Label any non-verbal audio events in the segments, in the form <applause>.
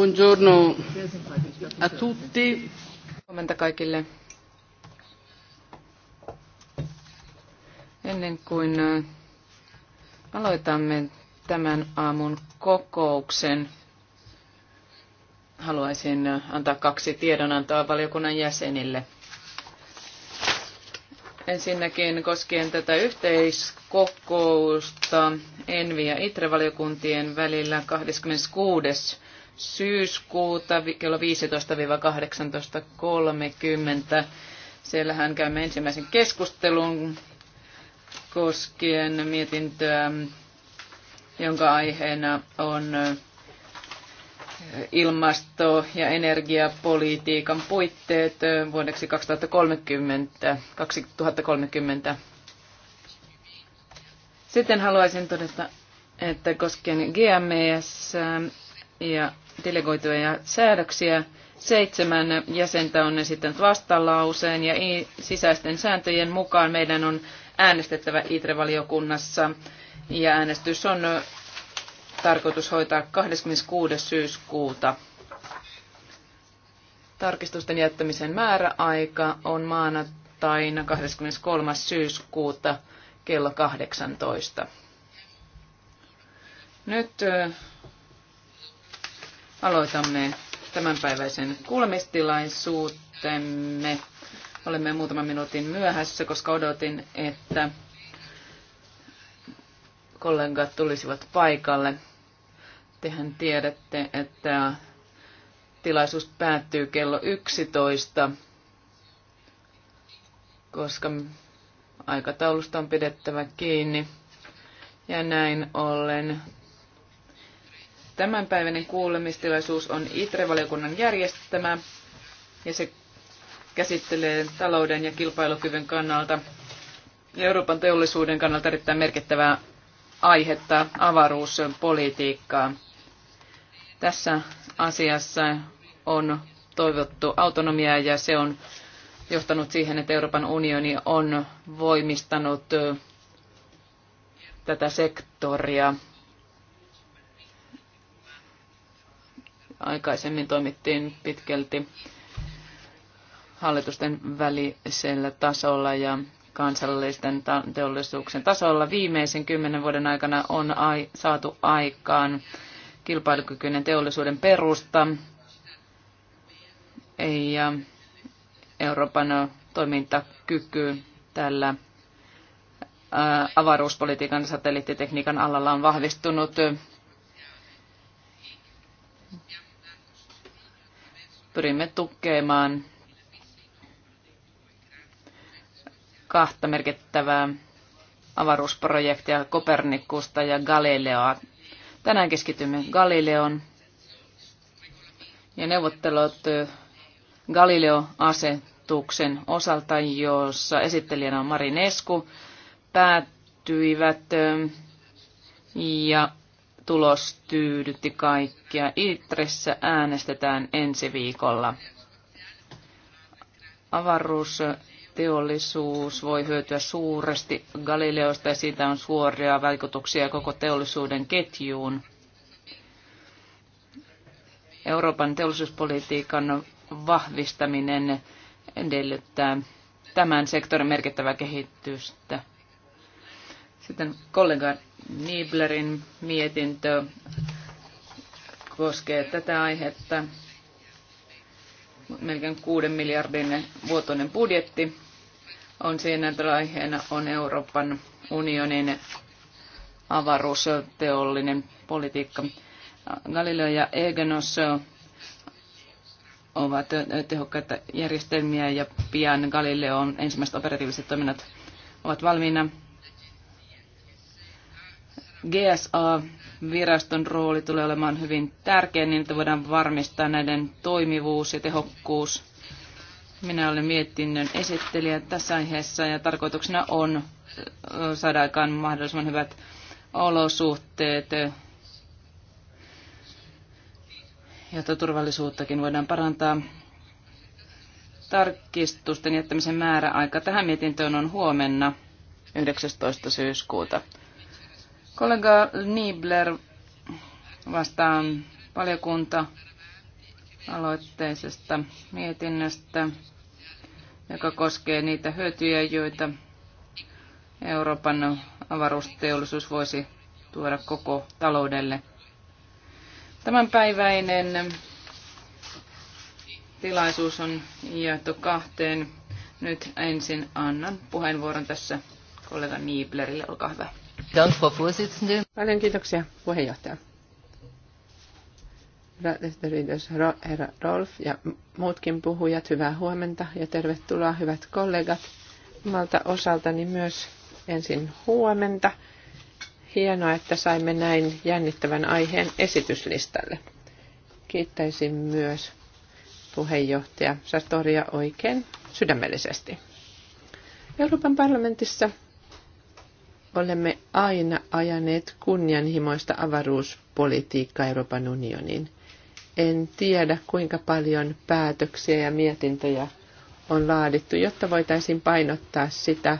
Buongiorno a tutti. Huomenta kaikille. Ennen kuin äh, aloitamme tämän aamun kokouksen, haluaisin äh, antaa kaksi tiedonantoa valiokunnan jäsenille. Ensinnäkin koskien tätä yhteiskokousta Envi- ja Itre-valiokuntien välillä 26 syyskuuta kello 15-18.30. Siellähän käymme ensimmäisen keskustelun koskien mietintöä, jonka aiheena on ilmasto- ja energiapolitiikan puitteet vuodeksi 2030. 2030. Sitten haluaisin todeta, että koskien GMS ja delegoituja säädöksiä. Seitsemän jäsentä on esittänyt vastalauseen ja sisäisten sääntöjen mukaan meidän on äänestettävä ITRE-valiokunnassa ja äänestys on tarkoitus hoitaa 26. syyskuuta. Tarkistusten jättämisen määräaika on maanantaina 23. syyskuuta kello 18. Nyt Aloitamme tämänpäiväisen kuulemistilaisuutemme. Olemme muutaman minuutin myöhässä, koska odotin, että kollegat tulisivat paikalle. Tehän tiedätte, että tilaisuus päättyy kello 11, koska aikataulusta on pidettävä kiinni. Ja näin ollen Tämänpäiväinen kuulemistilaisuus on ITRE-valiokunnan järjestämä ja se käsittelee talouden ja kilpailukyvyn kannalta ja Euroopan teollisuuden kannalta erittäin merkittävää aihetta avaruuspolitiikkaa. Tässä asiassa on toivottu autonomiaa ja se on johtanut siihen, että Euroopan unioni on voimistanut tätä sektoria Aikaisemmin toimittiin pitkälti hallitusten välisellä tasolla ja kansallisten ta- teollisuuksien tasolla. Viimeisen kymmenen vuoden aikana on ai- saatu aikaan kilpailukykyinen teollisuuden perusta ja Euroopan toimintakyky tällä avaruuspolitiikan satelliittitekniikan alalla on vahvistunut pyrimme tukemaan kahta merkittävää avaruusprojektia Kopernikusta ja Galileoa. Tänään keskitymme Galileon ja neuvottelut Galileo-asetuksen osalta, jossa esittelijänä on Marinesku, Esku, päättyivät ja tulos tyydytti kaikkia. Itressä äänestetään ensi viikolla. Avaruusteollisuus voi hyötyä suuresti Galileosta ja siitä on suoria vaikutuksia koko teollisuuden ketjuun. Euroopan teollisuuspolitiikan vahvistaminen edellyttää tämän sektorin merkittävää kehitystä. Sitten kollega Niblerin mietintö koskee tätä aihetta. Melkein kuuden miljardin vuotuinen budjetti on siinä, että aiheena on Euroopan unionin avaruusteollinen politiikka. Galileo ja Egenos ovat tehokkaita järjestelmiä ja pian Galileo on ensimmäiset operatiiviset toiminnat ovat valmiina. GSA-viraston rooli tulee olemaan hyvin tärkeä, niin että voidaan varmistaa näiden toimivuus ja tehokkuus. Minä olen mietinnön esittelijä tässä aiheessa ja tarkoituksena on saada aikaan mahdollisimman hyvät olosuhteet, jotta turvallisuuttakin voidaan parantaa. Tarkistusten jättämisen määräaika tähän mietintöön on huomenna 19. syyskuuta. Kollega Niebler vastaan valiokunta aloitteisesta mietinnöstä, joka koskee niitä hyötyjä, joita Euroopan avaruusteollisuus voisi tuoda koko taloudelle. Tämänpäiväinen tilaisuus on jaettu kahteen. Nyt ensin annan puheenvuoron tässä kollega Nieblerille. Olkaa hyvä. Paljon kiitoksia puheenjohtaja. Herra Rolf ja muutkin puhujat, hyvää huomenta ja tervetuloa hyvät kollegat. Omalta osaltani myös ensin huomenta. Hienoa, että saimme näin jännittävän aiheen esityslistalle. Kiittäisin myös puheenjohtaja Sartoria oikein sydämellisesti. Euroopan parlamentissa olemme aina ajaneet kunnianhimoista avaruuspolitiikkaa Euroopan unionin. En tiedä, kuinka paljon päätöksiä ja mietintöjä on laadittu, jotta voitaisiin painottaa sitä,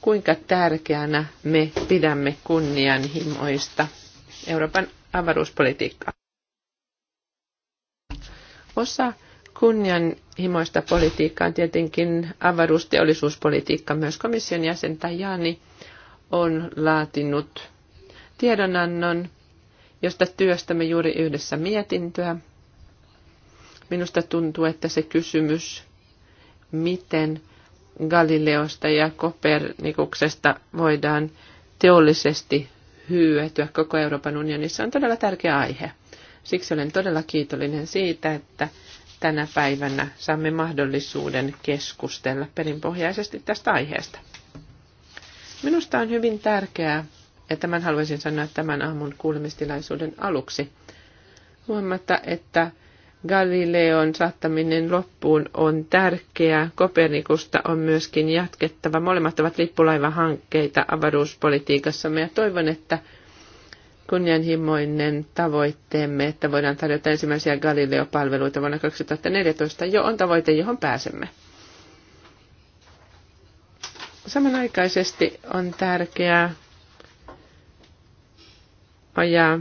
kuinka tärkeänä me pidämme kunnianhimoista Euroopan avaruuspolitiikkaa. Osa kunnianhimoista politiikkaa on tietenkin avaruusteollisuuspolitiikka. Myös komission jäsen Tajani on laatinut tiedonannon, josta työstämme juuri yhdessä mietintöä. Minusta tuntuu, että se kysymys, miten Galileosta ja Kopernikuksesta voidaan teollisesti hyötyä koko Euroopan unionissa, on todella tärkeä aihe. Siksi olen todella kiitollinen siitä, että tänä päivänä saamme mahdollisuuden keskustella perinpohjaisesti tästä aiheesta. Minusta on hyvin tärkeää, että tämän haluaisin sanoa tämän aamun kuulemistilaisuuden aluksi, huomata, että Galileon saattaminen loppuun on tärkeää. Kopernikusta on myöskin jatkettava. Molemmat ovat lippulaivahankkeita avaruuspolitiikassamme ja toivon, että kunnianhimoinen tavoitteemme, että voidaan tarjota ensimmäisiä Galileo-palveluita vuonna 2014, jo on tavoite, johon pääsemme. Samanaikaisesti on tärkeää ajaa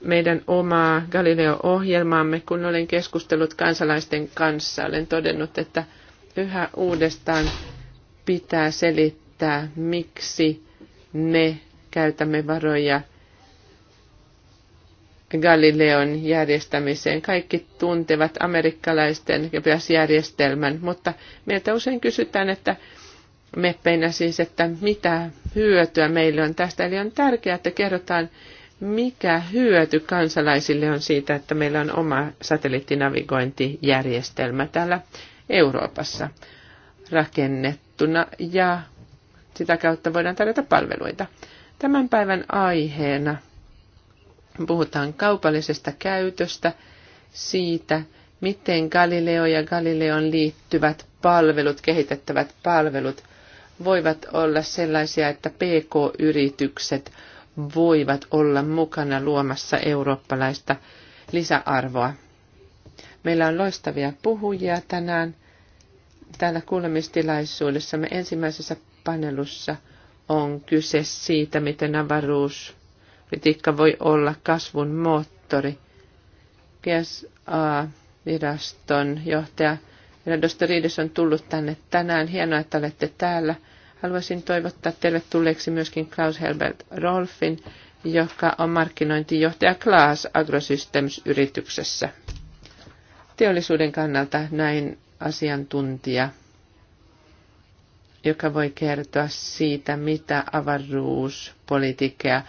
meidän omaa Galileo-ohjelmaamme, kun olen keskustellut kansalaisten kanssa. Olen todennut, että yhä uudestaan pitää selittää, miksi me käytämme varoja Galileon järjestämiseen. Kaikki tuntevat amerikkalaisten järjestelmän mutta meiltä usein kysytään, että meppeinä siis, että mitä hyötyä meillä on tästä. Eli on tärkeää, että kerrotaan, mikä hyöty kansalaisille on siitä, että meillä on oma satelliittinavigointijärjestelmä täällä Euroopassa rakennettuna ja sitä kautta voidaan tarjota palveluita. Tämän päivän aiheena puhutaan kaupallisesta käytöstä, siitä, miten Galileo ja Galileon liittyvät palvelut, kehitettävät palvelut voivat olla sellaisia, että PK-yritykset voivat olla mukana luomassa eurooppalaista lisäarvoa. Meillä on loistavia puhujia tänään täällä Me Ensimmäisessä panelussa on kyse siitä, miten avaruuspolitiikka voi olla kasvun moottori. GSA-viraston johtaja Riides on tullut tänne tänään. Hienoa, että olette täällä. Haluaisin toivottaa tervetulleeksi myöskin Klaus Helbert Rolfin, joka on markkinointijohtaja Klaas Agrosystems-yrityksessä. Teollisuuden kannalta näin asiantuntija, joka voi kertoa siitä, mitä avaruuspolitiikka ja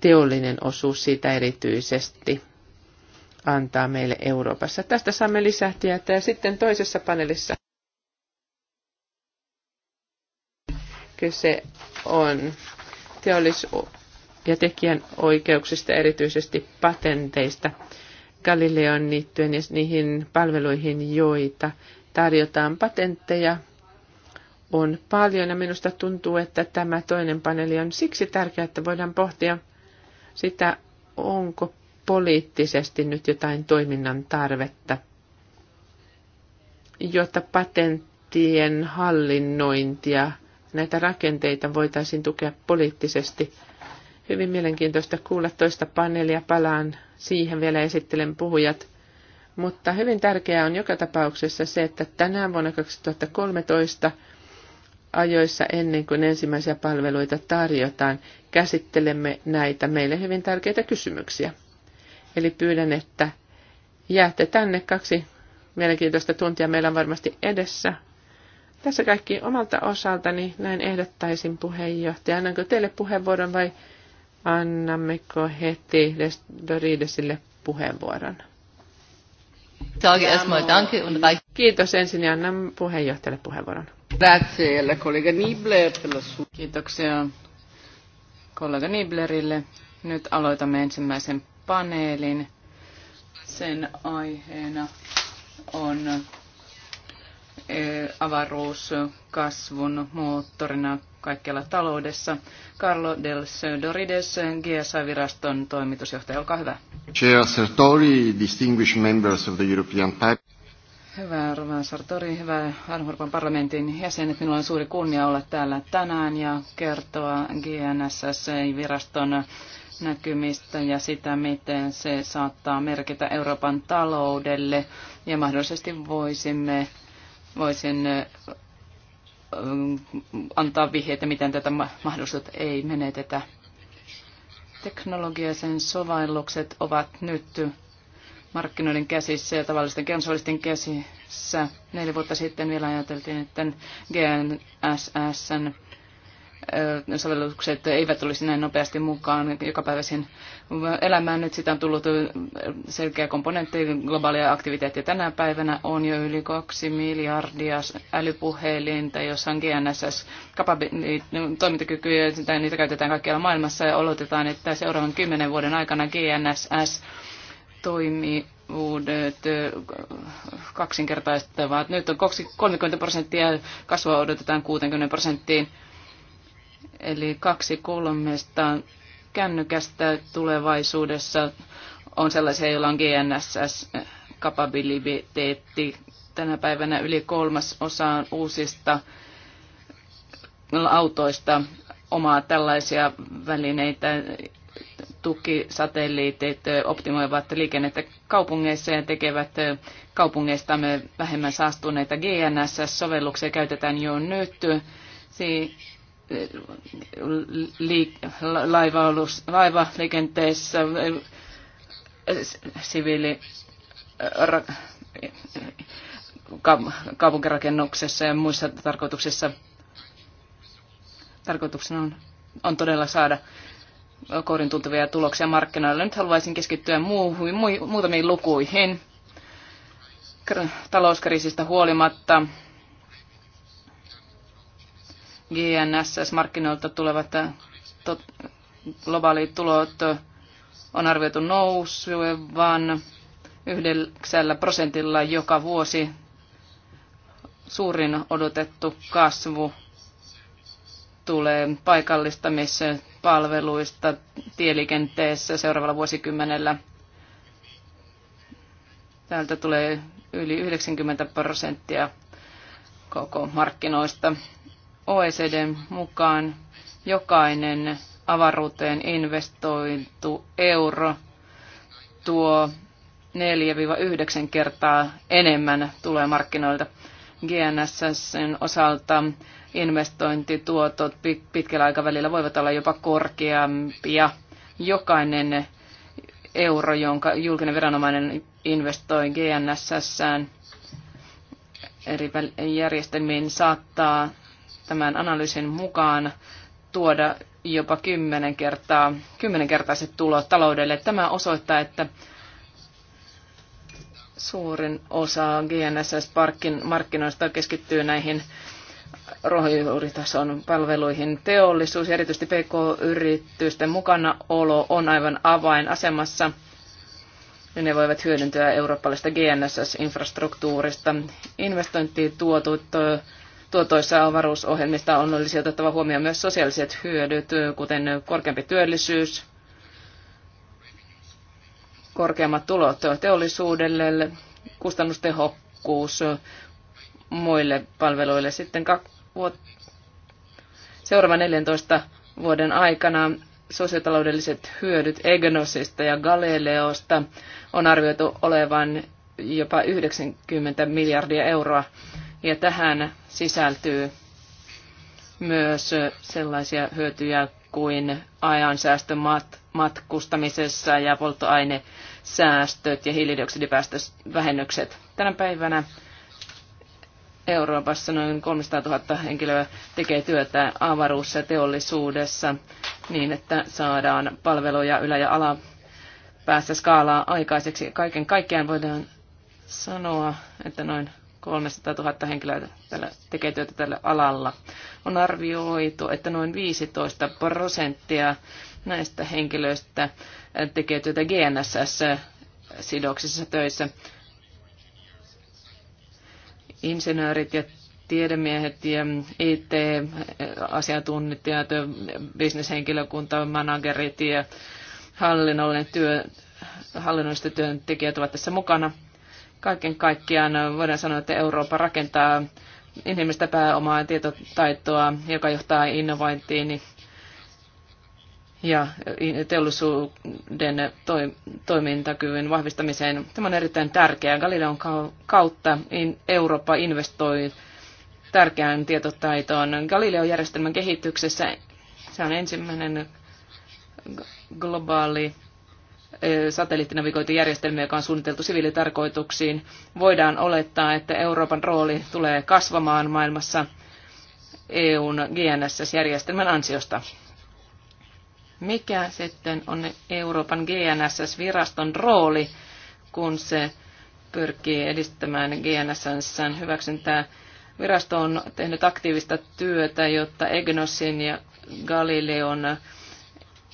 teollinen osuus siitä erityisesti antaa meille Euroopassa. Tästä saamme lisää tietoa ja sitten toisessa paneelissa Kyse on teollis- ja tekijän oikeuksista, erityisesti patenteista Galileon liittyen ja niihin palveluihin, joita tarjotaan patentteja on paljon ja minusta tuntuu, että tämä toinen paneeli on siksi tärkeä, että voidaan pohtia sitä, onko poliittisesti nyt jotain toiminnan tarvetta, jotta patenttien hallinnointia näitä rakenteita voitaisiin tukea poliittisesti. Hyvin mielenkiintoista kuulla toista paneelia, palaan siihen vielä esittelen puhujat. Mutta hyvin tärkeää on joka tapauksessa se, että tänään vuonna 2013 ajoissa ennen kuin ensimmäisiä palveluita tarjotaan, käsittelemme näitä meille hyvin tärkeitä kysymyksiä. Eli pyydän, että jäätte tänne kaksi mielenkiintoista tuntia meillä on varmasti edessä. Tässä kaikki omalta osaltani näin ehdottaisin puheenjohtaja. Annanko teille puheenvuoron vai annammeko heti Doridesille puheenvuoron? Kiitos ensin ja annan puheenjohtajalle puheenvuoron. kollega Kiitoksia kollega Niblerille. Nyt aloitamme ensimmäisen paneelin. Sen aiheena on avaruuskasvun moottorina kaikkialla taloudessa. Carlo del Sodorides, GSA-viraston toimitusjohtaja, olkaa hyvä. Chair Sartori, distinguished members of the European Hyvä Rovan Sartori, hyvä Euroopan parlamentin jäsenet. Minulla on suuri kunnia olla täällä tänään ja kertoa GNSS-viraston näkymistä ja sitä, miten se saattaa merkitä Euroopan taloudelle ja mahdollisesti voisimme voisin antaa vihjeitä, miten tätä mahdollisuutta ei menetetä. Teknologia sen sovellukset ovat nyt markkinoiden käsissä ja tavallisten kansallisten käsissä. Neljä vuotta sitten vielä ajateltiin, että GNSSn sovellukset eivät olisi näin nopeasti mukaan jokapäiväisen elämään. Nyt sitä on tullut selkeä komponentti globaalia aktiviteettia. Tänä päivänä on jo yli kaksi miljardia älypuhelinta, jossa on gnss toimintakykyjä ja niitä käytetään kaikkialla maailmassa ja oletetaan, että seuraavan kymmenen vuoden aikana GNSS toimii uudet kaksinkertaistavat. Nyt on 30 prosenttia, kasvua odotetaan 60 prosenttiin Eli kaksi kolmesta kännykästä tulevaisuudessa on sellaisia, joilla on GNSS-kapabiliteetti. Tänä päivänä yli kolmas osa uusista autoista omaa tällaisia välineitä. Tukisatelliitit optimoivat liikennettä kaupungeissa ja tekevät kaupungeistamme vähemmän saastuneita GNSS-sovelluksia käytetään jo nyt liik- laiva-alus, laivaliikenteessä, siviili ra- kaupunkirakennuksessa ja muissa tarkoituksissa. Tarkoituksena on, on todella saada kourin tuntuvia tuloksia markkinoille. Nyt haluaisin keskittyä muuhun, muutamiin lukuihin. Talouskriisistä huolimatta GNSS-markkinoilta tulevat äh, tot, globaalit tulot äh, on arvioitu nousevan yhdeksällä prosentilla joka vuosi. Suurin odotettu kasvu tulee palveluista tieliikenteessä seuraavalla vuosikymmenellä. Täältä tulee yli 90 prosenttia koko markkinoista. OECDn mukaan jokainen avaruuteen investoitu euro tuo 4-9 kertaa enemmän tulee markkinoilta. GNSSn osalta investointituotot pitkällä aikavälillä voivat olla jopa korkeampia. Jokainen euro, jonka julkinen viranomainen investoi GNSSään eri järjestelmiin, saattaa tämän analyysin mukaan tuoda jopa kymmenen kertaa, kymmenenkertaiset tulot taloudelle. Tämä osoittaa, että suurin osa GNSS-markkinoista keskittyy näihin ruohonjuuritason palveluihin. Teollisuus ja erityisesti PK-yritysten mukanaolo on aivan avainasemassa. ne voivat hyödyntyä eurooppalaisesta GNSS-infrastruktuurista. Investointituotot tuotoissa avaruusohjelmista on olisi siis otettava huomioon myös sosiaaliset hyödyt, kuten korkeampi työllisyys, korkeammat tulot teollisuudelle, kustannustehokkuus muille palveluille. Sitten seuraavan 14 vuoden aikana sosiotaloudelliset hyödyt Egnosista ja Galileosta on arvioitu olevan jopa 90 miljardia euroa. Ja tähän sisältyy myös sellaisia hyötyjä kuin ajansäästö mat- matkustamisessa ja polttoainesäästöt ja hiilidioksidipäästövähennykset. Tänä päivänä Euroopassa noin 300 000 henkilöä tekee työtä avaruus- ja teollisuudessa niin, että saadaan palveluja ylä- ja päässä skaalaa aikaiseksi. Kaiken kaikkiaan voidaan sanoa, että noin 300 000 henkilöä tällä, tekee työtä tällä alalla. On arvioitu, että noin 15 prosenttia näistä henkilöistä tekee työtä GNSS-sidoksissa töissä. Insinöörit ja tiedemiehet ja IT-asiantuntijat, bisneshenkilökunta, managerit ja hallinnollinen työ, hallinnolliset työntekijät ovat tässä mukana – Kaiken kaikkiaan voidaan sanoa, että Eurooppa rakentaa inhimillistä pääomaa ja tietotaitoa, joka johtaa innovointiin ja teollisuuden toimintakyvyn vahvistamiseen. Tämä on erittäin tärkeää. Galileon kautta Eurooppa investoi tärkeään tietotaitoon. Galileo-järjestelmän kehityksessä se on ensimmäinen globaali satelliittinavigointijärjestelmiä, joka on suunniteltu siviilitarkoituksiin. Voidaan olettaa, että Euroopan rooli tulee kasvamaan maailmassa EUn GNSS-järjestelmän ansiosta. Mikä sitten on Euroopan GNSS-viraston rooli, kun se pyrkii edistämään GNSSn hyväksyntää? Virasto on tehnyt aktiivista työtä, jotta EGNOSin ja Galileon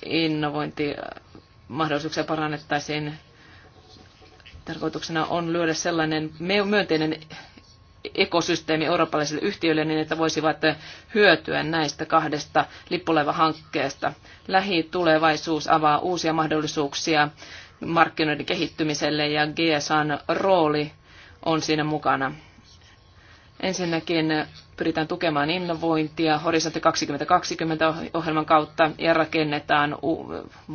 innovointi mahdollisuuksia parannettaisiin. Tarkoituksena on lyödä sellainen myönteinen ekosysteemi eurooppalaisille yhtiöille niin, että voisivat hyötyä näistä kahdesta lippulaivahankkeesta. Lähitulevaisuus avaa uusia mahdollisuuksia markkinoiden kehittymiselle ja GSAn rooli on siinä mukana. Ensinnäkin pyritään tukemaan innovointia Horisontti 2020 ohjelman kautta ja rakennetaan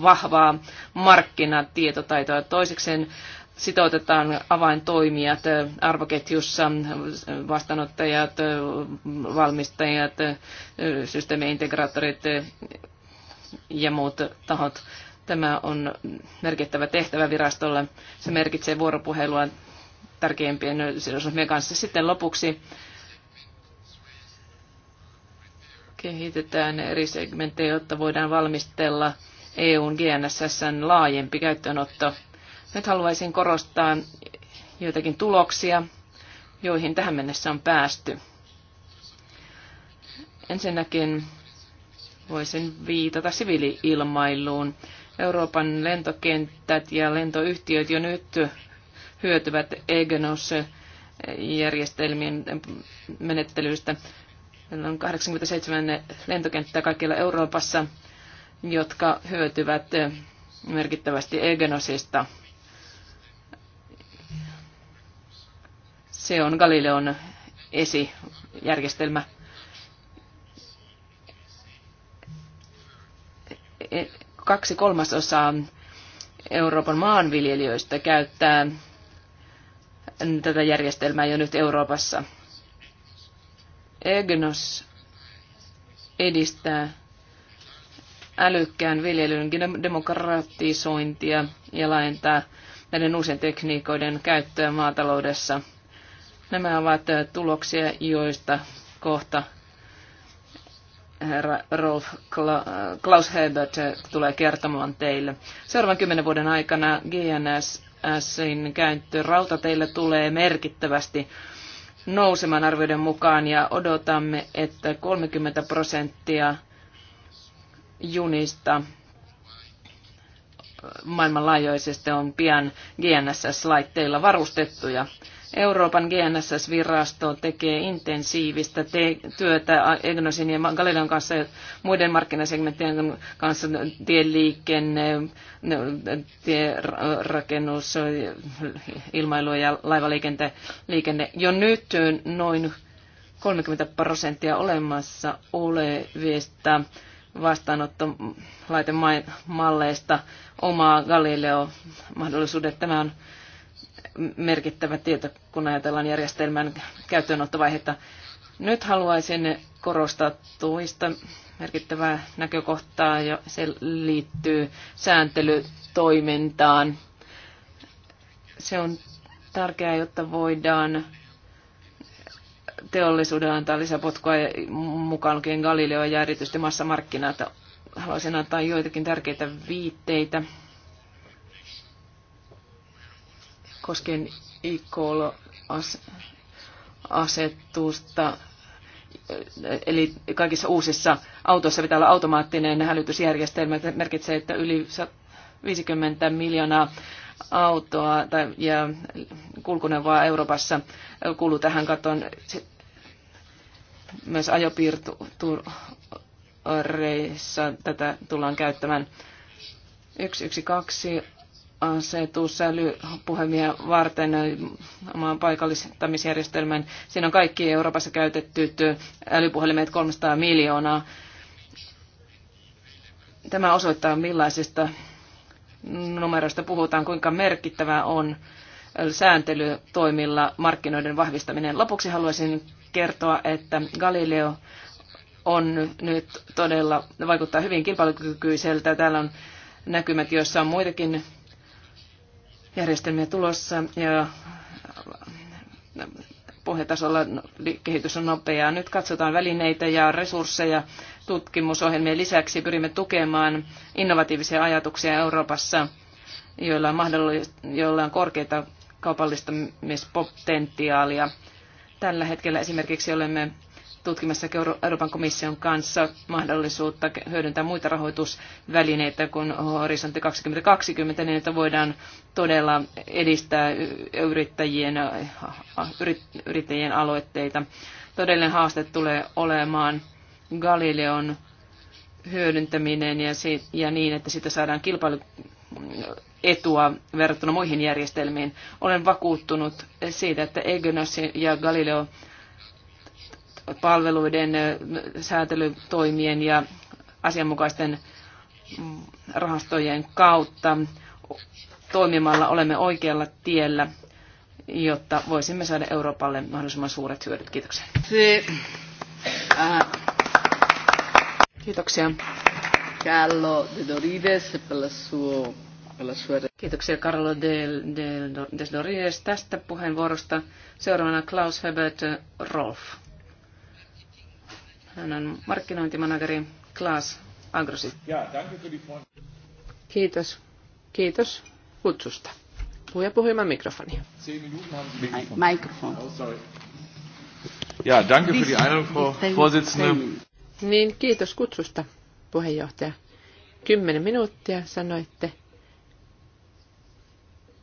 vahvaa markkinatietotaitoa. Toisekseen sitoutetaan avaintoimijat arvoketjussa, vastaanottajat, valmistajat, systeemiintegraattorit ja muut tahot. Tämä on merkittävä tehtävä virastolle. Se merkitsee vuoropuhelua tärkeimpien sidosryhmien kanssa. Sitten lopuksi kehitetään eri segmenttejä, jotta voidaan valmistella EUn GNSSn laajempi käyttöönotto. Nyt haluaisin korostaa joitakin tuloksia, joihin tähän mennessä on päästy. Ensinnäkin voisin viitata siviiliilmailuun. Euroopan lentokenttät ja lentoyhtiöt jo nyt hyötyvät EGNOS-järjestelmien menettelyistä on 87 lentokenttää kaikilla Euroopassa, jotka hyötyvät eh, merkittävästi Egenosista. Se on Galileon esijärjestelmä. E, kaksi kolmasosaa Euroopan maanviljelijöistä käyttää tätä järjestelmää jo nyt Euroopassa – EGNOS edistää älykkään viljelyn demokratisointia ja laajentaa näiden uusien tekniikoiden käyttöä maataloudessa. Nämä ovat tuloksia, joista kohta herra Rolf Klaus Herbert tulee kertomaan teille. Seuraavan kymmenen vuoden aikana GNSSin käyttö rautateille tulee merkittävästi nousemaan arvioiden mukaan ja odotamme, että 30 prosenttia junista maailmanlaajuisesti on pian GNSS-laitteilla varustettuja. Euroopan GNSS-virasto tekee intensiivistä te- työtä Egnosin ja Galileon kanssa ja muiden markkinasegmenttien kanssa, tieliikenne, tierakennus, ilmailu ja laivaliikenne. Liikenne. Jo nyt noin 30 prosenttia olemassa olevista vastaanottolaitemalleista omaa Galileo-mahdollisuudet. Tämä on merkittävä tieto, kun ajatellaan järjestelmän käyttöönottovaihetta. Nyt haluaisin korostaa tuista merkittävää näkökohtaa, ja se liittyy sääntelytoimintaan. Se on tärkeää, jotta voidaan teollisuuden antaa lisäpotkua mukaan lukien Galileo ja erityisesti massamarkkinat. Haluaisin antaa joitakin tärkeitä viitteitä koskien ICOL-asetusta. Eli kaikissa uusissa autoissa pitää olla automaattinen hälytysjärjestelmä. Se merkitsee, että yli 50 miljoonaa autoa tai, ja kulkuneuvoa Euroopassa kuuluu tähän katon. Myös ajopiirtureissa tätä tullaan käyttämään. 112 asetus älypuhelimia varten omaan paikallistamisjärjestelmän. Siinä on kaikki Euroopassa käytettyt älypuhelimet 300 miljoonaa. Tämä osoittaa millaisista numeroista puhutaan, kuinka merkittävää on sääntelytoimilla markkinoiden vahvistaminen. Lopuksi haluaisin kertoa, että Galileo on nyt todella, vaikuttaa hyvin kilpailukykyiseltä. Täällä on näkymät, joissa on muitakin järjestelmiä tulossa ja pohjatasolla kehitys on nopeaa. Nyt katsotaan välineitä ja resursseja tutkimusohjelmien lisäksi. Pyrimme tukemaan innovatiivisia ajatuksia Euroopassa, joilla on, joilla on korkeita kaupallistamispotentiaalia. Tällä hetkellä esimerkiksi olemme tutkimassa Euroopan komission kanssa mahdollisuutta hyödyntää muita rahoitusvälineitä kuin Horisontti 2020, niin että voidaan todella edistää yrittäjien, yrittäjien aloitteita. Todellinen haaste tulee olemaan Galileon hyödyntäminen ja, ja niin, että sitä saadaan kilpailu etua verrattuna muihin järjestelmiin. Olen vakuuttunut siitä, että Egnos ja Galileo palveluiden, säätelytoimien ja asianmukaisten rahastojen kautta toimimalla olemme oikealla tiellä, jotta voisimme saada Euroopalle mahdollisimman suuret hyödyt. Kiitoksia. Kiitoksia. Carlo de Dorides Kiitoksia Carlo de, de, de Dorides tästä puheenvuorosta. Seuraavana Klaus Hebert Rolf. Hän on markkinointimanageri Klaas Agrosi. Kiitos. Kiitos kutsusta. Puhuja puhuu mikrofoni. Mikrofoni. Oh, ja, Niin, kiitos kutsusta, puheenjohtaja. Kymmenen minuuttia sanoitte.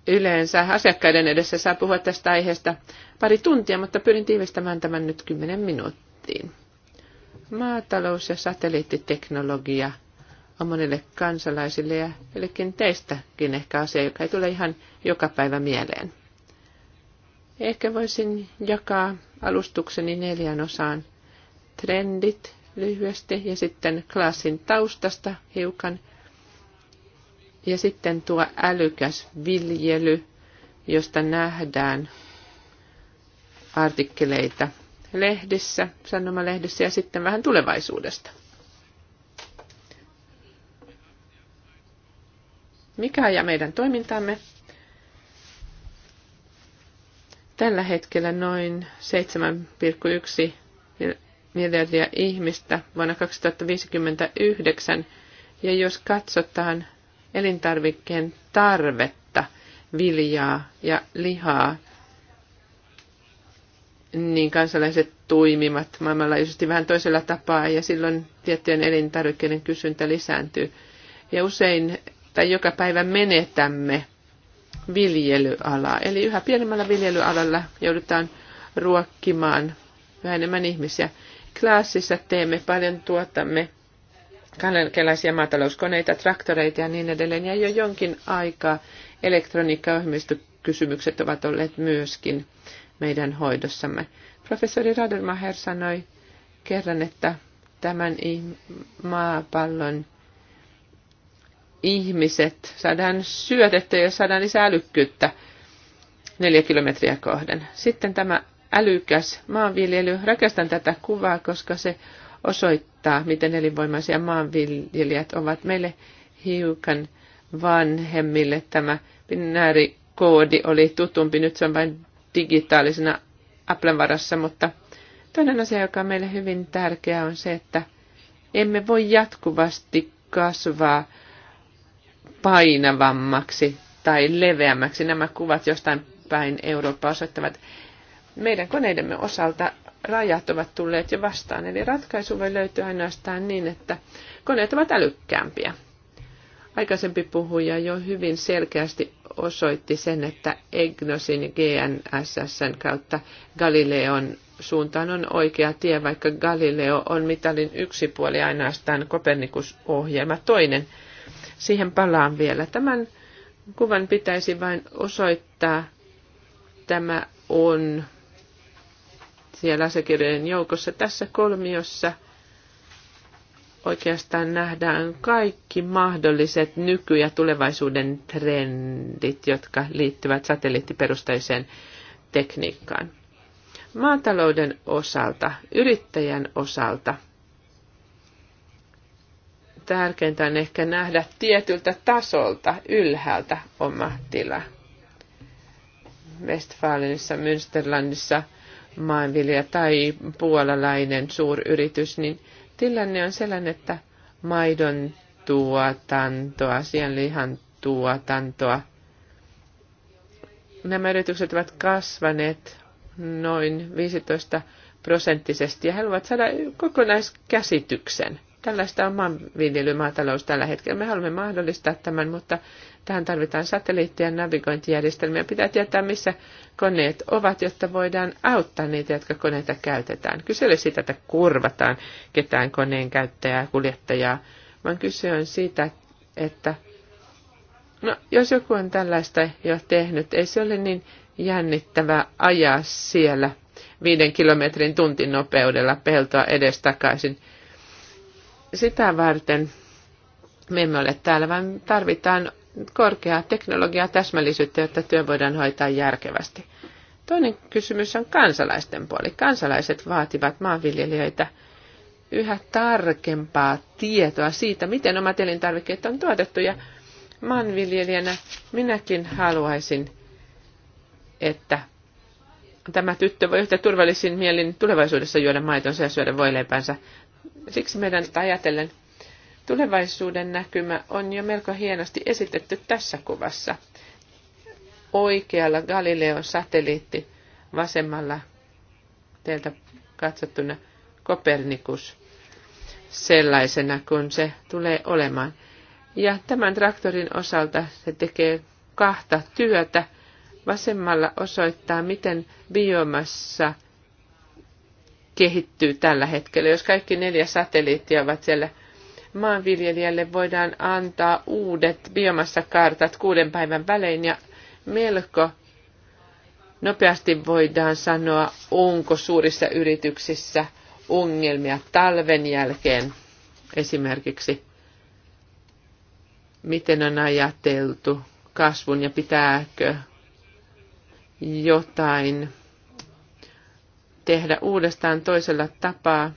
Yleensä asiakkaiden edessä saa puhua tästä aiheesta pari tuntia, mutta pyrin tiivistämään tämän nyt kymmenen minuuttiin. Maatalous ja satelliittiteknologia on monille kansalaisille ja jollekin teistäkin ehkä asia, joka ei tule ihan joka päivä mieleen. Ehkä voisin jakaa alustukseni neljään osaan. Trendit lyhyesti ja sitten klassin taustasta hiukan. Ja sitten tuo älykäs viljely, josta nähdään artikkeleita lehdissä, sanomalehdissä ja sitten vähän tulevaisuudesta. Mikä ja meidän toimintamme? Tällä hetkellä noin 7,1 miljardia ihmistä vuonna 2059. Ja jos katsotaan elintarvikkeen tarvetta, viljaa ja lihaa niin kansalaiset toimivat maailmanlaajuisesti vähän toisella tapaa ja silloin tiettyjen elintarvikkeiden kysyntä lisääntyy. Ja usein tai joka päivä menetämme viljelyalaa. Eli yhä pienemmällä viljelyalalla joudutaan ruokkimaan vähän enemmän ihmisiä. Klaassissa teemme paljon tuotamme kanadalaisia maatalouskoneita, traktoreita ja niin edelleen. Ja jo jonkin aikaa elektroniikka- ja kysymykset ovat olleet myöskin meidän hoidossamme. Professori Radermacher sanoi kerran, että tämän maapallon ihmiset saadaan syötettyä ja saadaan lisää älykkyyttä neljä kilometriä kohden. Sitten tämä älykäs maanviljely. Rakastan tätä kuvaa, koska se osoittaa, miten elinvoimaisia maanviljelijät ovat. Meille hiukan vanhemmille tämä binäärikoodi oli tutumpi, nyt se on vain digitaalisena Applen varassa, mutta toinen asia, joka on meille hyvin tärkeä, on se, että emme voi jatkuvasti kasvaa painavammaksi tai leveämmäksi. Nämä kuvat jostain päin Eurooppaa osoittavat meidän koneidemme osalta rajat ovat tulleet jo vastaan. Eli ratkaisu voi löytyä ainoastaan niin, että koneet ovat älykkäämpiä. Aikaisempi puhuja jo hyvin selkeästi osoitti sen, että EGNOSin ja GNSSn kautta Galileon suuntaan on oikea tie, vaikka Galileo on mitalin yksi puoli ainoastaan Kopernikus-ohjelma toinen. Siihen palaan vielä. Tämän kuvan pitäisi vain osoittaa, tämä on siellä asiakirjojen joukossa tässä kolmiossa – oikeastaan nähdään kaikki mahdolliset nyky- ja tulevaisuuden trendit, jotka liittyvät satelliittiperusteiseen tekniikkaan. Maatalouden osalta, yrittäjän osalta, tärkeintä on ehkä nähdä tietyltä tasolta ylhäältä oma tila. Westfalenissa, Münsterlandissa maanvilja tai puolalainen suuryritys, niin – tilanne on sellainen, että maidon tuotantoa, sienlihan tuotantoa, nämä yritykset ovat kasvaneet noin 15 prosenttisesti ja he haluavat saada kokonaiskäsityksen. Tällaista on maanviljelymaatalous tällä hetkellä. Me haluamme mahdollistaa tämän, mutta Tähän tarvitaan satelliittien navigointijärjestelmiä. Pitää tietää, missä koneet ovat, jotta voidaan auttaa niitä, jotka koneita käytetään. Kyse ei siitä, että kurvataan ketään koneen käyttäjää, kuljettajaa, vaan kyse on siitä, että no, jos joku on tällaista jo tehnyt, ei se ole niin Jännittävä ajaa siellä viiden kilometrin tuntin nopeudella peltoa edestakaisin. Sitä varten me emme ole täällä, vaan tarvitaan korkeaa teknologiaa täsmällisyyttä, jotta työ voidaan hoitaa järkevästi. Toinen kysymys on kansalaisten puoli. Kansalaiset vaativat maanviljelijöitä yhä tarkempaa tietoa siitä, miten omat elintarvikkeet on tuotettu. Ja maanviljelijänä minäkin haluaisin, että tämä tyttö voi yhtä turvallisin mielin tulevaisuudessa juoda maitonsa ja syödä voileipänsä. Siksi meidän ajatellen Tulevaisuuden näkymä on jo melko hienosti esitetty tässä kuvassa. Oikealla Galileon satelliitti, vasemmalla teiltä katsottuna Kopernikus sellaisena kuin se tulee olemaan. Ja tämän traktorin osalta se tekee kahta työtä. Vasemmalla osoittaa, miten biomassa kehittyy tällä hetkellä. Jos kaikki neljä satelliittia ovat siellä – maanviljelijälle voidaan antaa uudet biomassakartat kuuden päivän välein ja melko nopeasti voidaan sanoa, onko suurissa yrityksissä ongelmia talven jälkeen esimerkiksi. Miten on ajateltu kasvun ja pitääkö jotain tehdä uudestaan toisella tapaa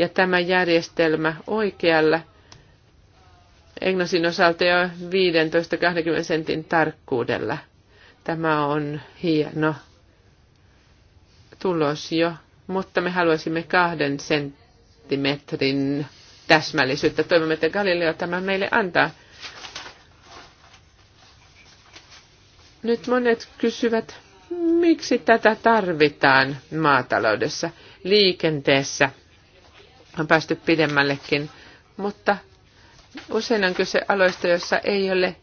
ja tämä järjestelmä oikealla Egnosin osalta jo 15-20 sentin tarkkuudella. Tämä on hieno tulos jo, mutta me haluaisimme kahden senttimetrin täsmällisyyttä. Toivomme, että Galileo tämä meille antaa. Nyt monet kysyvät, miksi tätä tarvitaan maataloudessa, liikenteessä, on päästy pidemmällekin, mutta usein on kyse aloista, joissa ei ole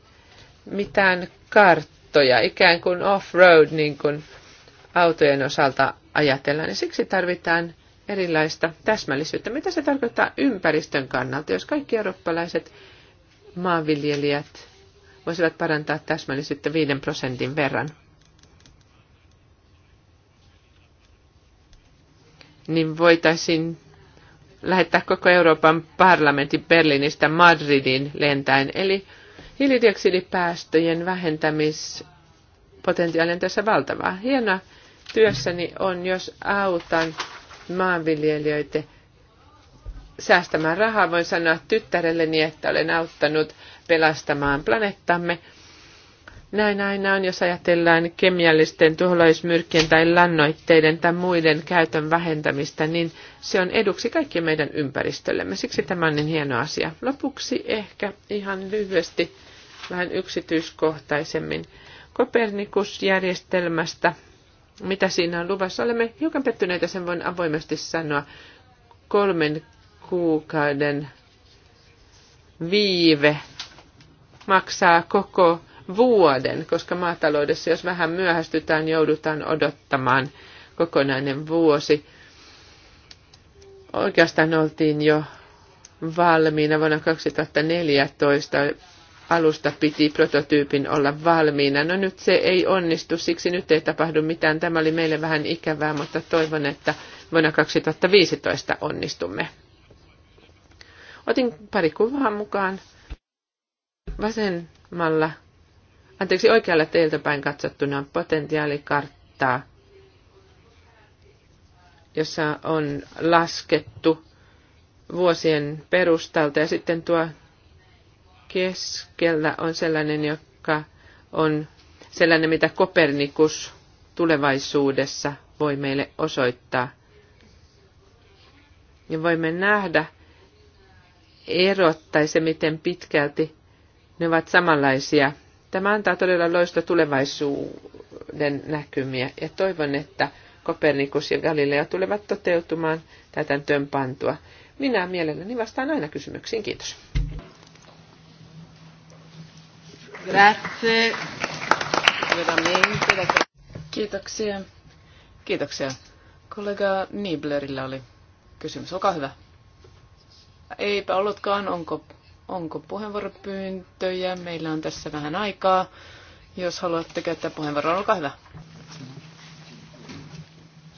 mitään karttoja, ikään kuin off-road, niin kuin autojen osalta ajatellaan. Ja siksi tarvitaan erilaista täsmällisyyttä. Mitä se tarkoittaa ympäristön kannalta, jos kaikki eurooppalaiset maanviljelijät voisivat parantaa täsmällisyyttä 5 prosentin verran? Niin voitaisiin lähettää koko Euroopan parlamentin Berliinistä Madridin lentäen. Eli hiilidioksidipäästöjen vähentämispotentiaali on tässä valtavaa. Hienoa työssäni on, jos autan maanviljelijöitä säästämään rahaa. Voin sanoa tyttärelleni, että olen auttanut pelastamaan planeettamme – näin aina on, jos ajatellaan kemiallisten tuholaismyrkkien tai lannoitteiden tai muiden käytön vähentämistä, niin se on eduksi kaikkien meidän ympäristöllemme. Siksi tämä on niin hieno asia. Lopuksi ehkä ihan lyhyesti vähän yksityiskohtaisemmin Kopernikusjärjestelmästä. Mitä siinä on luvassa? Olemme hiukan pettyneitä, sen voin avoimesti sanoa. Kolmen kuukauden viive maksaa koko vuoden, koska maataloudessa, jos vähän myöhästytään, joudutaan odottamaan kokonainen vuosi. Oikeastaan oltiin jo valmiina vuonna 2014 alusta piti prototyypin olla valmiina. No nyt se ei onnistu, siksi nyt ei tapahdu mitään. Tämä oli meille vähän ikävää, mutta toivon, että vuonna 2015 onnistumme. Otin pari kuvaa mukaan. Vasemmalla anteeksi, oikealla teiltä päin katsottuna potentiaalikarttaa, jossa on laskettu vuosien perustalta ja sitten tuo keskellä on sellainen, joka on sellainen, mitä Kopernikus tulevaisuudessa voi meille osoittaa. Ja voimme nähdä erot tai se, miten pitkälti ne ovat samanlaisia Tämä antaa todella loista tulevaisuuden näkymiä ja toivon, että Kopernikus ja Galileo tulevat toteutumaan täytäntöön pantua. Minä mielelläni vastaan aina kysymyksiin. Kiitos. Kiitoksia. Kiitoksia. Kollega Niblerillä oli kysymys. Olkaa hyvä. Eipä ollutkaan. Onko Onko puheenvuoropyyntöjä? Meillä on tässä vähän aikaa. Jos haluatte käyttää puheenvuoroa, olkaa hyvä.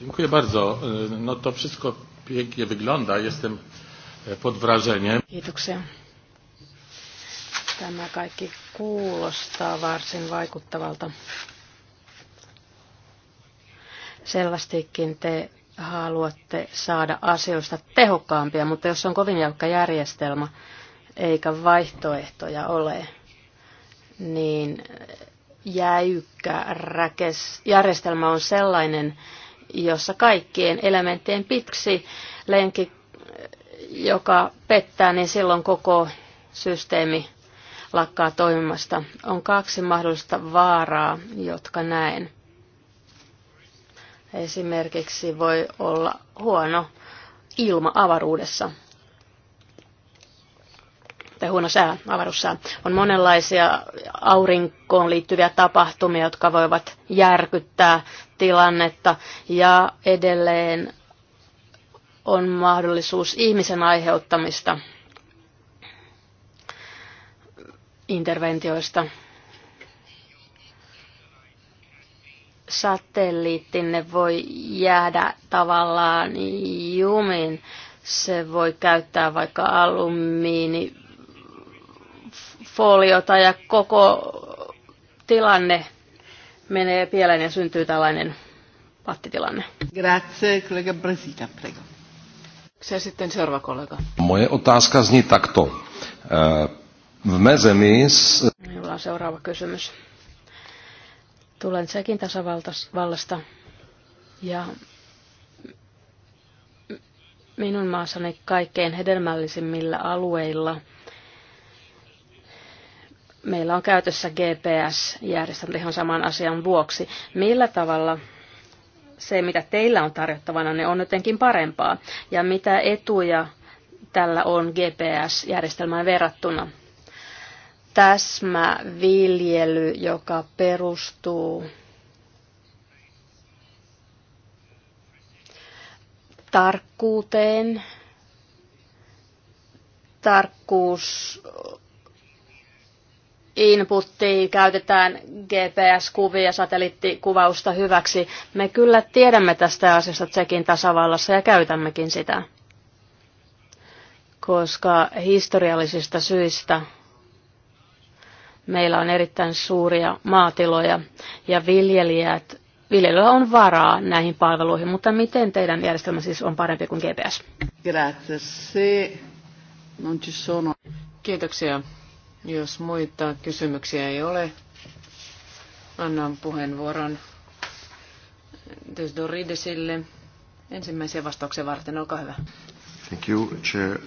Dziękuję bardzo. No to wszystko pięknie wygląda. Jestem e, pod wrażeniem. Kiitoksia. Tämä kaikki kuulostaa varsin vaikuttavalta. Selvästikin te haluatte saada asioista tehokkaampia, mutta jos on kovin jäykkä järjestelmä, eikä vaihtoehtoja ole, niin jäykkä räkes, järjestelmä on sellainen, jossa kaikkien elementtien pitksi lenki, joka pettää, niin silloin koko systeemi lakkaa toimimasta. On kaksi mahdollista vaaraa, jotka näen. Esimerkiksi voi olla huono ilma avaruudessa tai huono sää, avaruussää. On monenlaisia aurinkoon liittyviä tapahtumia, jotka voivat järkyttää tilannetta ja edelleen on mahdollisuus ihmisen aiheuttamista interventioista. Satelliittinne voi jäädä tavallaan jumiin. Se voi käyttää vaikka alumiini portfoliota ja koko tilanne menee pieleen ja syntyy tällainen pattitilanne. Grazie, kollega Brasita, prego. Se sitten seuraava kollega. Moje otázka zni takto. Eh, v mé zemi... Minulla on seuraava kysymys. Tulen sekin tasavallasta ja minun maassani kaikkein hedelmällisimmillä alueilla – meillä on käytössä GPS-järjestelmä ihan saman asian vuoksi. Millä tavalla se, mitä teillä on tarjottavana, ne on jotenkin parempaa? Ja mitä etuja tällä on GPS-järjestelmään verrattuna? Täsmäviljely, joka perustuu tarkkuuteen. Tarkkuus inputtia, käytetään GPS-kuvia, satelliittikuvausta hyväksi. Me kyllä tiedämme tästä asiasta Tsekin tasavallassa ja käytämmekin sitä, koska historiallisista syistä meillä on erittäin suuria maatiloja ja viljelijät, viljelijöillä on varaa näihin palveluihin, mutta miten teidän järjestelmä siis on parempi kuin GPS? Grazie. Non ci sono. Kiitoksia. Jos muita kysymyksiä ei ole, annan puheenvuoron Desdoridesille ensimmäisiä vastauksia varten. Olkaa hyvä. Thank you, chair.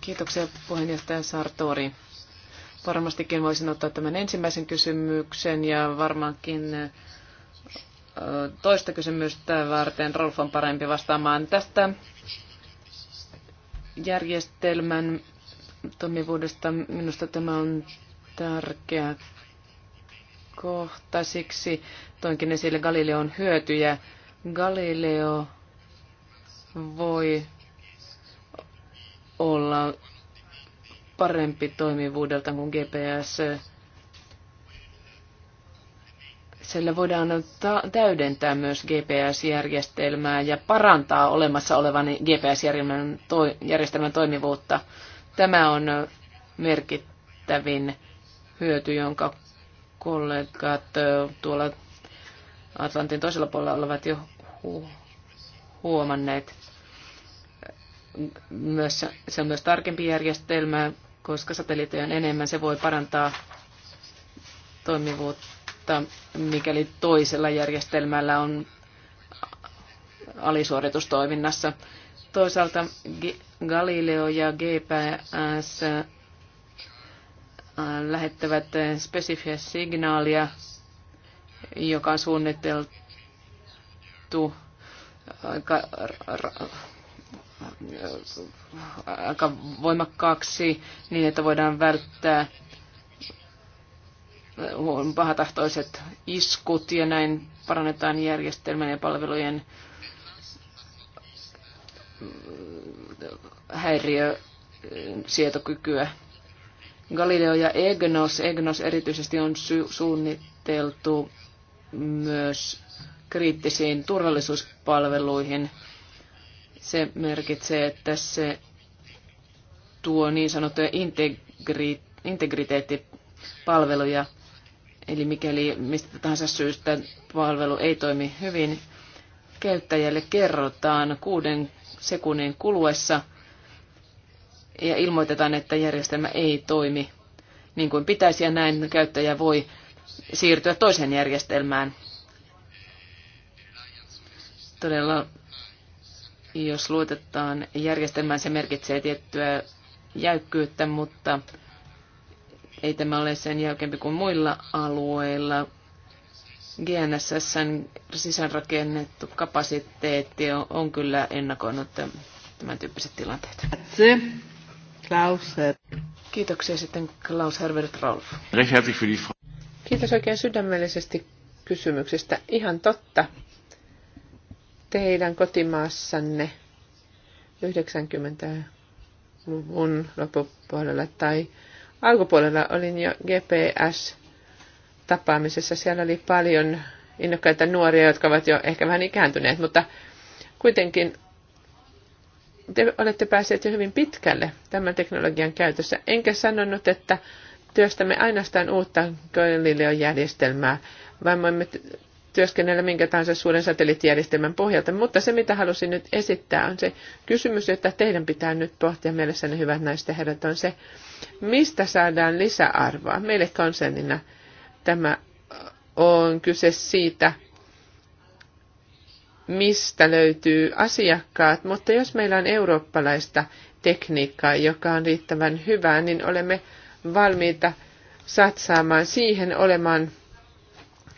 Kiitoksia puheenjohtaja Sartori. Varmastikin voisin ottaa tämän ensimmäisen kysymyksen ja varmaankin toista kysymystä varten Rolf on parempi vastaamaan tästä järjestelmän toimivuudesta. Minusta tämä on tärkeä kohta, siksi toinkin esille Galileon hyötyjä. Galileo voi olla parempi toimivuudelta kuin GPS. Sillä voidaan täydentää myös GPS-järjestelmää ja parantaa olemassa olevan GPS-järjestelmän toimivuutta. Tämä on merkittävin hyöty, jonka kollegat tuolla Atlantin toisella puolella olivat jo huomanneet. Myös, se on myös tarkempi järjestelmä, koska satelliitteja on enemmän. Se voi parantaa toimivuutta, mikäli toisella järjestelmällä on alisuoritustoiminnassa. Toisaalta Galileo ja GPS äh, lähettävät spesifiä signaalia, joka on suunniteltu aika, aika voimakkaaksi niin, että voidaan välttää pahatahtoiset iskut ja näin parannetaan järjestelmän ja palvelujen häiriö sietokykyä. Galileo ja EGNOS, EGNOS erityisesti on su- suunniteltu myös kriittisiin turvallisuuspalveluihin. Se merkitsee, että se tuo niin sanottuja integri- integriteettipalveluja, eli mikäli mistä tahansa syystä palvelu ei toimi hyvin, käyttäjälle kerrotaan kuuden sekunnin kuluessa ja ilmoitetaan, että järjestelmä ei toimi niin kuin pitäisi ja näin käyttäjä voi siirtyä toiseen järjestelmään. Todella, jos luotetaan järjestelmään, se merkitsee tiettyä jäykkyyttä, mutta ei tämä ole sen jälkeen, kuin muilla alueilla. GNSSn sisäänrakennettu kapasiteetti on, on kyllä ennakoinut tämän tyyppiset tilanteet. Klaus Kiitoksia sitten Klaus Herbert Rolf. Kiitos oikein sydämellisesti kysymyksestä. Ihan totta. Teidän kotimaassanne 90-luvun loppupuolella tai alkupuolella olin jo GPS tapaamisessa. Siellä oli paljon innokkaita nuoria, jotka ovat jo ehkä vähän ikääntyneet, mutta kuitenkin te olette päässeet jo hyvin pitkälle tämän teknologian käytössä. Enkä sanonut, että työstämme ainoastaan uutta Galileo-järjestelmää, vaan voimme työskennellä minkä tahansa suuren satelliittijärjestelmän pohjalta. Mutta se, mitä halusin nyt esittää, on se kysymys, jota teidän pitää nyt pohtia mielessänne, hyvät naiset ja herrat, on se, mistä saadaan lisäarvoa meille konsernina – Tämä äh, on kyse siitä, mistä löytyy asiakkaat, mutta jos meillä on eurooppalaista tekniikkaa, joka on riittävän hyvää, niin olemme valmiita satsaamaan siihen, olemaan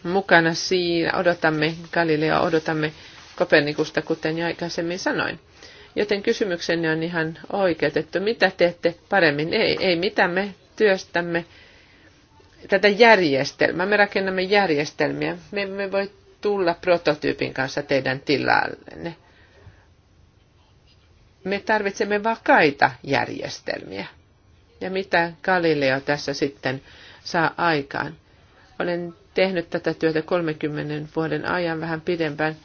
mukana siinä. Odotamme Galilea, odotamme Kopernikusta, kuten jo aikaisemmin sanoin. Joten kysymyksenne on ihan oikeutettu. Mitä teette paremmin? Ei, ei mitä me työstämme tätä järjestelmää. Me rakennamme järjestelmiä. Me emme voi tulla prototyypin kanssa teidän tilallenne. Me tarvitsemme vakaita järjestelmiä. Ja mitä Galileo tässä sitten saa aikaan? Olen tehnyt tätä työtä 30 vuoden ajan vähän pidempään.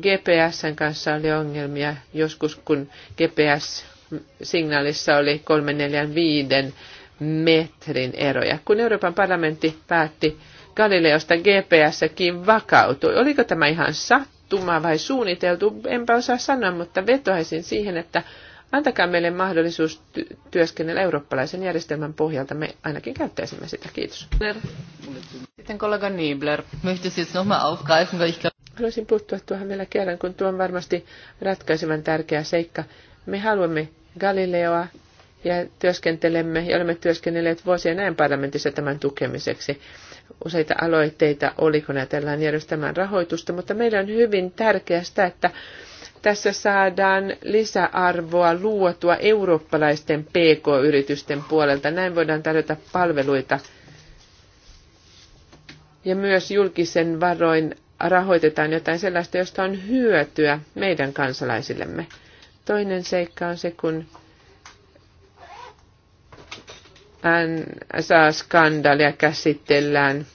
GPSn kanssa oli ongelmia joskus, kun GPS-signaalissa oli 345 metrin eroja. Kun Euroopan parlamentti päätti Galileosta GPS-kin vakautui. Oliko tämä ihan sattumaa vai suunniteltu? Enpä osaa sanoa, mutta vetoaisin siihen, että antakaa meille mahdollisuus ty- työskennellä eurooppalaisen järjestelmän pohjalta. Me ainakin käyttäisimme sitä. Kiitos. Sitten kollega Niebler. Haluaisin puuttua tuohon vielä kerran, kun tuo on varmasti ratkaisevan tärkeä seikka. Me haluamme Galileoa ja työskentelemme ja olemme työskennelleet vuosien ajan parlamentissa tämän tukemiseksi. Useita aloitteita oliko kun järjestämään rahoitusta, mutta meillä on hyvin tärkeää, että tässä saadaan lisäarvoa luotua eurooppalaisten PK-yritysten puolelta. Näin voidaan tarjota palveluita ja myös julkisen varoin rahoitetaan jotain sellaista, josta on hyötyä meidän kansalaisillemme. Toinen seikka on se, kun NSA-skandaalia käsitellään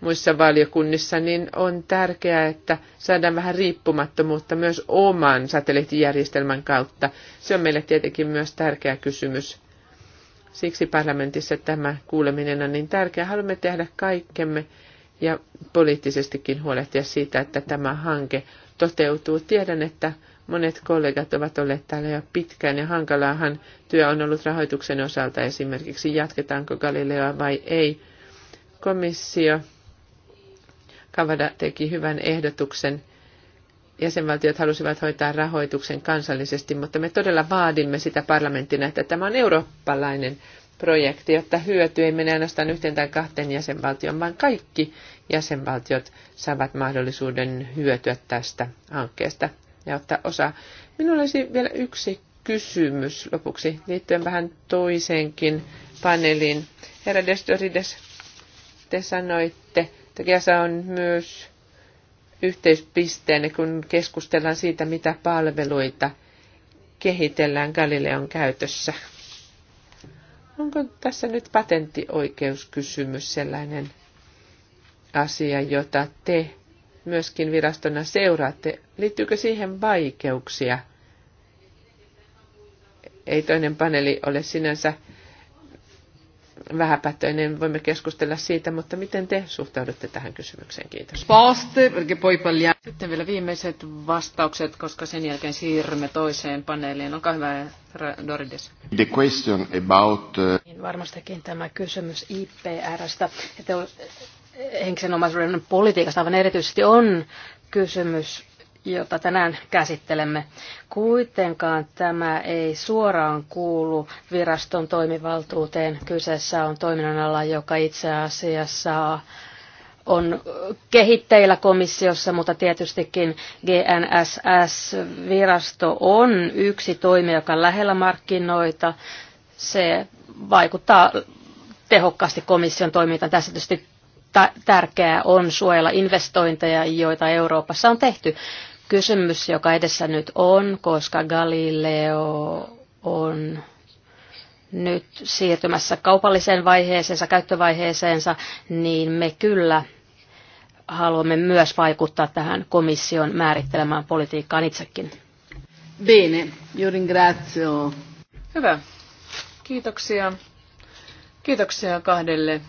muissa valiokunnissa, niin on tärkeää, että saadaan vähän riippumattomuutta myös oman satelliittijärjestelmän kautta. Se on meille tietenkin myös tärkeä kysymys. Siksi parlamentissa tämä kuuleminen on niin tärkeä. Haluamme tehdä kaikkemme ja poliittisestikin huolehtia siitä, että tämä hanke toteutuu. Tiedän, että Monet kollegat ovat olleet täällä jo pitkään ja hankalaahan työ on ollut rahoituksen osalta esimerkiksi, jatketaanko Galileoa vai ei. Komissio Kavada teki hyvän ehdotuksen. Jäsenvaltiot halusivat hoitaa rahoituksen kansallisesti, mutta me todella vaadimme sitä parlamenttina, että tämä on eurooppalainen projekti, jotta hyöty ei mene ainoastaan yhteen tai kahteen jäsenvaltioon, vaan kaikki jäsenvaltiot saavat mahdollisuuden hyötyä tästä hankkeesta ja ottaa osaa. Minulla olisi vielä yksi kysymys lopuksi liittyen vähän toiseenkin paneeliin. Herra Destorides, te sanoitte, että kesä on myös yhteispisteenne, kun keskustellaan siitä, mitä palveluita kehitellään Galileon käytössä. Onko tässä nyt patenttioikeuskysymys sellainen asia, jota te myöskin virastona seuraatte, liittyykö siihen vaikeuksia? Ei toinen paneeli ole sinänsä vähäpätöinen, voimme keskustella siitä, mutta miten te suhtaudutte tähän kysymykseen? Kiitos. Sitten vielä viimeiset vastaukset, koska sen jälkeen siirrymme toiseen paneeliin. Olkaa hyvä, Dorides. The question about... Uh, niin varmastikin tämä kysymys IPRstä, että henkisen omaisuuden politiikasta aivan erityisesti on kysymys, jota tänään käsittelemme. Kuitenkaan tämä ei suoraan kuulu viraston toimivaltuuteen. Kyseessä on toiminnan ala, joka itse asiassa on kehitteillä komissiossa, mutta tietystikin GNSS-virasto on yksi toimija, joka on lähellä markkinoita. Se vaikuttaa tehokkaasti komission toimintaan. Tässä tietysti tärkeää on suojella investointeja, joita Euroopassa on tehty. Kysymys, joka edessä nyt on, koska Galileo on nyt siirtymässä kaupalliseen vaiheeseensa, käyttövaiheeseensa, niin me kyllä haluamme myös vaikuttaa tähän komission määrittelemään politiikkaan itsekin. Bene, io ringrazio. Hyvä. Kiitoksia. Kiitoksia kahdelle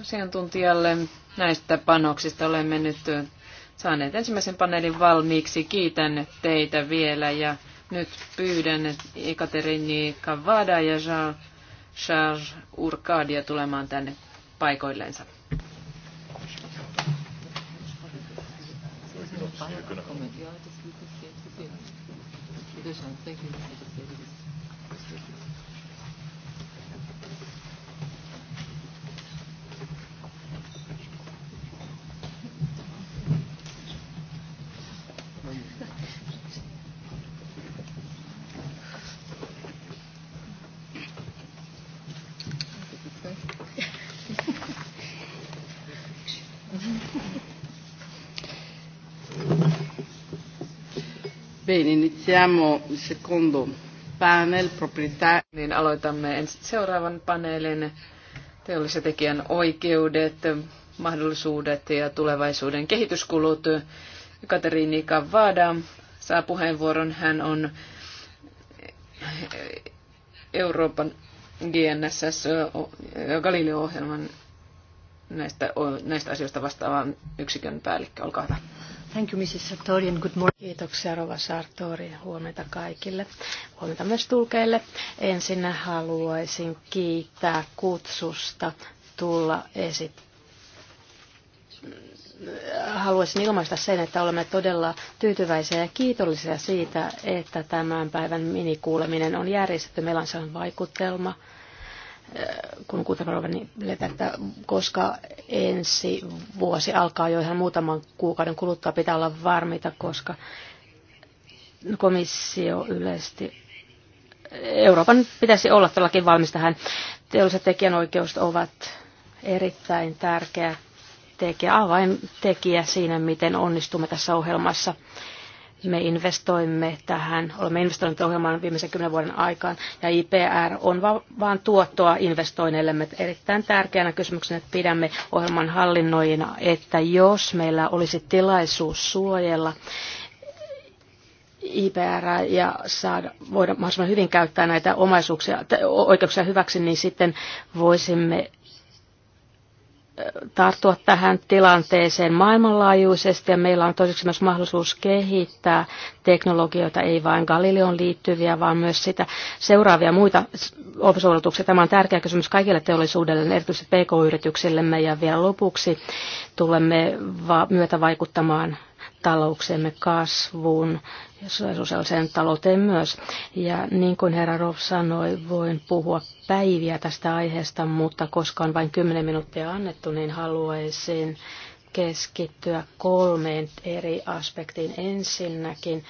asiantuntijalle näistä panoksista. Olemme nyt saaneet ensimmäisen paneelin valmiiksi. Kiitän teitä vielä ja nyt pyydän Ekaterini Kavada ja Charles Urkadia tulemaan tänne paikoilleensa. Thank you. Bene, iniziamo il secondo panel, proprietà. Niin aloitamme ensin seuraavan paneelin, teollisen tekijän oikeudet, mahdollisuudet ja tulevaisuuden kehityskulut. Kateriini Kavada saa puheenvuoron. Hän on Euroopan GNSS Galileo-ohjelman näistä, näistä asioista vastaavan yksikön päällikkö. Olkaa hyvä. Thank you, Mrs. Sartori, good morning. Kiitoksia, Rova Sartori. Huomenta kaikille. Huomenta myös tulkeille. Ensin haluaisin kiittää kutsusta tulla esittämään haluaisin ilmaista sen, että olemme todella tyytyväisiä ja kiitollisia siitä, että tämän päivän minikuuleminen on järjestetty. Meillä on sellainen vaikutelma, eh, kun kuuntelin, että koska ensi vuosi alkaa jo ihan muutaman kuukauden kuluttua, pitää olla varmita, koska komissio yleisesti Euroopan pitäisi olla todellakin valmis tähän. Teolliset tekijänoikeudet ovat erittäin tärkeä tekijä, avaintekijä siinä, miten onnistumme tässä ohjelmassa. Me investoimme tähän, olemme investoineet ohjelmaan viimeisen kymmenen vuoden aikaan, ja IPR on va- vaan tuottoa investoinneillemme. Erittäin tärkeänä kysymyksenä, että pidämme ohjelman hallinnoijina, että jos meillä olisi tilaisuus suojella IPR ja saada, voida mahdollisimman hyvin käyttää näitä omaisuuksia, oikeuksia hyväksi, niin sitten voisimme tarttua tähän tilanteeseen maailmanlaajuisesti ja meillä on toiseksi myös mahdollisuus kehittää teknologioita, ei vain Galileon liittyviä, vaan myös sitä seuraavia muita sovellutuksia. Tämä on tärkeä kysymys kaikille teollisuudelle, erityisesti PK-yrityksillemme ja vielä lopuksi tulemme va- myötä vaikuttamaan talouksemme kasvuun ja sosiaaliseen talouteen myös. Ja niin kuin herra Rov sanoi, voin puhua päiviä tästä aiheesta, mutta koska on vain 10 minuuttia annettu, niin haluaisin keskittyä kolmeen eri aspektiin. Ensinnäkin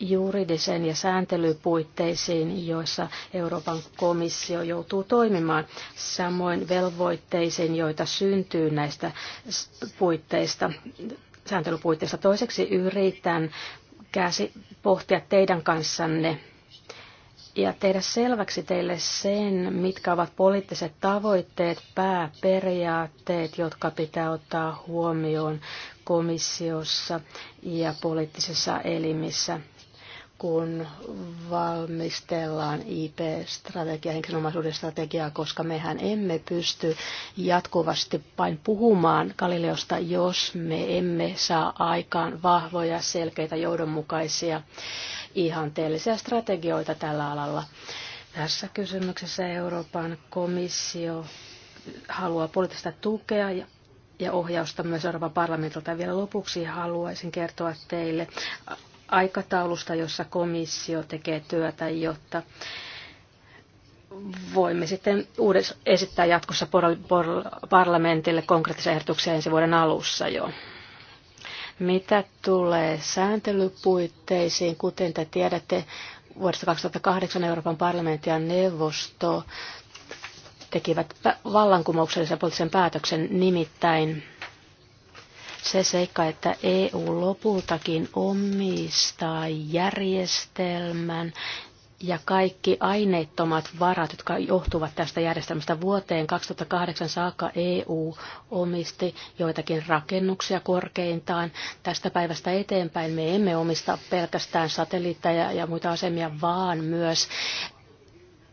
juridisen ja sääntelypuitteisiin, joissa Euroopan komissio joutuu toimimaan, samoin velvoitteisiin, joita syntyy näistä puitteista sääntelypuitteissa. Toiseksi yritän käsi pohtia teidän kanssanne ja tehdä selväksi teille sen, mitkä ovat poliittiset tavoitteet, pääperiaatteet, jotka pitää ottaa huomioon komissiossa ja poliittisissa elimissä kun valmistellaan IP-strategiaa, henkilöomaisuuden strategiaa, koska mehän emme pysty jatkuvasti vain puhumaan Galileosta, jos me emme saa aikaan vahvoja, selkeitä, johdonmukaisia, ihanteellisia strategioita tällä alalla. Tässä kysymyksessä Euroopan komissio haluaa poliittista tukea ja ja ohjausta myös Euroopan parlamentilta. Vielä lopuksi haluaisin kertoa teille aikataulusta, jossa komissio tekee työtä, jotta voimme sitten esittää jatkossa parlamentille konkreettisia ehdotuksia ensi vuoden alussa jo. Mitä tulee sääntelypuitteisiin, kuten te tiedätte, vuodesta 2008 Euroopan parlamentti ja neuvosto tekivät vallankumouksellisen poliittisen päätöksen nimittäin se seikka, että EU lopultakin omistaa järjestelmän ja kaikki aineettomat varat, jotka johtuvat tästä järjestelmästä vuoteen 2008 saakka EU omisti joitakin rakennuksia korkeintaan. Tästä päivästä eteenpäin me emme omista pelkästään satelliitteja ja muita asemia, vaan myös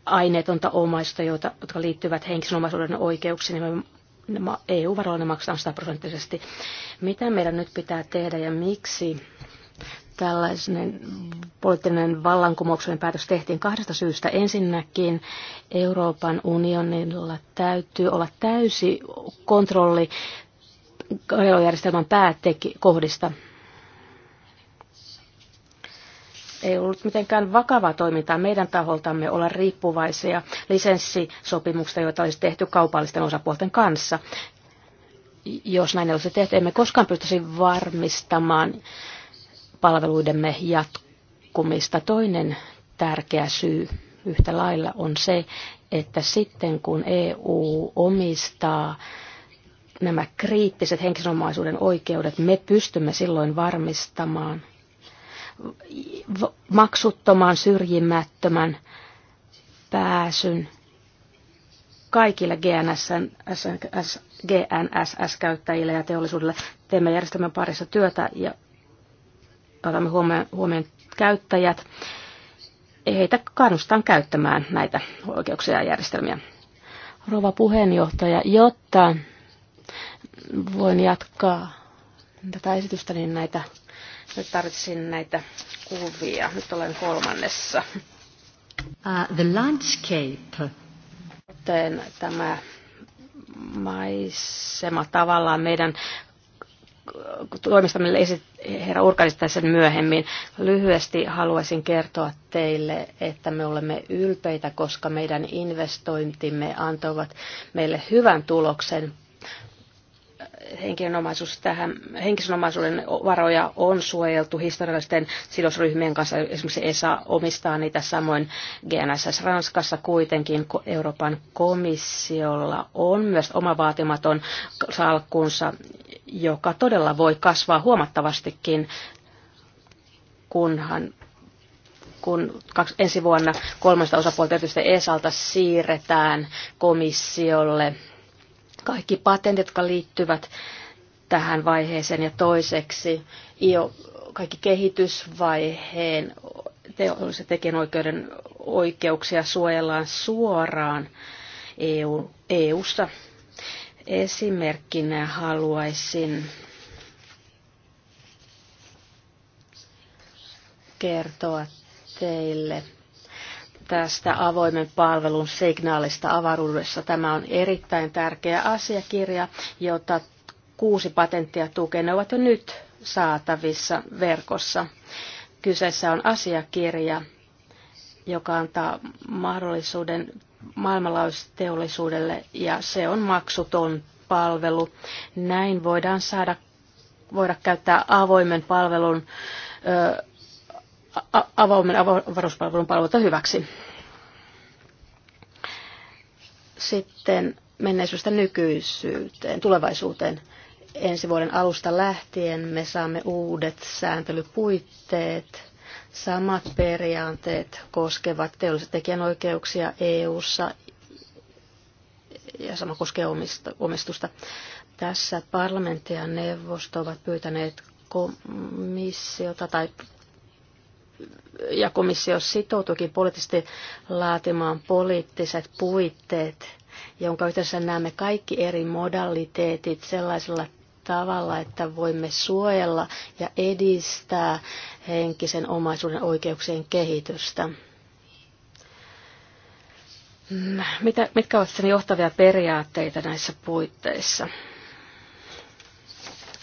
aineetonta omaisuutta, jotka liittyvät henkisen omaisuuden oikeuksiin. Me EU-varoilla ne maksetaan 100 prosenttisesti. Mitä meidän nyt pitää tehdä ja miksi tällainen poliittinen vallankumouksellinen päätös tehtiin kahdesta syystä. Ensinnäkin Euroopan unionilla täytyy olla täysi kontrolli kohdista ei ollut mitenkään vakavaa toimintaa meidän taholtamme olla riippuvaisia lisenssisopimuksista, joita olisi tehty kaupallisten osapuolten kanssa. Jos näin ei olisi tehty, emme koskaan pystyisi varmistamaan palveluidemme jatkumista. Toinen tärkeä syy yhtä lailla on se, että sitten kun EU omistaa nämä kriittiset henkisomaisuuden oikeudet, me pystymme silloin varmistamaan – maksuttoman syrjimättömän pääsyn kaikille GNSS-käyttäjille ja teollisuudelle. Teemme järjestelmän parissa työtä ja otamme huomioon, huomioon käyttäjät. Heitä kannustan käyttämään näitä oikeuksia ja järjestelmiä. Rova puheenjohtaja, jotta voin jatkaa tätä esitystä, niin näitä nyt tarvitsin näitä kuvia. Nyt olen kolmannessa. Uh, the landscape. Joten tämä maisema tavallaan meidän toimistamme esit, herra Urkanista sen myöhemmin. Lyhyesti haluaisin kertoa teille, että me olemme ylpeitä, koska meidän investointimme antoivat meille hyvän tuloksen henkilönomaisuus tähän, henkisen varoja on suojeltu historiallisten sidosryhmien kanssa. Esimerkiksi ESA omistaa niitä samoin GNSS Ranskassa kuitenkin. Euroopan komissiolla on myös oma vaatimaton salkkunsa, joka todella voi kasvaa huomattavastikin, kunhan kun ensi vuonna kolmesta osapuolta, erityisesti ESAlta, siirretään komissiolle kaikki patentit, jotka liittyvät tähän vaiheeseen ja toiseksi jo kaikki kehitysvaiheen teollisen tekijänoikeuden oikeuksia suojellaan suoraan EU, EU-ssa. Esimerkkinä haluaisin kertoa teille tästä avoimen palvelun signaalista avaruudessa. Tämä on erittäin tärkeä asiakirja, jota kuusi patenttia tukee. Ne ovat jo nyt saatavissa verkossa. Kyseessä on asiakirja, joka antaa mahdollisuuden maailmanlaajuisteollisuudelle ja se on maksuton palvelu. Näin voidaan saada voida käyttää avoimen palvelun ö, avoimen avaruuspalvelun palveluita hyväksi. Sitten menneisyydestä nykyisyyteen, tulevaisuuteen. Ensi vuoden alusta lähtien me saamme uudet sääntelypuitteet. Samat periaatteet koskevat teollisia tekijänoikeuksia EU-ssa ja sama koskee omistusta. Tässä parlamentti ja neuvosto ovat pyytäneet komissiota tai ja komissio sitoutuikin poliittisesti laatimaan poliittiset puitteet, jonka yhteydessä näemme kaikki eri modaliteetit sellaisella tavalla, että voimme suojella ja edistää henkisen omaisuuden oikeuksien kehitystä. Mitä, mitkä ovat sen johtavia periaatteita näissä puitteissa?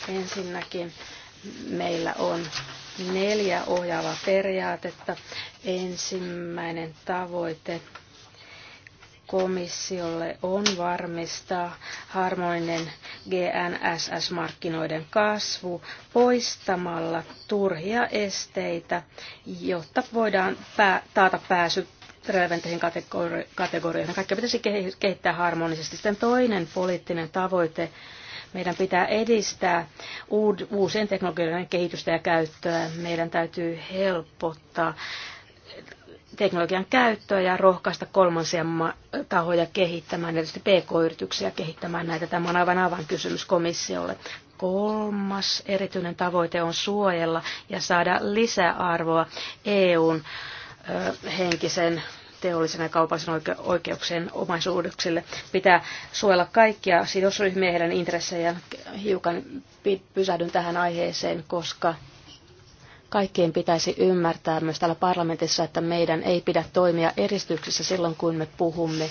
Ensinnäkin meillä on neljä ohjaavaa periaatetta. Ensimmäinen tavoite komissiolle on varmistaa harmoninen GNSS-markkinoiden kasvu poistamalla turhia esteitä, jotta voidaan pää- taata pääsy relevanteihin kategorioihin. Kaikkea pitäisi kehittää harmonisesti. Sitten toinen poliittinen tavoite meidän pitää edistää uusien teknologioiden kehitystä ja käyttöä. Meidän täytyy helpottaa teknologian käyttöä ja rohkaista kolmansia tahoja kehittämään, erityisesti PK-yrityksiä kehittämään näitä. Tämä on aivan avan kysymys komissiolle. Kolmas erityinen tavoite on suojella ja saada lisäarvoa EUn henkisen teollisen ja kaupallisen oikeuksien omaisuudeksille. Pitää suojella kaikkia sidosryhmiä heidän intressejä. Hiukan pysähdyn tähän aiheeseen, koska kaikkien pitäisi ymmärtää myös täällä parlamentissa, että meidän ei pidä toimia eristyksissä silloin, kun me puhumme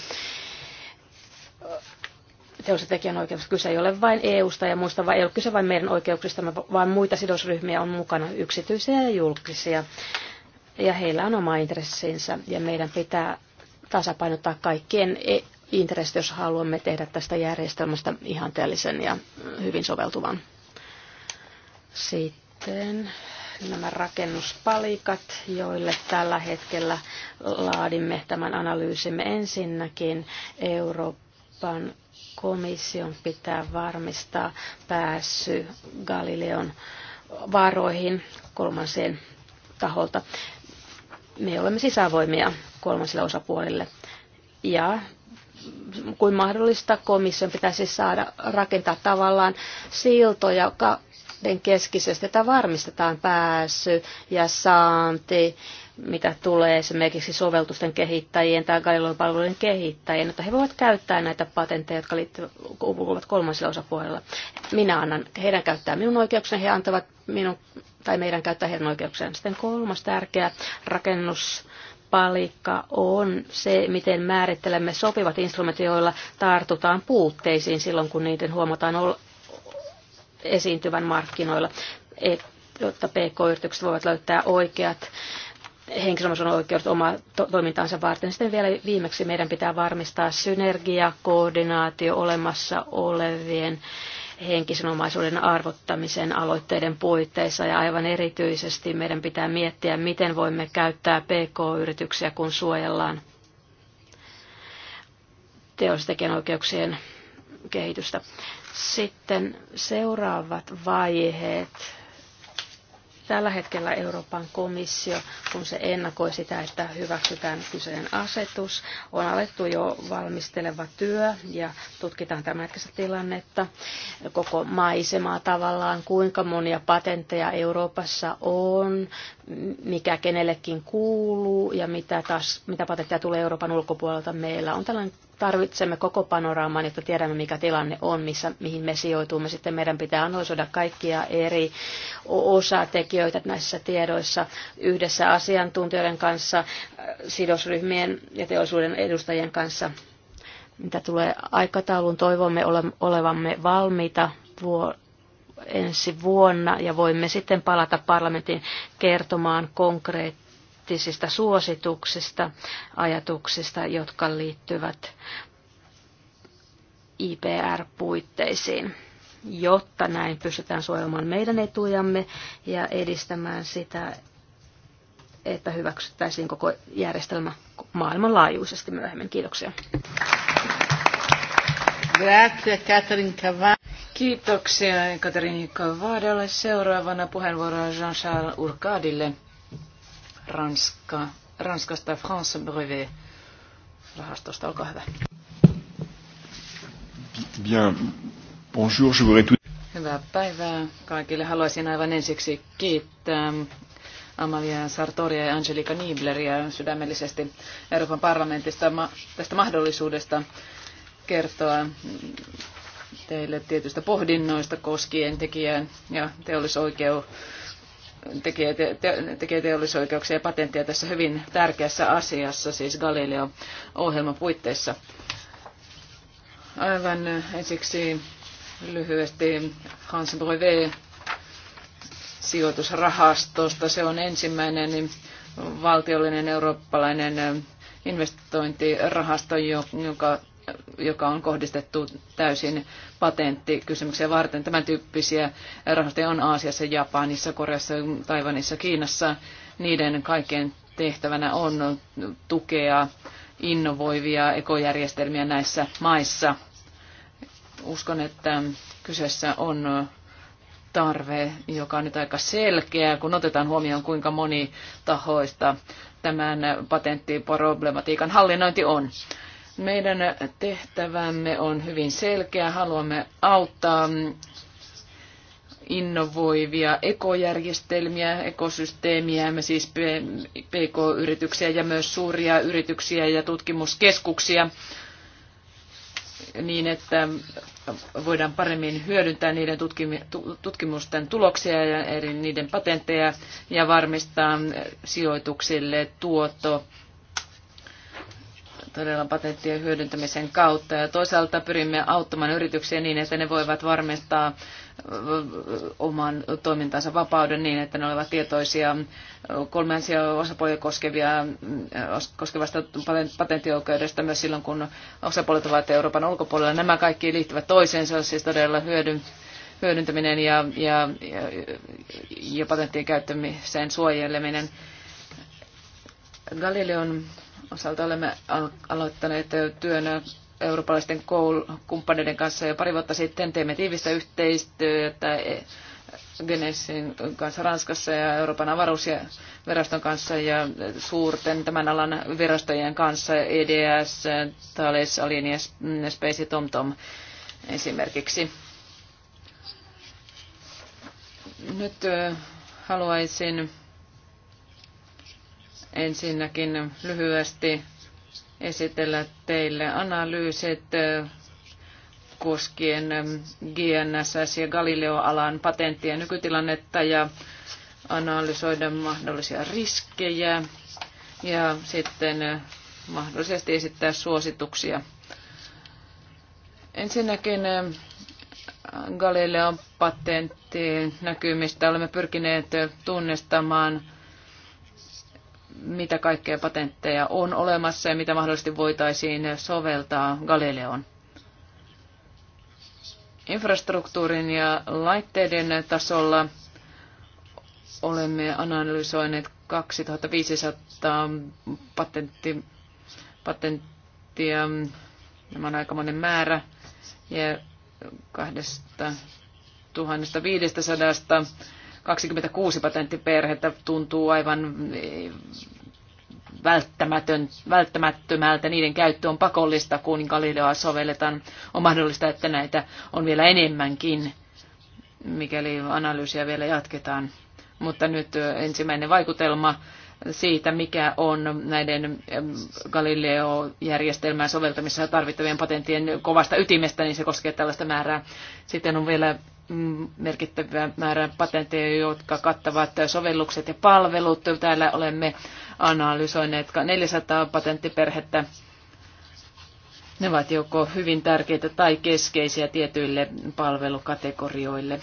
Teollisen tekijän tekijänoikeuksista. Kyse ei ole vain EUsta ja muista, vaan ei ole kyse vain meidän oikeuksista vaan muita sidosryhmiä on mukana, yksityisiä ja julkisia ja heillä on oma intressinsä ja meidän pitää tasapainottaa kaikkien e- intressit, jos haluamme tehdä tästä järjestelmästä ihanteellisen ja hyvin soveltuvan. Sitten nämä rakennuspalikat, joille tällä hetkellä laadimme tämän analyysimme ensinnäkin Euroopan komission pitää varmistaa pääsy Galileon varoihin kolmansien taholta me olemme sisävoimia kolmansille osapuolille. Ja kuin mahdollista, komission pitäisi saada rakentaa tavallaan siltoja keskisesti, että varmistetaan pääsy ja saanti, mitä tulee esimerkiksi soveltusten kehittäjien tai Galileo-palveluiden kehittäjien, että he voivat käyttää näitä patentteja, jotka liittyvät kuuluvat kolmansilla osapuolella. Minä annan heidän käyttää minun oikeukseni, he antavat minun tai meidän käyttää heidän oikeuksiaan. Sitten kolmas tärkeä palikka on se, miten määrittelemme sopivat instrumentit, joilla tartutaan puutteisiin silloin, kun niiden huomataan esiintyvän markkinoilla, jotta pk-yritykset voivat löytää oikeat henkilöomaisuuden oikeudet omaa to- toimintaansa varten. Sitten vielä viimeksi meidän pitää varmistaa synergia, koordinaatio olemassa olevien henkisen omaisuuden arvottamisen aloitteiden puitteissa ja aivan erityisesti meidän pitää miettiä, miten voimme käyttää PK-yrityksiä, kun suojellaan teollistekijänoikeuksien kehitystä. Sitten seuraavat vaiheet Tällä hetkellä Euroopan komissio, kun se ennakoi sitä, että hyväksytään kyseinen asetus, on alettu jo valmisteleva työ ja tutkitaan tämänhetkistä tilannetta, koko maisemaa tavallaan, kuinka monia patentteja Euroopassa on, mikä kenellekin kuuluu ja mitä, taas, mitä patentteja tulee Euroopan ulkopuolelta meillä. On tällainen tarvitsemme koko panoraaman, jotta tiedämme, mikä tilanne on, missä, mihin me sijoitumme. Sitten meidän pitää analysoida kaikkia eri osatekijöitä tekijöitä näissä tiedoissa yhdessä asiantuntijoiden kanssa, äh, sidosryhmien ja teollisuuden edustajien kanssa. Mitä tulee aikatauluun, toivomme olevamme valmiita ensi vuonna ja voimme sitten palata parlamentin kertomaan konkreettisista suosituksista, ajatuksista, jotka liittyvät IPR-puitteisiin jotta näin pystytään suojelemaan meidän etujamme ja edistämään sitä, että hyväksyttäisiin koko järjestelmä maailmanlaajuisesti myöhemmin. Kiitoksia. Grazie, Kiitoksia Katarin Kavadalle. Seuraavana puheenvuoroa Jean-Charles Urkadille Ranska, Ranskasta France Brevet rahastosta. Olkaa hyvä. Bien, Bonjour, je voudrais tout... Hyvää päivää kaikille. Haluaisin aivan ensiksi kiittää Amalia Sartoria ja Angelika Niebleria sydämellisesti Euroopan parlamentista tästä mahdollisuudesta kertoa teille tietystä pohdinnoista koskien tekijän ja teollisoikeu, tekee, te, teollisoikeuksia ja patenttia tässä hyvin tärkeässä asiassa, siis Galileo-ohjelman puitteissa. Aivan ensiksi lyhyesti Hans Brevet sijoitusrahastosta. Se on ensimmäinen valtiollinen eurooppalainen investointirahasto, joka, joka on kohdistettu täysin patenttikysymyksiä varten. Tämän tyyppisiä rahastoja on Aasiassa, Japanissa, Koreassa, Taivanissa, Kiinassa. Niiden kaikkien tehtävänä on tukea innovoivia ekojärjestelmiä näissä maissa Uskon, että kyseessä on tarve, joka on nyt aika selkeä, kun otetaan huomioon, kuinka moni tahoista tämän patenttiproblematiikan hallinnointi on. Meidän tehtävämme on hyvin selkeä. Haluamme auttaa innovoivia ekojärjestelmiä, ekosysteemiä, me siis PK-yrityksiä ja myös suuria yrityksiä ja tutkimuskeskuksia niin, että voidaan paremmin hyödyntää niiden tutkimusten tuloksia ja eri niiden patentteja ja varmistaa sijoituksille tuotto todella patenttien hyödyntämisen kautta. Ja toisaalta pyrimme auttamaan yrityksiä niin, että ne voivat varmistaa oman toimintansa vapauden niin, että ne olivat tietoisia kolmansia osapuolia koskevia, koskevasta patenttioikeudesta myös silloin, kun osapuolet ovat Euroopan ulkopuolella. Nämä kaikki liittyvät on siis todella hyödyn, hyödyntäminen ja, ja, ja, ja patenttien käyttämiseen suojeleminen. Galileon osalta olemme aloittaneet työnä eurooppalaisten kumppaneiden kanssa jo pari vuotta sitten. Teemme tiivistä yhteistyötä e- Genesin kanssa Ranskassa ja Euroopan avaruusviraston kanssa ja suurten tämän alan virastojen kanssa, EDS, Thales, Alien ja Space ja TomTom esimerkiksi. Nyt haluaisin ensinnäkin lyhyesti esitellä teille analyysit koskien GNSS ja Galileo-alan patenttien nykytilannetta ja analysoida mahdollisia riskejä ja sitten mahdollisesti esittää suosituksia. Ensinnäkin Galileon patenttien näkymistä olemme pyrkineet tunnistamaan mitä kaikkea patentteja on olemassa ja mitä mahdollisesti voitaisiin soveltaa Galileon. Infrastruktuurin ja laitteiden tasolla olemme analysoineet 2500 patentti, patenttia. Nämä on aikamoinen määrä. Ja 2500 26 patenttiperhettä tuntuu aivan eh, välttämätön, välttämättömältä. Niiden käyttö on pakollista, kun Galileoa sovelletaan. On mahdollista, että näitä on vielä enemmänkin, mikäli analyysiä vielä jatketaan. Mutta nyt eh, ensimmäinen vaikutelma siitä, mikä on näiden Galileo-järjestelmään soveltamisessa tarvittavien patenttien kovasta ytimestä, niin se koskee tällaista määrää. Sitten on vielä merkittävää määrää patentteja, jotka kattavat sovellukset ja palvelut. Täällä olemme analysoineet 400 patenttiperhettä. Ne ovat joko hyvin tärkeitä tai keskeisiä tietyille palvelukategorioille.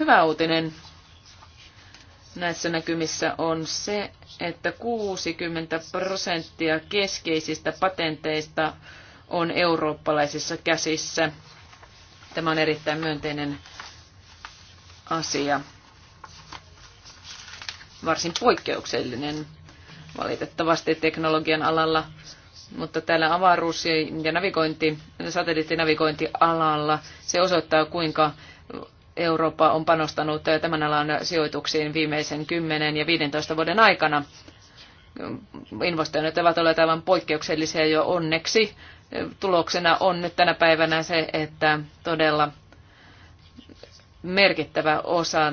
Hyvä uutinen näissä näkymissä on se, että 60 prosenttia keskeisistä patenteista on eurooppalaisissa käsissä – Tämä on erittäin myönteinen asia, varsin poikkeuksellinen valitettavasti teknologian alalla, mutta täällä avaruus- ja navigointi, satelliittinavigointialalla se osoittaa, kuinka Eurooppa on panostanut tämän alan sijoituksiin viimeisen 10 ja 15 vuoden aikana. Investoinnit ovat olleet aivan poikkeuksellisia jo onneksi tuloksena on nyt tänä päivänä se, että todella merkittävä osa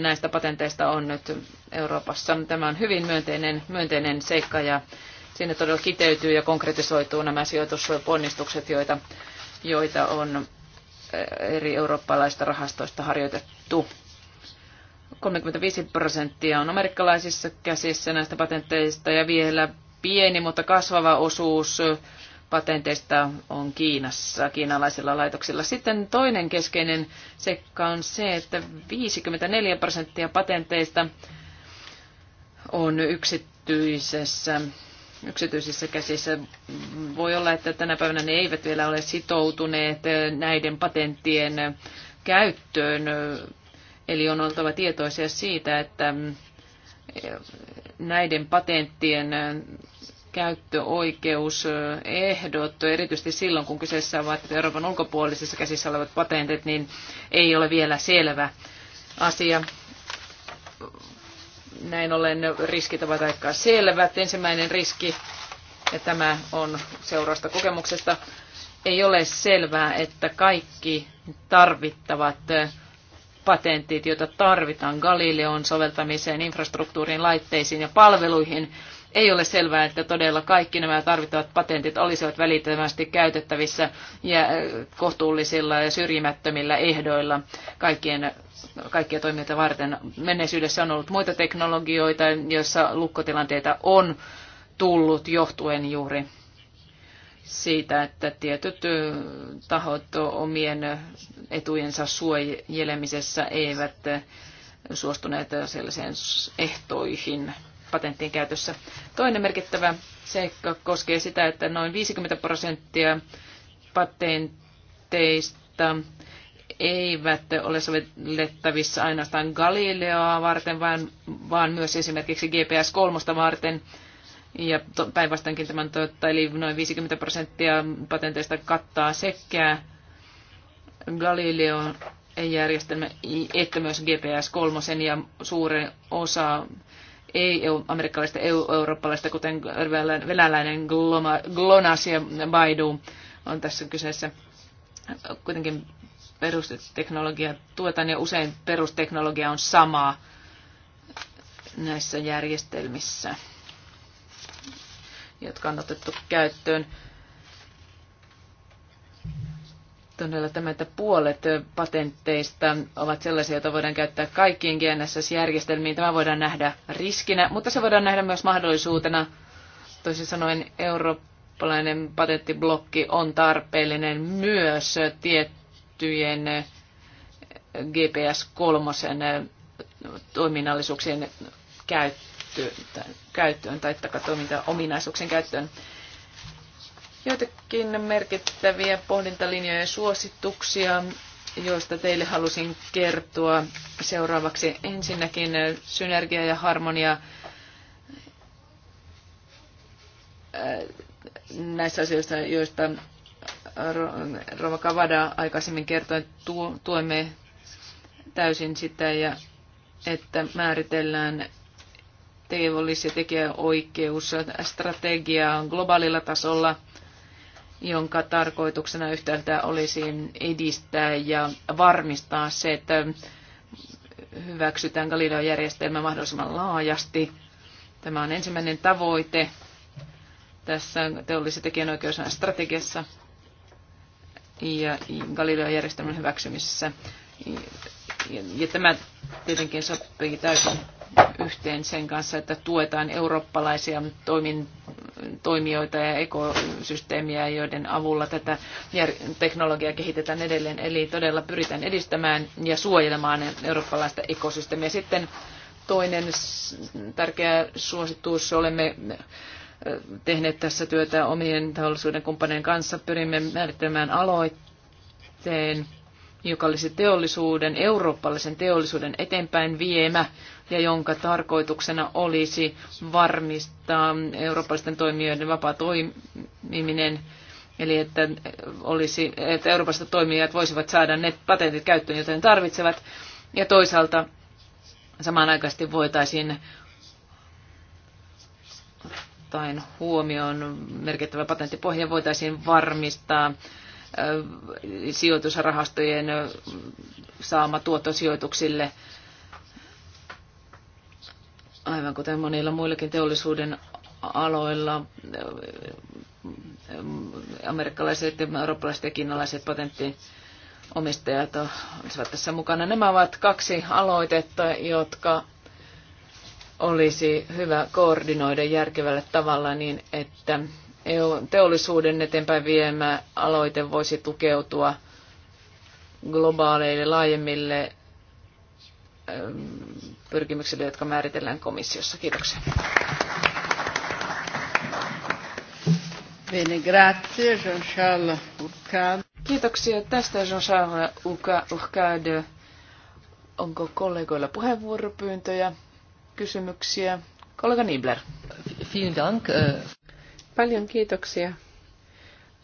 näistä patenteista on nyt Euroopassa. Tämä on hyvin myönteinen, myönteinen seikka ja sinne todella kiteytyy ja konkretisoituu nämä sijoitusponnistukset, joita, joita on eh, eri eurooppalaista rahastoista harjoitettu. 35 prosenttia on amerikkalaisissa käsissä näistä patenteista ja vielä pieni, mutta kasvava osuus patenteista on Kiinassa, kiinalaisilla laitoksilla. Sitten toinen keskeinen sekka on se, että 54 prosenttia patenteista on yksityisessä, yksityisissä käsissä. Voi olla, että tänä päivänä ne eivät vielä ole sitoutuneet näiden patenttien käyttöön. Eli on oltava tietoisia siitä, että näiden patenttien käyttöoikeusehdot, erityisesti silloin kun kyseessä ovat Euroopan ulkopuolisissa käsissä olevat patentit, niin ei ole vielä selvä asia. Näin ollen riskit ovat aika selvät. Ensimmäinen riski, ja tämä on seurausta kokemuksesta, ei ole selvää, että kaikki tarvittavat patentit, joita tarvitaan Galileon soveltamiseen, infrastruktuuriin, laitteisiin ja palveluihin, ei ole selvää, että todella kaikki nämä tarvittavat patentit olisivat välittömästi käytettävissä ja kohtuullisilla ja syrjimättömillä ehdoilla kaikkien kaikkia toimijoita varten. Menneisyydessä on ollut muita teknologioita, joissa lukkotilanteita on tullut johtuen juuri siitä, että tietyt tahot omien etujensa suojelemisessa eivät suostuneet sellaiseen ehtoihin patenttien käytössä. Toinen merkittävä seikka koskee sitä, että noin 50 prosenttia patenteista eivät ole sovellettavissa ainoastaan Galileoa varten, vaan, vaan myös esimerkiksi GPS-3 varten. Ja päinvastoinkin tämän totta, eli noin 50 prosenttia patenteista kattaa sekä Galileon järjestelmä, että myös GPS-3 ja suuren osa ei-amerikkalaista, EU-eurooppalaista, kuten venäläinen Glonas ja Baidu on tässä kyseessä. Kuitenkin perusteknologia tuetaan ja usein perusteknologia on samaa näissä järjestelmissä, jotka on otettu käyttöön todella tämä, että puolet patenteista ovat sellaisia, joita voidaan käyttää kaikkiin GNSS-järjestelmiin. Tämä voidaan nähdä riskinä, mutta se voidaan nähdä myös mahdollisuutena. Toisin sanoen eurooppalainen patenttiblokki on tarpeellinen myös tiettyjen GPS-3 toiminnallisuuksien käyttöön, käyttöön tai toiminta-ominaisuuksien käyttöön. Joitakin merkittäviä pohdintalinjoja ja suosituksia, joista teille halusin kertoa seuraavaksi. Ensinnäkin synergia ja harmonia äh, näissä asioissa, joista Rova Kavada aikaisemmin kertoi, tuemme täysin sitä ja että määritellään teollis- ja tekijäoikeus, globaalilla tasolla jonka tarkoituksena yhtäältä olisi edistää ja varmistaa se, että hyväksytään Galileo-järjestelmä mahdollisimman laajasti. Tämä on ensimmäinen tavoite tässä teollisen tekijänoikeusalan strategiassa ja Galileo-järjestelmän hyväksymisessä. Ja, ja tämä tietenkin sopii täysin yhteen sen kanssa, että tuetaan eurooppalaisia toimin, toimijoita ja ekosysteemiä, joiden avulla tätä teknologiaa kehitetään edelleen. Eli todella pyritään edistämään ja suojelemaan eurooppalaista ekosysteemiä. Sitten toinen tärkeä suositus, olemme tehneet tässä työtä omien teollisuuden kumppaneiden kanssa, pyrimme määrittämään aloitteen joka olisi teollisuuden, eurooppalaisen teollisuuden eteenpäin viemä ja jonka tarkoituksena olisi varmistaa eurooppalaisten toimijoiden vapaa toimiminen Eli että, olisi, että Euroopasta toimijat voisivat saada ne patentit käyttöön, ne tarvitsevat. Ja toisaalta samanaikaisesti voitaisiin tai huomioon merkittävä patenttipohja voitaisiin varmistaa sijoitusrahastojen saama tuotto sijoituksille, aivan kuten monilla muillakin teollisuuden aloilla amerikkalaiset, eurooppalaiset ja kiinalaiset patenttiomistajat olisivat tässä mukana. Nämä ovat kaksi aloitetta, jotka olisi hyvä koordinoida järkevällä tavalla niin, että teollisuuden eteenpäin viemä aloite voisi tukeutua globaaleille laajemmille ähm, pyrkimyksille, jotka määritellään komissiossa. Kiitoksia. Bene, grazie Jean-Charles Urcade. Kiitoksia tästä Jean-Charles Urcade. Onko kollegoilla puheenvuoropyyntöjä, kysymyksiä? Kollega Nibler. Vielen dank. Äh, Paljon kiitoksia,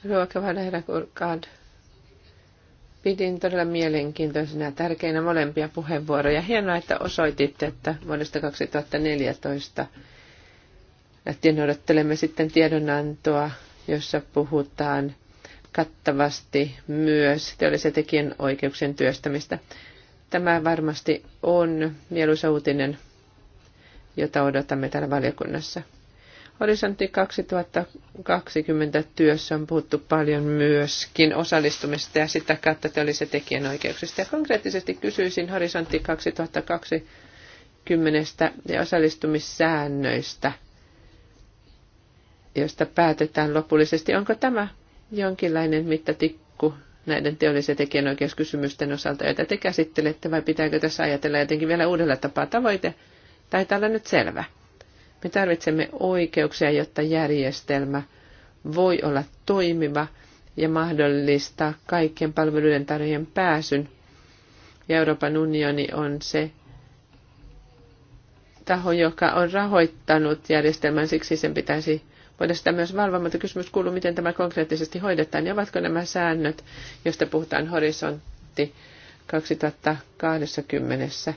Ruokava Lehrakurkaad. Pidin todella mielenkiintoisena ja tärkeinä molempia puheenvuoroja. Hienoa, että osoititte, että vuodesta 2014 lähtien odottelemme sitten tiedonantoa, jossa puhutaan kattavasti myös teollisen tekijän oikeuksien työstämistä. Tämä varmasti on mieluisa uutinen, jota odotamme täällä valiokunnassa. Horisontti 2020 työssä on puhuttu paljon myöskin osallistumista ja sitä kautta olisitte tekijänoikeuksista. Ja konkreettisesti kysyisin Horisontti 2020 ja osallistumissäännöistä, josta päätetään lopullisesti. Onko tämä jonkinlainen mittatikku näiden teollisen tekijänoikeuskysymysten osalta, joita te käsittelette, vai pitääkö tässä ajatella jotenkin vielä uudella tapaa tavoite? Taitaa olla nyt selvä. Me tarvitsemme oikeuksia, jotta järjestelmä voi olla toimiva ja mahdollistaa kaikkien palveluiden tarjoajien pääsyn. Ja Euroopan unioni on se taho, joka on rahoittanut järjestelmän, siksi sen pitäisi voida sitä myös valvoa, mutta kysymys kuuluu, miten tämä konkreettisesti hoidetaan ja ovatko nämä säännöt, joista puhutaan horisontti 2020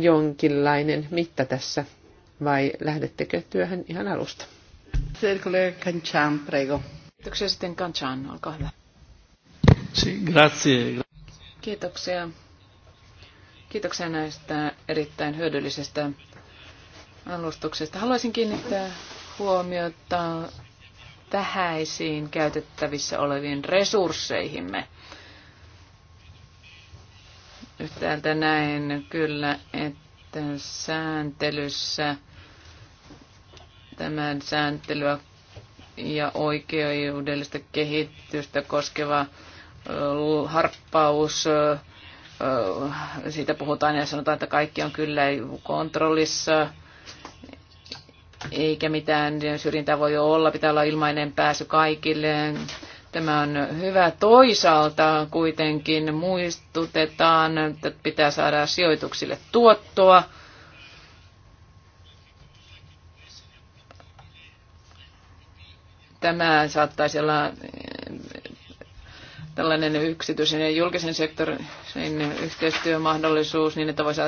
jonkinlainen mitta tässä vai lähdettekö työhön ihan alusta? Circule Kanchan, prego. Kiitoksia sitten Kanchan, olkaa hyvä. Grazie. Kiitoksia. Kiitoksia näistä erittäin hyödyllisestä alustuksesta. Haluaisin kiinnittää huomiota vähäisiin käytettävissä oleviin resursseihimme. Yhtäältä näen kyllä, että sääntelyssä – tämän sääntelyä ja oikeudellista kehitystä koskeva harppaus. Siitä puhutaan ja sanotaan, että kaikki on kyllä kontrollissa, eikä mitään syrjintää voi olla, pitää olla ilmainen pääsy kaikille. Tämä on hyvä. Toisaalta kuitenkin muistutetaan, että pitää saada sijoituksille tuottoa tämä saattaisi olla eh, tällainen yksityisen ja julkisen sektorin yhteistyömahdollisuus niin, että voisi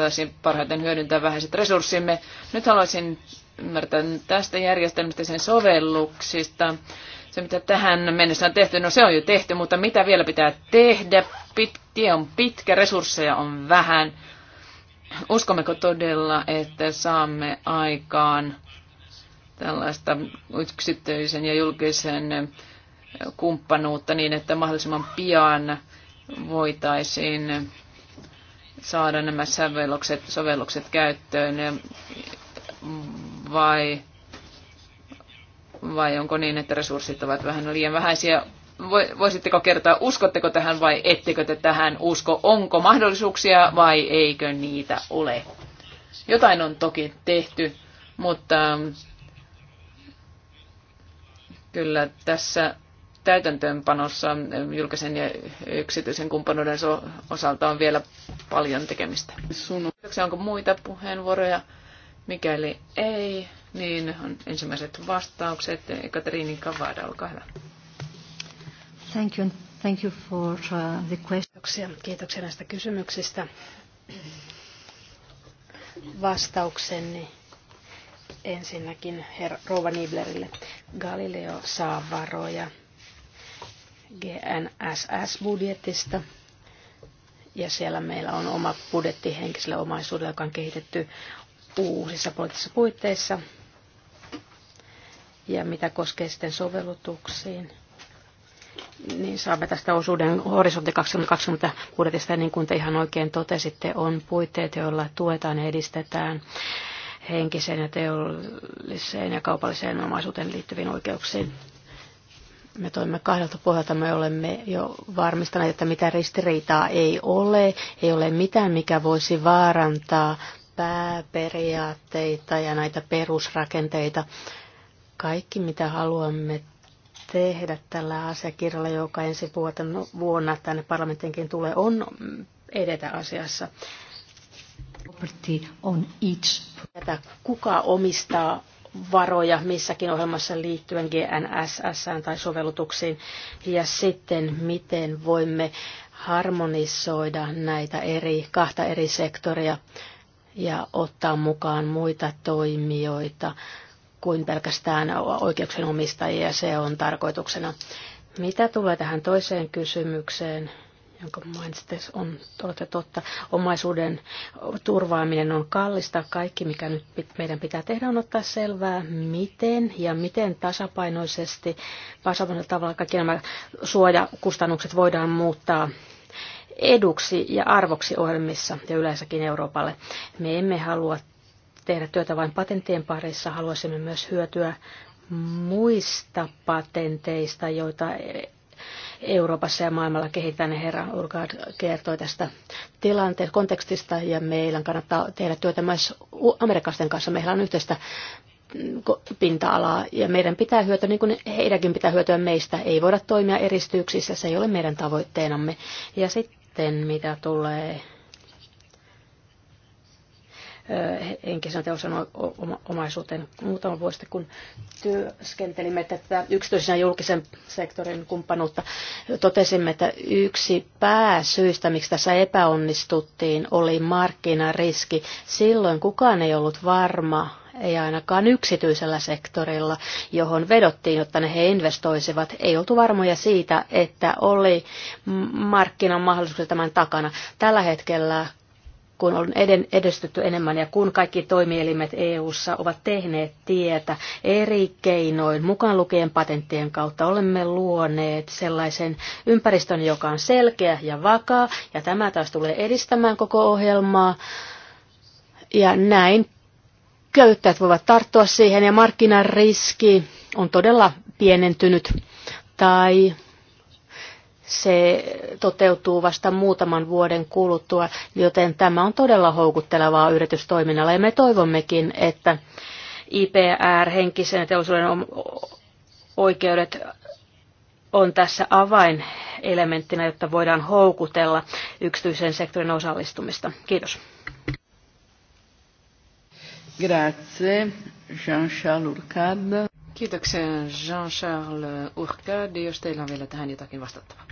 parhaiten hyödyntää vähäiset resurssimme. Nyt haluaisin ymmärtää tästä järjestelmästä sen sovelluksista. Se, mitä tähän mennessä on tehty, no se on jo tehty, mutta mitä vielä pitää tehdä? Pit, tie on pitkä, resursseja on vähän. Uskommeko todella, että saamme aikaan tällaista yksityisen ja julkisen kumppanuutta niin, että mahdollisimman pian voitaisiin saada nämä sovellukset, sovellukset käyttöön vai, vai onko niin, että resurssit ovat vähän liian vähäisiä? Voisitteko kertoa, uskotteko tähän vai ettekö te tähän usko? Onko mahdollisuuksia vai eikö niitä ole? Jotain on toki tehty, mutta Kyllä tässä täytäntöönpanossa julkisen ja yksityisen kumppanuuden osalta on vielä paljon tekemistä. Kiitoksia. Onko muita puheenvuoroja? Mikäli ei, niin on ensimmäiset vastaukset. Katriini Kavada, olkaa hyvä. Thank you. Thank you for uh, the Kiitoksia. Kiitoksia näistä kysymyksistä. Vastaukseni Ensinnäkin herra Rova Niblerille. Galileo saa varoja GNSS-budjetista ja siellä meillä on oma budjetti henkiselle omaisuudelle, joka on kehitetty uusissa poliittisissa puitteissa. Ja mitä koskee sitten sovellutuksiin, niin saamme tästä osuuden horisontti 2020 budjetista, niin kuin te ihan oikein totesitte, on puitteet, joilla tuetaan ja edistetään henkiseen ja teolliseen ja kaupalliseen omaisuuteen liittyviin oikeuksiin. Me toimme kahdelta pohjalta, me olemme jo varmistaneet, että mitään ristiriitaa ei ole, ei ole mitään, mikä voisi vaarantaa pääperiaatteita ja näitä perusrakenteita. Kaikki, mitä haluamme tehdä tällä asiakirjalla, joka ensi vuonna tänne parlamenttiinkin tulee, on edetä asiassa property on each. Tätä kuka omistaa varoja missäkin ohjelmassa liittyen GNSS tai sovellutuksiin ja sitten miten voimme harmonisoida näitä eri, kahta eri sektoria ja ottaa mukaan muita toimijoita kuin pelkästään oikeuksien omistajia. Se on tarkoituksena. Mitä tulee tähän toiseen kysymykseen, jonka mainitsitte, on totta, totta. Omaisuuden turvaaminen on kallista. Kaikki, mikä nyt meidän pitää tehdä, on ottaa selvää, miten ja miten tasapainoisesti, tasapainoisella tavalla kaikki nämä suojakustannukset voidaan muuttaa eduksi ja arvoksi ohjelmissa ja yleensäkin Euroopalle. Me emme halua tehdä työtä vain patenttien parissa, haluaisimme myös hyötyä muista patenteista, joita Euroopassa ja maailmalla kehitetään. Niin herra Urgaard kertoi tästä tilanteesta, kontekstista ja meillä kannattaa tehdä työtä myös amerikkalaisten kanssa. Meillä on yhteistä mm, pinta-alaa ja meidän pitää hyötyä, niin kuin heidänkin pitää hyötyä meistä. Ei voida toimia eristyksissä, se ei ole meidän tavoitteenamme. Ja sitten mitä tulee henkisen teosan omaisuuteen muutama vuosi sitten, kun työskentelimme tätä yksityisen ja julkisen sektorin kumppanuutta. Totesimme, että yksi pääsyistä, miksi tässä epäonnistuttiin, oli markkinariski. Silloin kukaan ei ollut varma, ei ainakaan yksityisellä sektorilla, johon vedottiin, jotta ne he investoisivat. Ei oltu varmoja siitä, että oli markkinan mahdollisuus tämän takana. Tällä hetkellä kun on eden, edistetty enemmän ja kun kaikki toimielimet EU:ssa ovat tehneet tietä eri keinoin, mukaan lukien patenttien kautta, olemme luoneet sellaisen ympäristön, joka on selkeä ja vakaa, ja tämä taas tulee edistämään koko ohjelmaa. Ja näin käyttäjät voivat tarttua siihen, ja markkinariski on todella pienentynyt. Tai se toteutuu vasta muutaman vuoden kuluttua, joten tämä on todella houkuttelevaa yritystoiminnalla. Ja me toivommekin, että IPR, henkisen teollisuuden oikeudet, on tässä avainelementtinä, jotta voidaan houkutella yksityisen sektorin osallistumista. Kiitos. Grazie, Jean-Charles Kiitoksia Jean-Charles Urkadi, jos teillä on vielä tähän jotakin vastattavaa.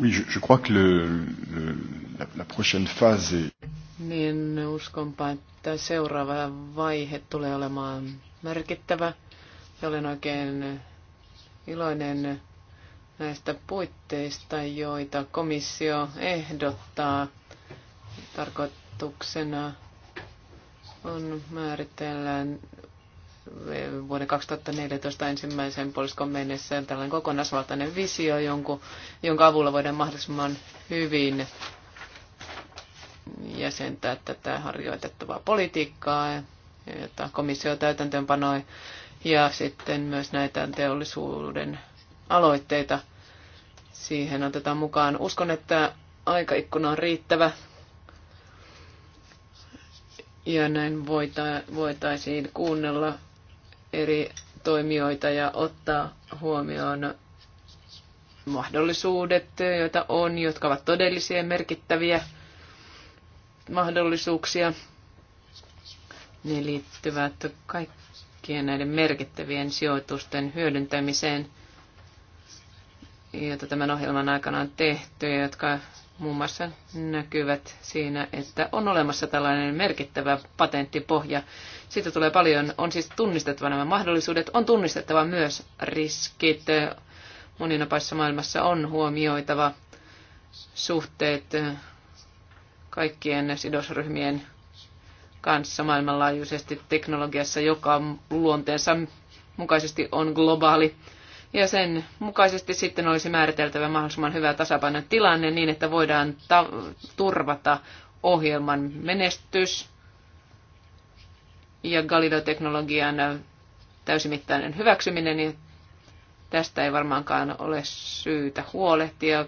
Oui, je, je crois que le, le, la, la prochaine phase est... Niin uskonpa, että seuraava vaihe tulee olemaan merkittävä. Ja olen oikein iloinen näistä puitteista, joita komissio ehdottaa. Tarkoituksena on määritellään vuoden 2014 ensimmäisen puoliskon mennessä tällainen kokonaisvaltainen visio, jonku, jonka avulla voidaan mahdollisimman hyvin jäsentää tätä harjoitettavaa politiikkaa, jota komissio täytäntöönpanoi, ja sitten myös näitä teollisuuden aloitteita siihen otetaan mukaan. Uskon, että aikaikkuna on riittävä ja näin voitaisiin kuunnella eri toimijoita ja ottaa huomioon mahdollisuudet, joita on, jotka ovat todellisia ja merkittäviä mahdollisuuksia. Ne liittyvät kaikkien näiden merkittävien sijoitusten hyödyntämiseen, joita tämän ohjelman aikana on tehty ja jotka muun muassa näkyvät siinä, että on olemassa tällainen merkittävä patenttipohja. Siitä tulee paljon, on siis tunnistettava nämä mahdollisuudet, on tunnistettava myös riskit. Moninapaisessa maailmassa on huomioitava suhteet kaikkien sidosryhmien kanssa maailmanlaajuisesti teknologiassa, joka luonteensa mukaisesti on globaali ja sen mukaisesti sitten olisi määriteltävä mahdollisimman hyvä tilanne niin, että voidaan turvata ohjelman menestys ja Galileo-teknologian täysimittainen hyväksyminen. Ja tästä ei varmaankaan ole syytä huolehtia.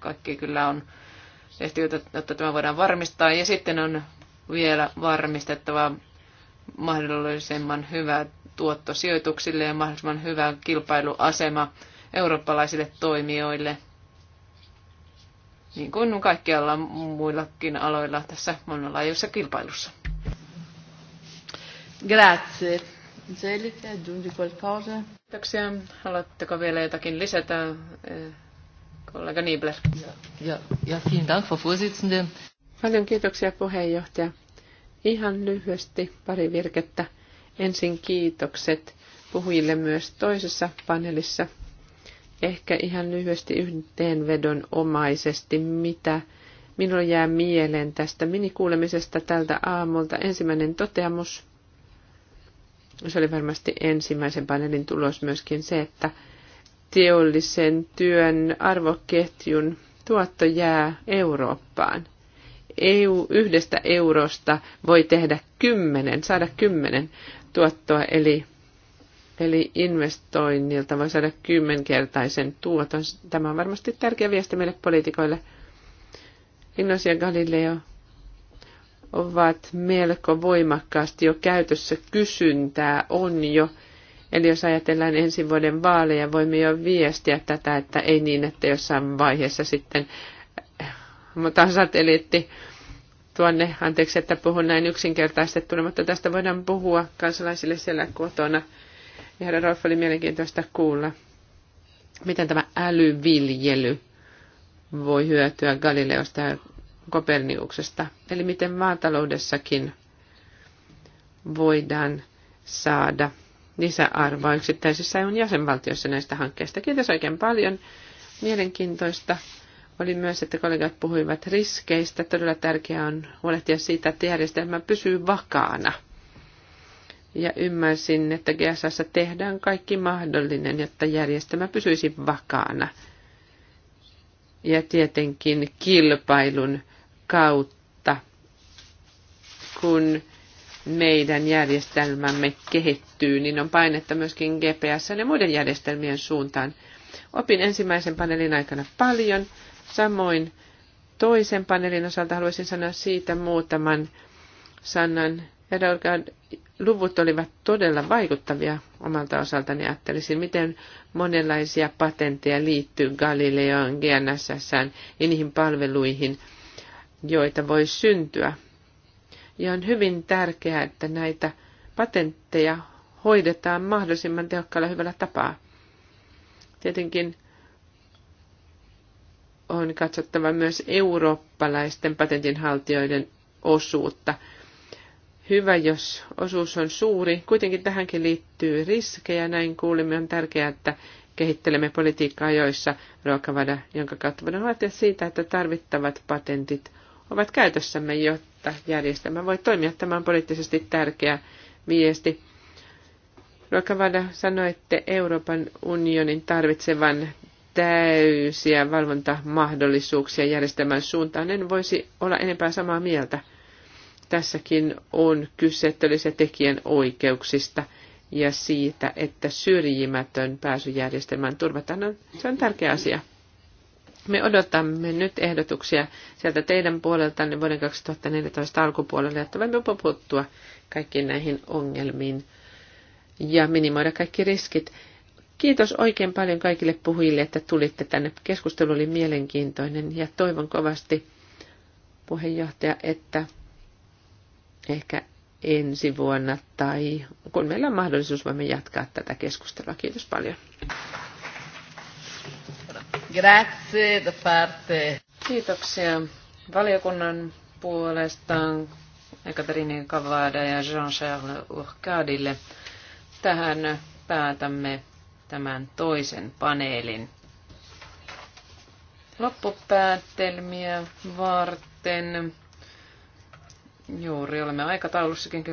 Kaikki kyllä on tehty, jotta tämä voidaan varmistaa. Ja sitten on vielä varmistettava mahdollisimman hyvä tuotto sijoituksille ja mahdollisimman hyvä kilpailuasema eurooppalaisille toimijoille, niin kuin kaikkialla muillakin aloilla tässä monenlaajuisessa kilpailussa. Grazie. Angelica, aggiungi qualcosa? Kiitoksia. Haluatteko vielä jotakin lisätä, eh, kollega Niebler? Ja, ja, vielen Dank, Frau Vorsitzende. Paljon kiitoksia puheenjohtaja. Ihan lyhyesti pari virkettä Ensin kiitokset puhujille myös toisessa paneelissa. Ehkä ihan lyhyesti omaisesti mitä minulla jää mieleen tästä minikuulemisesta tältä aamulta. Ensimmäinen toteamus, se oli varmasti ensimmäisen paneelin tulos myöskin se, että teollisen työn arvoketjun tuotto jää Eurooppaan. EU yhdestä eurosta voi tehdä kymmenen, saada kymmenen tuottoa, eli, eli investoinnilta voi saada kymmenkertaisen tuoton. Tämä on varmasti tärkeä viesti meille poliitikoille. Innos ja Galileo ovat melko voimakkaasti jo käytössä. Kysyntää on jo. Eli jos ajatellaan ensi vuoden vaaleja, voimme jo viestiä tätä, että ei niin, että jossain vaiheessa sitten mutta eliitti tuonne. Anteeksi, että puhun näin yksinkertaistettuna, mutta tästä voidaan puhua kansalaisille siellä kotona. herra Rolf oli mielenkiintoista kuulla, miten tämä älyviljely voi hyötyä Galileosta ja Koperniuksesta. Eli miten maataloudessakin voidaan saada lisäarvoa yksittäisissä EUn jäsenvaltioissa näistä hankkeista. Kiitos oikein paljon. Mielenkiintoista oli myös, että kollegat puhuivat riskeistä. Todella tärkeää on huolehtia siitä, että järjestelmä pysyy vakaana. Ja ymmärsin, että GSAssa tehdään kaikki mahdollinen, jotta järjestelmä pysyisi vakaana. Ja tietenkin kilpailun kautta, kun meidän järjestelmämme kehittyy, niin on painetta myöskin GPS ja muiden järjestelmien suuntaan. Opin ensimmäisen paneelin aikana paljon Samoin toisen paneelin osalta haluaisin sanoa siitä muutaman sanan. Edelgard, luvut olivat todella vaikuttavia omalta osaltani. Ajattelisin, miten monenlaisia patentteja liittyy Galileoon, GNSS ja niihin palveluihin, joita voi syntyä. Ja on hyvin tärkeää, että näitä patentteja hoidetaan mahdollisimman tehokkaalla hyvällä tapaa. Tietenkin on katsottava myös eurooppalaisten patentinhaltijoiden osuutta. Hyvä, jos osuus on suuri. Kuitenkin tähänkin liittyy riskejä. Näin kuulimme, on tärkeää, että kehittelemme politiikkaa, joissa ruokavada, jonka kautta voidaan huolehtia siitä, että tarvittavat patentit ovat käytössämme, jotta järjestelmä voi toimia. Tämä on poliittisesti tärkeä viesti. Ruokavada, sanoitte Euroopan unionin tarvitsevan täysiä valvontamahdollisuuksia järjestelmän suuntaan. En voisi olla enempää samaa mieltä. Tässäkin on kyse tekijän oikeuksista ja siitä, että syrjimätön pääsyjärjestelmän turvataan. No, se on tärkeä asia. Me odotamme nyt ehdotuksia sieltä teidän puoleltanne vuoden 2014 alkupuolelle, että voimme puuttua kaikkiin näihin ongelmiin ja minimoida kaikki riskit. Kiitos oikein paljon kaikille puhujille, että tulitte tänne. Keskustelu oli mielenkiintoinen ja toivon kovasti puheenjohtaja, että ehkä ensi vuonna tai kun meillä on mahdollisuus, voimme jatkaa tätä keskustelua. Kiitos paljon. Grazie da parte. Kiitoksia valiokunnan puolestaan Ekaterini Kavada ja Jean-Charles Urcadille. Tähän päätämme tämän toisen paneelin loppupäätelmiä varten. Juuri olemme aikataulussakin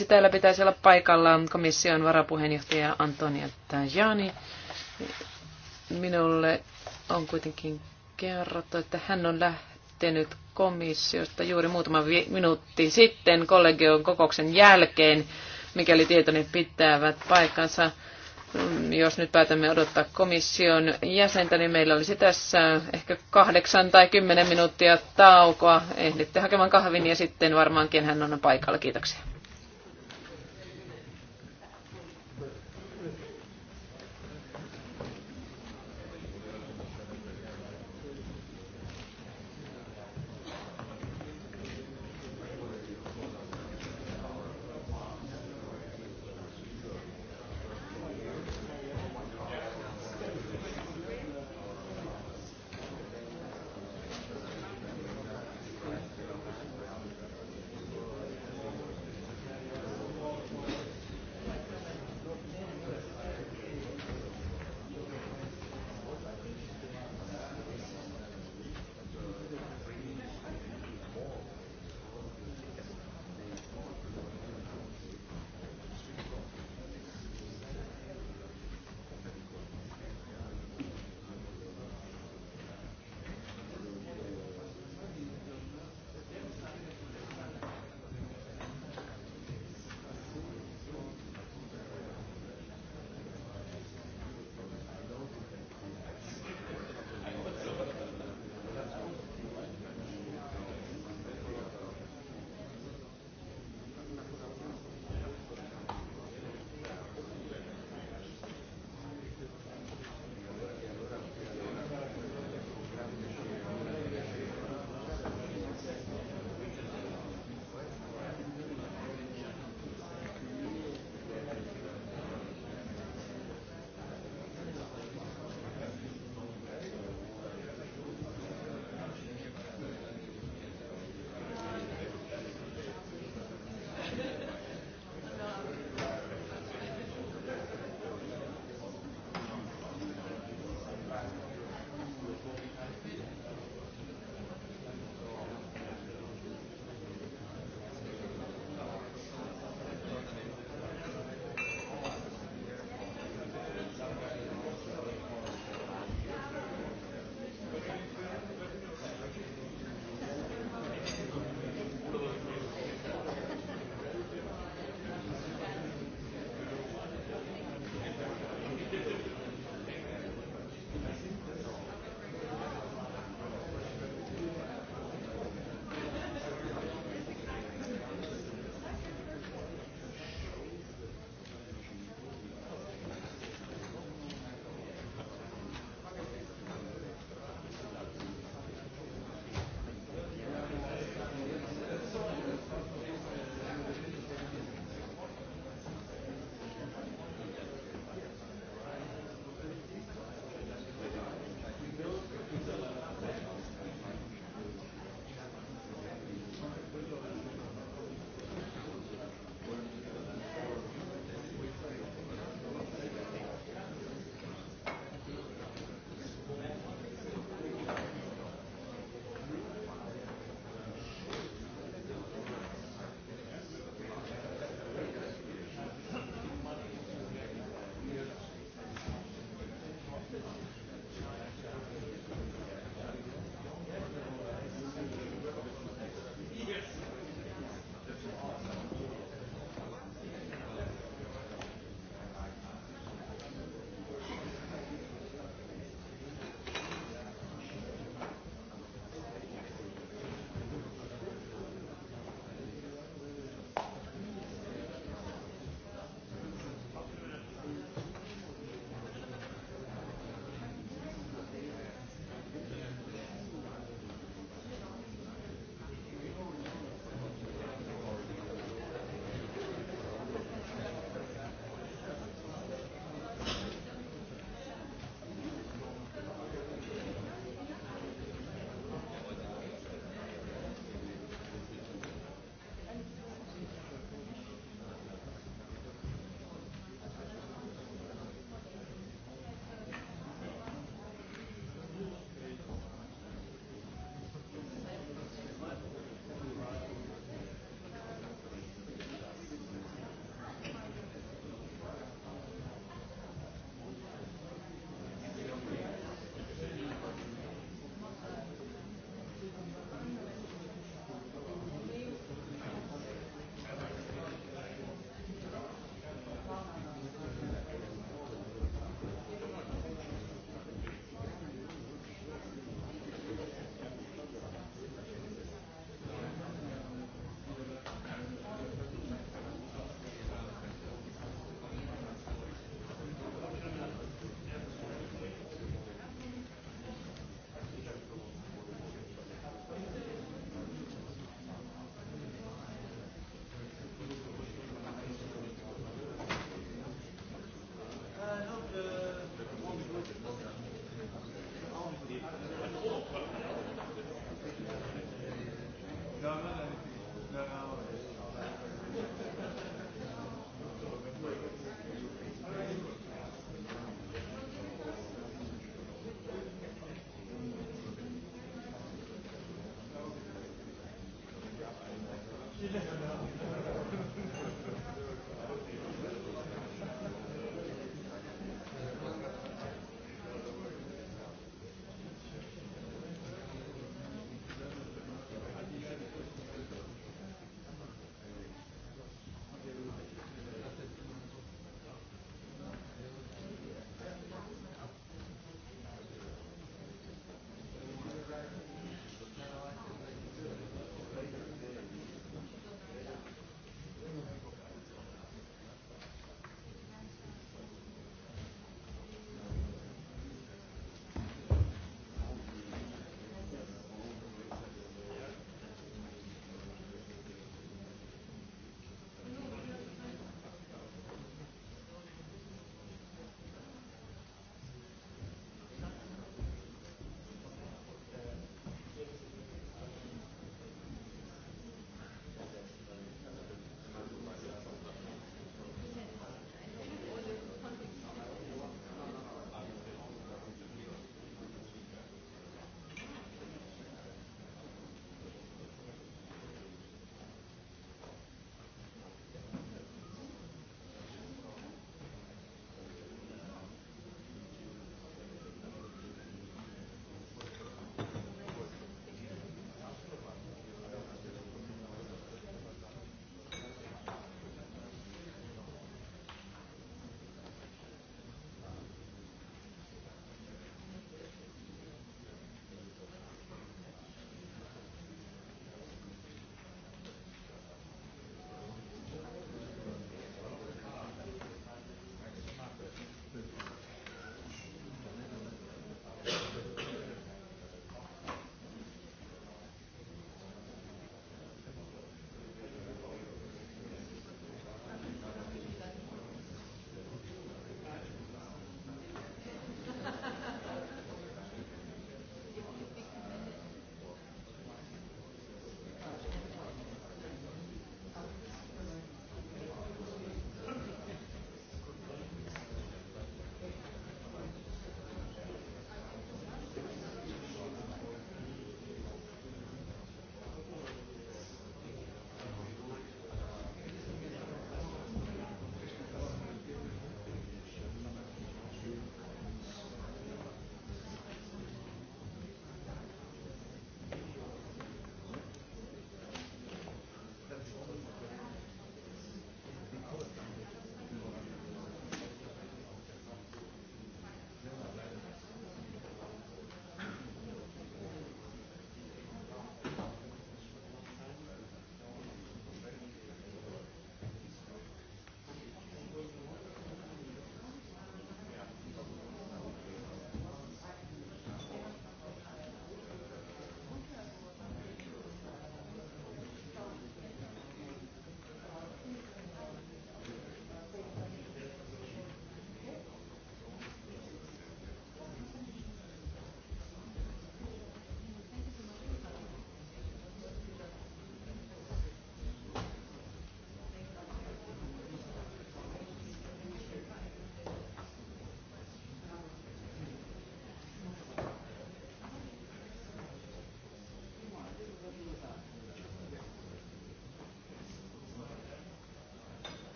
10.35. Täällä pitäisi olla paikallaan komission varapuheenjohtaja Antonia Tajani. Minulle on kuitenkin kerrottu, että hän on lähtenyt komissiosta juuri muutama vi- minuutti sitten kollegion kokouksen jälkeen, mikäli tietoni pitävät paikkansa. Mm, jos nyt päätämme odottaa komission jäsentä, niin meillä olisi tässä ehkä kahdeksan tai kymmenen minuuttia taukoa. Ehditte hakemaan kahvin ja sitten varmaankin hän on paikalla. Kiitoksia.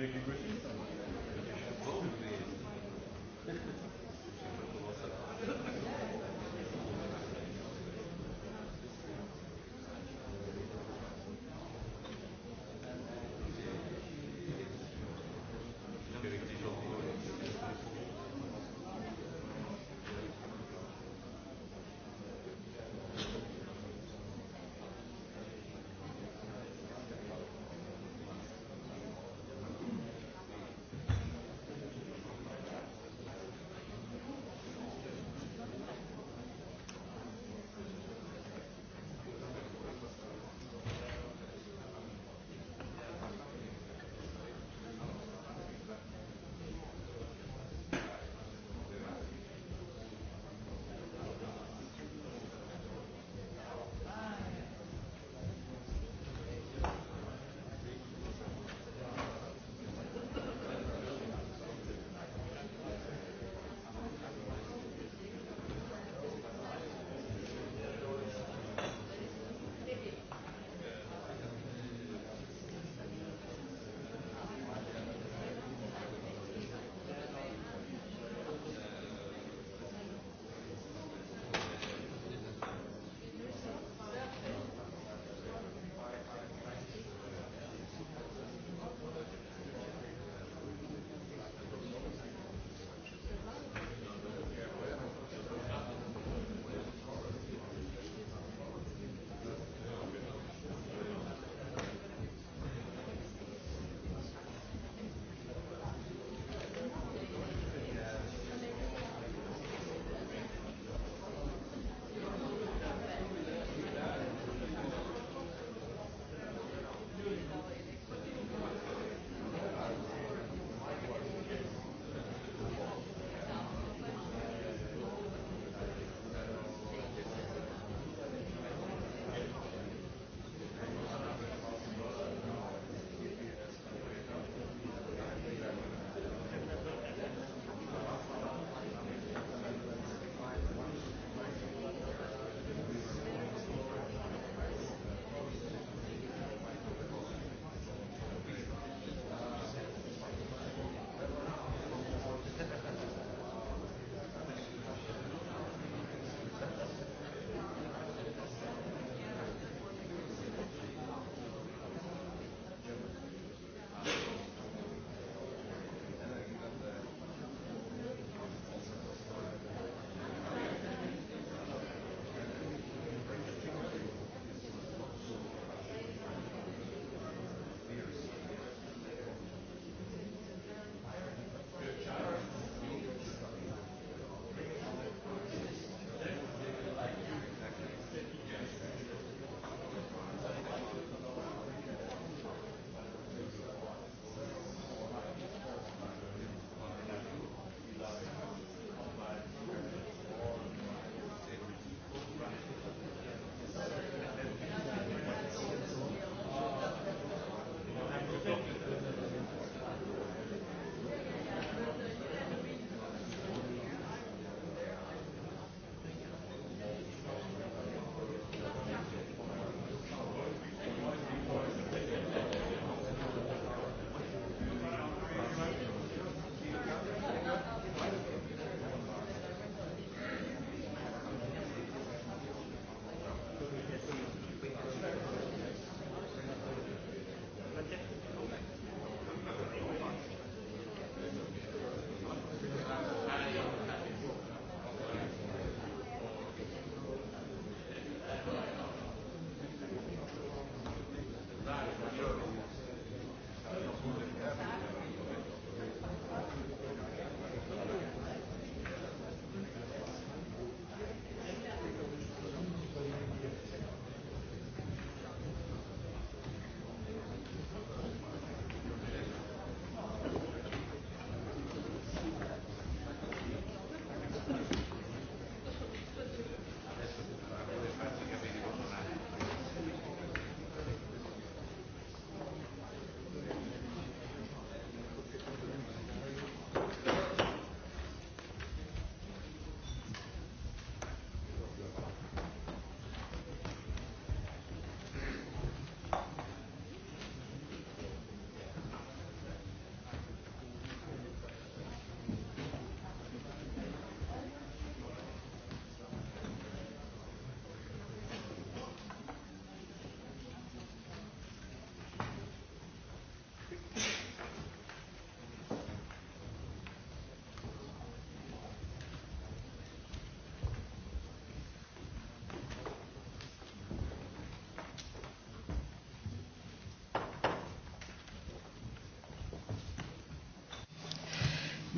Dickie Griffin.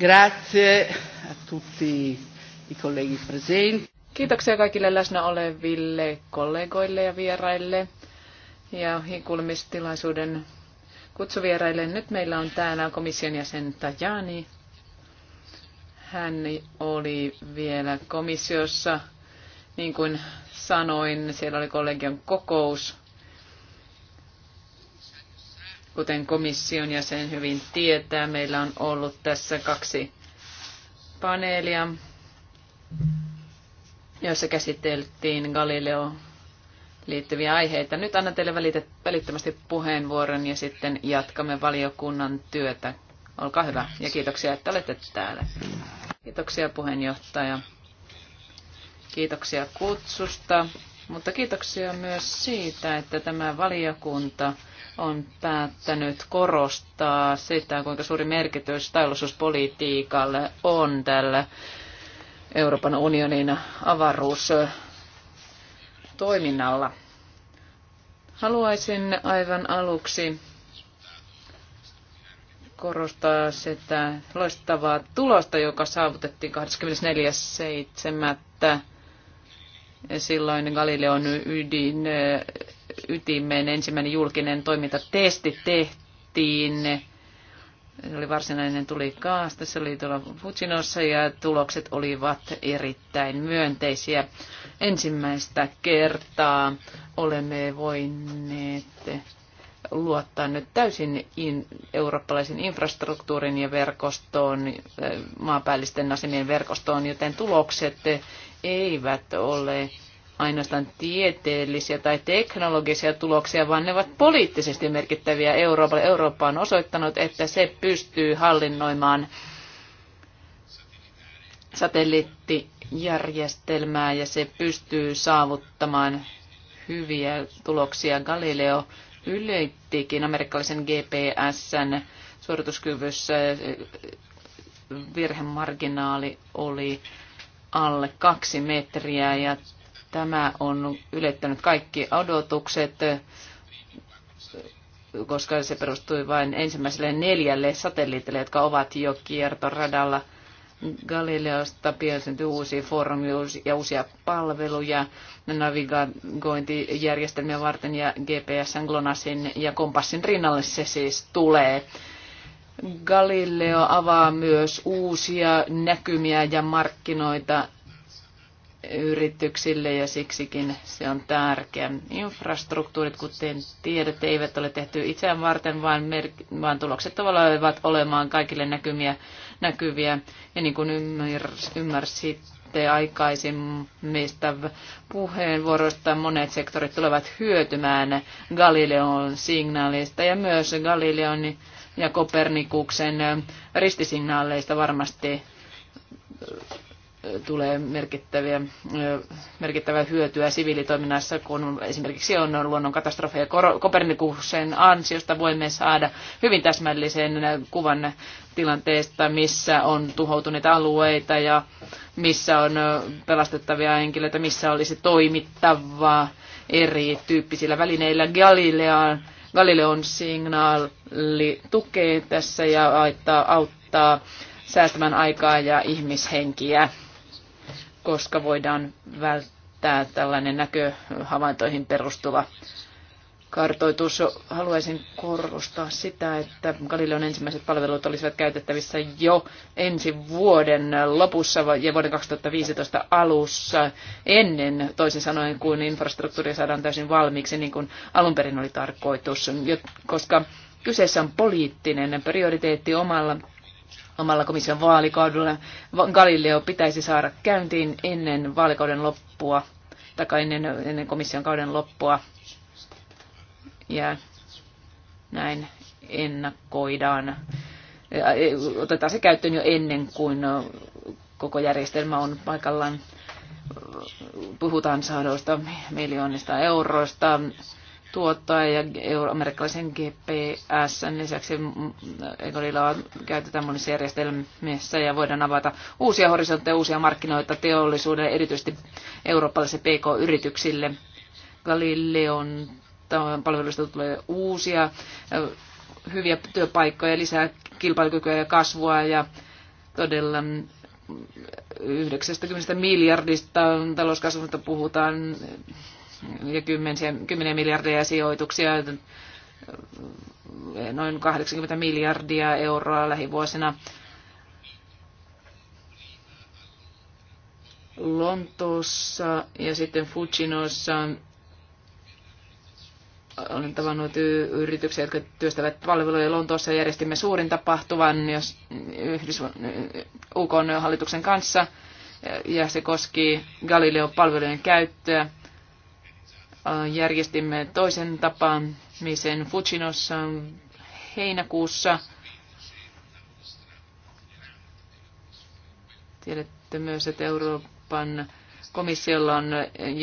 Grazie a tutti i colleghi presenti. Kiitoksia kaikille läsnä oleville kollegoille ja vieraille ja kuulemistilaisuuden kutsuvieraille. Nyt meillä on täällä komission jäsen Tajani. Hän oli vielä komissiossa, niin kuin sanoin, siellä oli kollegion kokous Kuten komission jäsen hyvin tietää, meillä on ollut tässä kaksi paneelia, joissa käsiteltiin Galileo liittyviä aiheita. Nyt annan teille välittömästi puheenvuoron ja sitten jatkamme valiokunnan työtä. Olkaa hyvä ja kiitoksia, että olette täällä. Kiitoksia puheenjohtaja. Kiitoksia kutsusta. Mutta kiitoksia myös siitä, että tämä valiokunta on päättänyt korostaa sitä, kuinka suuri merkitys taillisuuspolitiikalle on tällä Euroopan unionin avaruustoiminnalla. Haluaisin aivan aluksi korostaa sitä loistavaa tulosta, joka saavutettiin 24.7. Silloin Galileon ydin, ytimen ensimmäinen julkinen toimintatesti tehtiin. Se oli varsinainen tuli kaasta, se oli tuolla Futsinossa ja tulokset olivat erittäin myönteisiä. Ensimmäistä kertaa olemme voineet luottaa nyt täysin in, eurooppalaisen infrastruktuurin ja verkostoon, maapäällisten asemien verkostoon, joten tulokset eivät ole ainoastaan tieteellisiä tai teknologisia tuloksia, vaan ne ovat poliittisesti merkittäviä Euroopalle. Eurooppa on osoittanut, että se pystyy hallinnoimaan satelliittijärjestelmää ja se pystyy saavuttamaan hyviä tuloksia. Galileo ylittikin amerikkalaisen GPSn suorituskyvyssä virhemarginaali oli alle kaksi metriä ja tämä on ylittänyt kaikki odotukset, koska se perustui vain ensimmäiselle neljälle satelliitille, jotka ovat jo kiertoradalla. Galileosta piensyntyi uusia foorumia ja uusia palveluja navigointijärjestelmiä varten ja GPSn, GLONASSin ja kompassin rinnalle se siis tulee. Galileo avaa myös uusia näkymiä ja markkinoita yrityksille ja siksikin se on tärkeä. Infrastruktuurit, kuten tiedätte, eivät ole tehty itseään varten, vaan, mer- vaan tulokset tavallaan ovat olemaan kaikille näkymiä, näkyviä. Ja niin kuin ymmär- ymmärsitte aikaisemmista puheenvuoroista, monet sektorit tulevat hyötymään Galileon signaalista ja myös Galileon ja Kopernikuksen ristisignaaleista varmasti tulee merkittäviä, merkittävää hyötyä siviilitoiminnassa, kun esimerkiksi on luonnonkatastrofeja. Kopernikuksen ansiosta voimme saada hyvin täsmällisen kuvan tilanteesta, missä on tuhoutuneita alueita ja missä on pelastettavia henkilöitä, missä olisi toimittavaa erityyppisillä välineillä. Galileaan Galileon signaali tukee tässä ja auttaa, auttaa säästämään aikaa ja ihmishenkiä, koska voidaan välttää tällainen näköhavaintoihin perustuva kartoitus. Haluaisin korostaa sitä, että Galileon ensimmäiset palvelut olisivat käytettävissä jo ensi vuoden lopussa ja vuoden 2015 alussa ennen, toisin sanoen, kuin infrastruktuuri saadaan täysin valmiiksi, niin kuin alun perin oli tarkoitus, koska kyseessä on poliittinen prioriteetti omalla omalla komission vaalikaudella. Galileo pitäisi saada käyntiin ennen vaalikauden loppua, tai ennen, ennen komission kauden loppua ja näin ennakoidaan. E, otetaan se käyttöön jo ennen kuin koko järjestelmä on paikallaan. Puhutaan sadoista miljoonista euroista tuottaa ja e, amerikkalaisen GPS lisäksi Egolilla käytetään monissa järjestelmissä ja voidaan avata uusia horisontteja, uusia markkinoita teollisuudelle, erityisesti eurooppalaisille PK-yrityksille. Galileon palveluista tulee uusia hyviä työpaikkoja, lisää kilpailukykyä ja kasvua ja todella 90 miljardista talouskasvusta puhutaan ja kymmeniä kymmeniä miljardia sijoituksia, noin 80 miljardia euroa lähivuosina. Lontoossa ja sitten Fujinossa olen tavannut yrityksiä, jotka työstävät palveluja. Lontoossa järjestimme suurin tapahtuvan jos UK-hallituksen kanssa, ja se koski Galileo-palvelujen käyttöä. Järjestimme toisen tapaamisen Fucinossa heinäkuussa. Tiedätte myös, että Euroopan Komissiolla on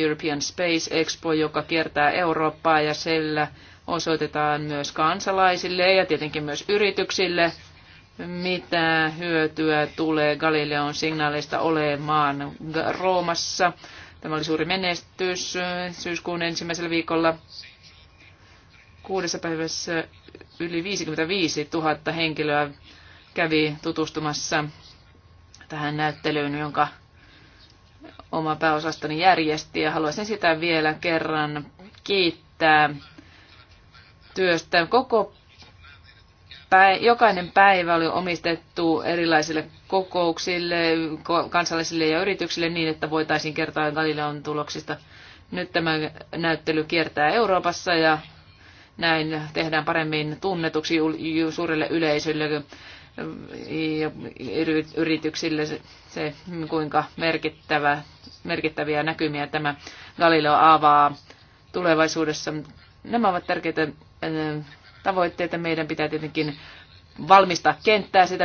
European Space Expo, joka kiertää Eurooppaa ja sillä osoitetaan myös kansalaisille ja tietenkin myös yrityksille, mitä hyötyä tulee Galileon signaaleista olemaan Roomassa. Tämä oli suuri menestys syyskuun ensimmäisellä viikolla. Kuudessa päivässä yli 55 000 henkilöä kävi tutustumassa tähän näyttelyyn, jonka oma pääosastoni järjesti ja haluaisin sitä vielä kerran kiittää työstä. Koko päi- jokainen päivä oli omistettu erilaisille kokouksille, kansallisille ja yrityksille niin, että voitaisiin kertoa Galileon tuloksista. Nyt tämä näyttely kiertää Euroopassa ja näin tehdään paremmin tunnetuksi suurelle yleisölle yrityksille se, kuinka merkittävä, merkittäviä näkymiä tämä Galileo avaa tulevaisuudessa. Nämä ovat tärkeitä äh, tavoitteita. Meidän pitää tietenkin valmistaa kenttää sitä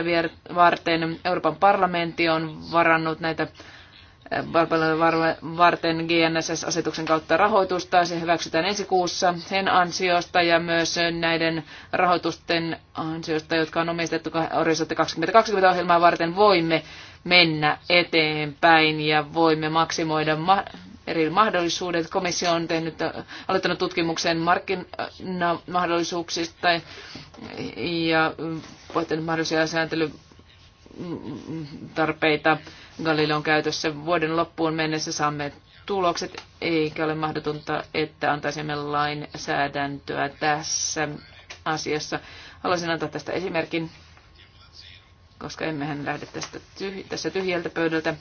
varten. Euroopan parlamentti on varannut näitä palveluja varten GNSS-asetuksen kautta rahoitusta. Se hyväksytään ensi kuussa sen ansiosta ja myös näiden rahoitusten ansiosta, jotka on omistettu Horisontti 2020-ohjelmaa varten, voimme mennä eteenpäin ja voimme maksimoida ma- eri mahdollisuudet. Komissio on tehnyt, aloittanut tutkimuksen markkinamahdollisuuksista ja pohtinut mahdollisia sääntelyä tarpeita Galileon käytössä. Vuoden loppuun mennessä saamme tulokset, eikä ole mahdotonta, että antaisimme lainsäädäntöä tässä asiassa. Haluaisin antaa tästä esimerkin, koska emmehän lähde tästä tyh- tässä tyhjältä pöydältä.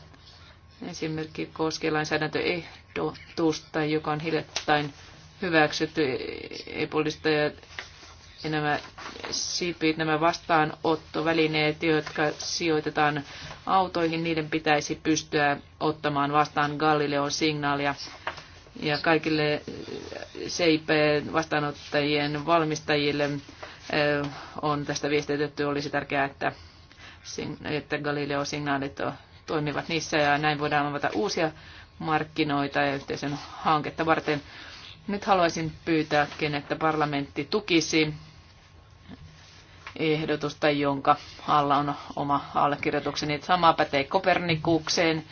Esimerkki koskee lainsäädäntöehdotusta, joka on hiljattain hyväksytty Epolista ja ja nämä SIPit, nämä vastaanottovälineet, jotka sijoitetaan autoihin, niiden pitäisi pystyä ottamaan vastaan Galileon signaalia. Ja kaikille SIP-vastaanottajien valmistajille eh, on tästä viestitetty, olisi tärkeää, että, että Galileo-signaalit toimivat niissä ja näin voidaan avata uusia markkinoita ja yhteisen hanketta varten. Nyt haluaisin pyytääkin, että parlamentti tukisi ehdotusta, jonka alla on oma allekirjoitukseni. Sama pätee Kopernikukseen.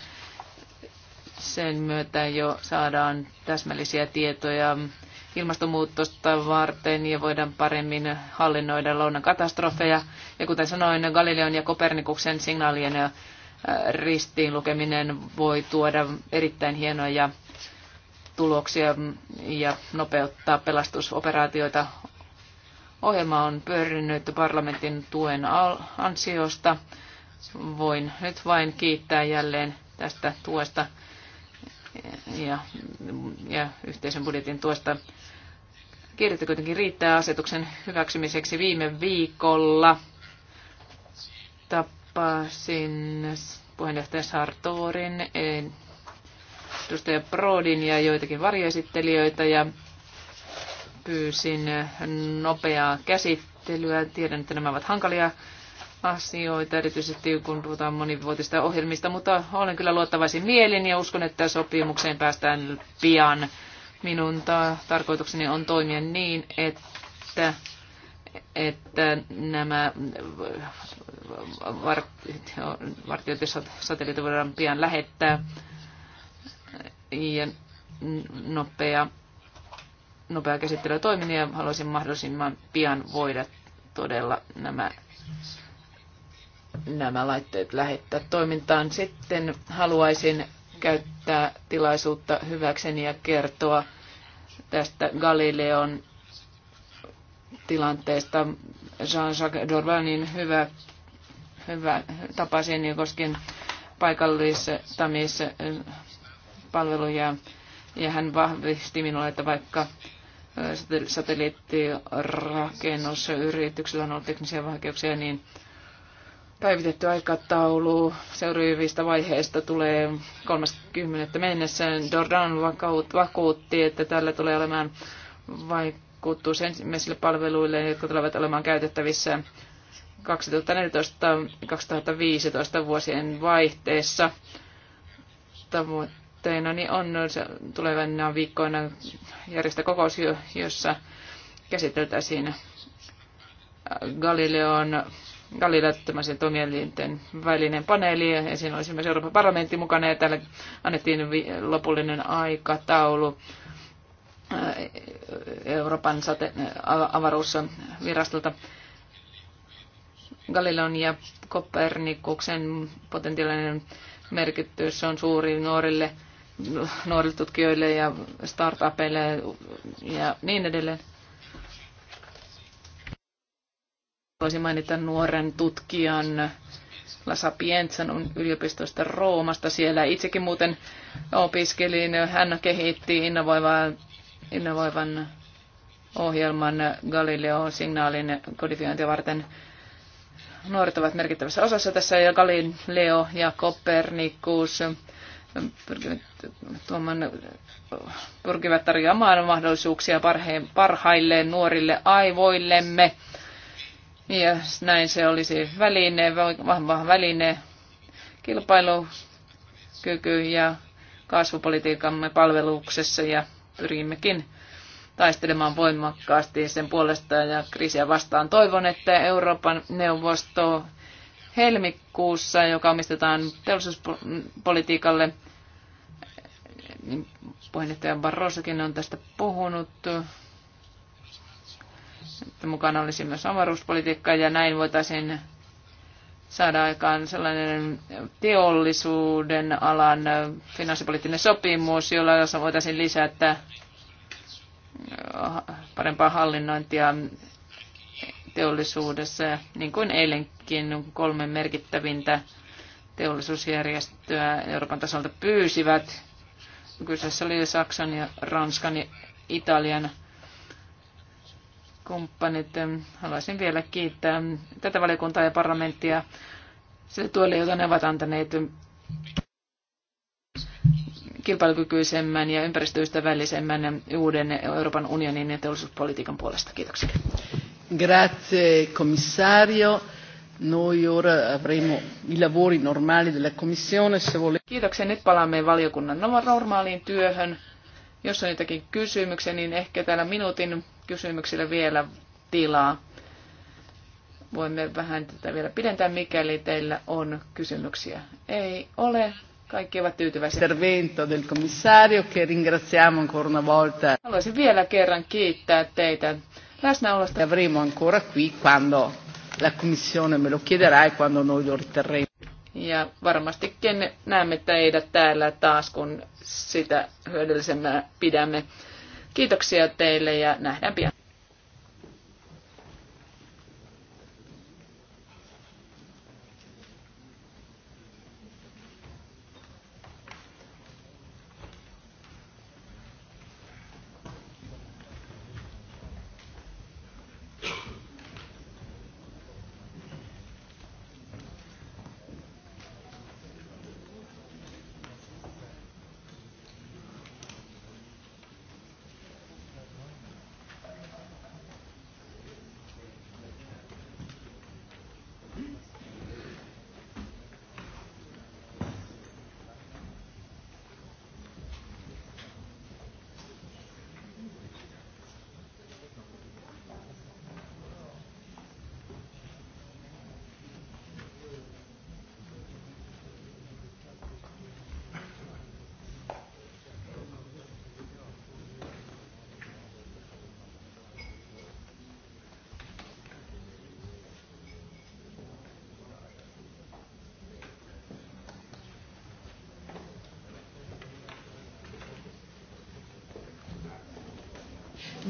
Sen myötä jo saadaan täsmällisiä tietoja ilmastonmuutosta varten ja voidaan paremmin hallinnoida lounan katastrofeja. Ja kuten sanoin, Galileon ja Kopernikuksen signaalien äh, ristiin lukeminen voi tuoda erittäin hienoja tuloksia ja nopeuttaa pelastusoperaatioita Ohjelma on pyörinyt parlamentin tuen ansiosta. Voin nyt vain kiittää jälleen tästä tuesta ja, ja yhteisen budjetin tuesta. Kirjettä kuitenkin riittää asetuksen hyväksymiseksi viime viikolla. Tapasin puheenjohtaja Sartorin, edustaja Prodin ja joitakin varjoesittelijöitä ja pyysin nopeaa käsittelyä. Tiedän, että nämä ovat hankalia asioita, erityisesti kun puhutaan monivuotista ohjelmista, mutta olen kyllä luottavaisin mielin ja uskon, että sopimukseen päästään pian. Minun ta- tarkoitukseni on toimia niin, että, että nämä var- ja voidaan pian lähettää ja nopea nopea käsittely toiminut niin ja haluaisin mahdollisimman pian voida todella nämä, nämä laitteet lähettää toimintaan. Sitten haluaisin käyttää tilaisuutta hyväkseni ja kertoa tästä Galileon tilanteesta. Jean-Jacques Dorvanin hyvä, hyvä tapasin ja koskien paikallistamispalveluja. palveluja ja hän vahvisti minulle, että vaikka satelliittirakennusyrityksillä on ollut teknisiä vaikeuksia, niin päivitetty aikataulu seuraavista vaiheista tulee 30. mennessä. Dordan vakuutti, että tällä tulee olemaan vaikutus ensimmäisille palveluille, jotka tulevat olemaan käytettävissä 2014-2015 vuosien vaihteessa. Tavoite tavoitteena niin on tulevina viikkoina järjestää kokous, jossa käsiteltäisiin Galileon Galileattomaisen toimielinten välinen paneeli, ja siinä olisi myös Euroopan parlamentti mukana, ja täällä annettiin lopullinen aikataulu Euroopan sate- avaruusvirastolta. Galileon ja Kopernikuksen potentiaalinen merkitys on suuri nuorille nuorille tutkijoille ja startupeille ja niin edelleen. Voisin mainita nuoren tutkijan La Sapienzan yliopistosta Roomasta. Siellä itsekin muuten opiskelin. Hän kehitti innovoivan, innovoivan ohjelman Galileo-signaalin kodifiointia varten. Nuoret ovat merkittävässä osassa tässä ja Galileo ja Kopernikus pyrkivät, pyrkivät tarjoamaan mahdollisuuksia parheen, parhaille nuorille aivoillemme. Ja näin se olisi väline, vahva väline kilpailukyky ja kasvupolitiikamme palveluksessa ja pyrimmekin taistelemaan voimakkaasti sen puolesta ja kriisiä vastaan. Toivon, että Euroopan neuvosto helmikuussa, joka omistetaan teollisuuspolitiikalle, Puheenjohtaja Barrosokin on tästä puhunut, että mukana olisi myös avaruuspolitiikka ja näin voitaisiin saada aikaan sellainen teollisuuden alan finanssipoliittinen sopimus, jolla voitaisiin lisätä parempaa hallinnointia teollisuudessa, niin kuin eilenkin kolme merkittävintä teollisuusjärjestöä Euroopan tasolta pyysivät kyseessä oli Saksan ja Ranskan ja Italian kumppanit. Haluaisin vielä kiittää tätä valiokuntaa ja parlamenttia sille tuolle, jota ne ovat antaneet kilpailukykyisemmän ja ympäristöystävällisemmän uuden Euroopan unionin ja teollisuuspolitiikan puolesta. Kiitoksia. Grazie, komissario. Noi ora avremo i lavori normali della commissione, se Kiitoksia. Nyt palaamme valiokunnan normaaliin työhön. Jos on jotakin kysymyksiä, niin ehkä täällä minuutin kysymyksillä vielä tilaa. Voimme vähän tätä vielä pidentää, mikäli teillä on kysymyksiä. Ei ole. Kaikki ovat tyytyväisiä. Intervento del commissario, che ringraziamo ancora una volta. Haluaisin vielä kerran kiittää teitä läsnäolosta. Avremo ancora qui quando la Commissione me lo chiederà e quando noi lo riterremo. Ja varmastikin näemme teidät täällä taas, kun sitä hyödyllisemmää pidämme. Kiitoksia teille ja nähdään pian.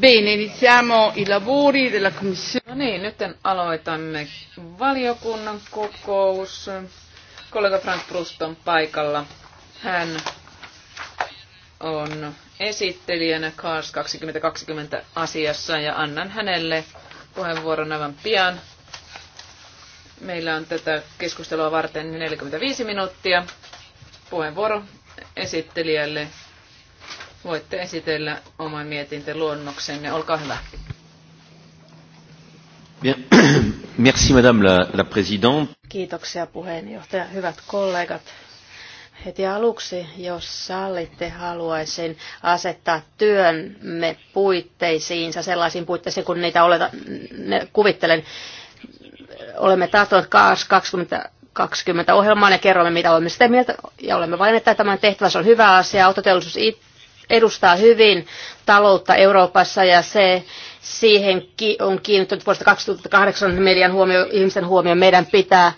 Bene, iniziamo i lavori della commissione. No niin, nyt aloitamme valiokunnan kokous. Kollega Frank Prust on paikalla. Hän on esittelijänä Cars 2020 asiassa ja annan hänelle puheenvuoron aivan pian. Meillä on tätä keskustelua varten 45 minuuttia. Puheenvuoro esittelijälle Voitte esitellä oman mietintöluonnoksenne. Olkaa hyvä. Bien. <coughs> Merci madame la, la présidente. Kiitoksia puheenjohtaja. Hyvät kollegat, Heti aluksi, jos sallitte, haluaisin asettaa työmme puitteisiinsa, sellaisiin puitteisiin, kun niitä oleta, ne kuvittelen. Olemme tahtoneet KAAS 20 20 ohjelmaan ja kerromme, mitä olemme sitä mieltä. Ja olemme vain, että tämän tehtävä on hyvä asia. Autoteollisuus edustaa hyvin taloutta Euroopassa ja se siihen on kiinnittynyt vuodesta 2008 median huomio, ihmisten huomio. Meidän pitää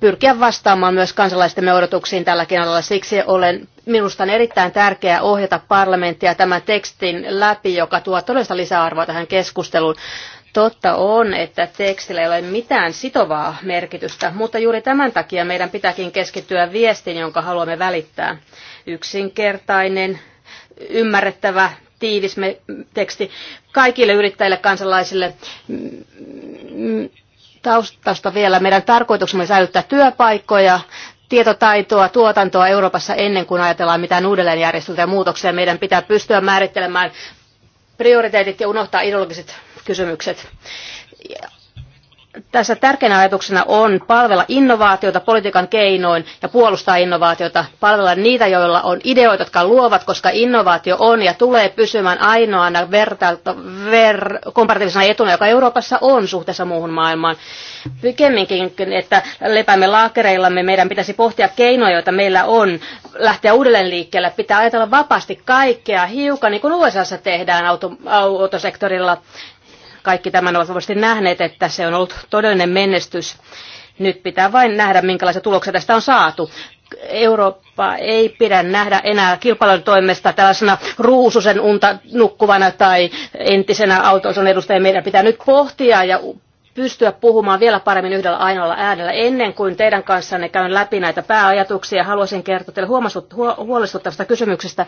pyrkiä vastaamaan myös kansalaistemme odotuksiin tälläkin alalla. Siksi olen, minusta on erittäin tärkeää ohjata parlamenttia tämän tekstin läpi, joka tuo todellista lisäarvoa tähän keskusteluun. Totta on, että tekstillä ei ole mitään sitovaa merkitystä, mutta juuri tämän takia meidän pitääkin keskittyä viestiin, jonka haluamme välittää. Yksinkertainen, ymmärrettävä tiivis teksti kaikille yrittäjille, kansalaisille. Taustasta vielä meidän tarkoituksemme säilyttää työpaikkoja, tietotaitoa, tuotantoa Euroopassa ennen kuin ajatellaan mitään uudelleenjärjestelyä ja muutoksia. Meidän pitää pystyä määrittelemään prioriteetit ja unohtaa ideologiset kysymykset tässä tärkeänä ajatuksena on palvella innovaatiota politiikan keinoin ja puolustaa innovaatiota, palvella niitä, joilla on ideoita, jotka luovat, koska innovaatio on ja tulee pysymään ainoana ver, komparatiivisena etuna, joka Euroopassa on suhteessa muuhun maailmaan. Pikemminkin, että lepäämme laakereillamme, meidän pitäisi pohtia keinoja, joita meillä on, lähteä uudelleen liikkeelle, pitää ajatella vapaasti kaikkea hiukan, niin kuin USAssa tehdään auto, autosektorilla kaikki tämän ovat varmasti nähneet, että se on ollut todellinen menestys. Nyt pitää vain nähdä, minkälaisia tuloksia tästä on saatu. Eurooppa ei pidä nähdä enää kilpailun toimesta tällaisena ruususen unta nukkuvana tai entisenä autoson edustajana. Meidän pitää nyt pohtia ja pystyä puhumaan vielä paremmin yhdellä ainoalla äänellä. Ennen kuin teidän kanssanne käyn läpi näitä pääajatuksia, haluaisin kertoa teille huolestuttavasta kysymyksestä,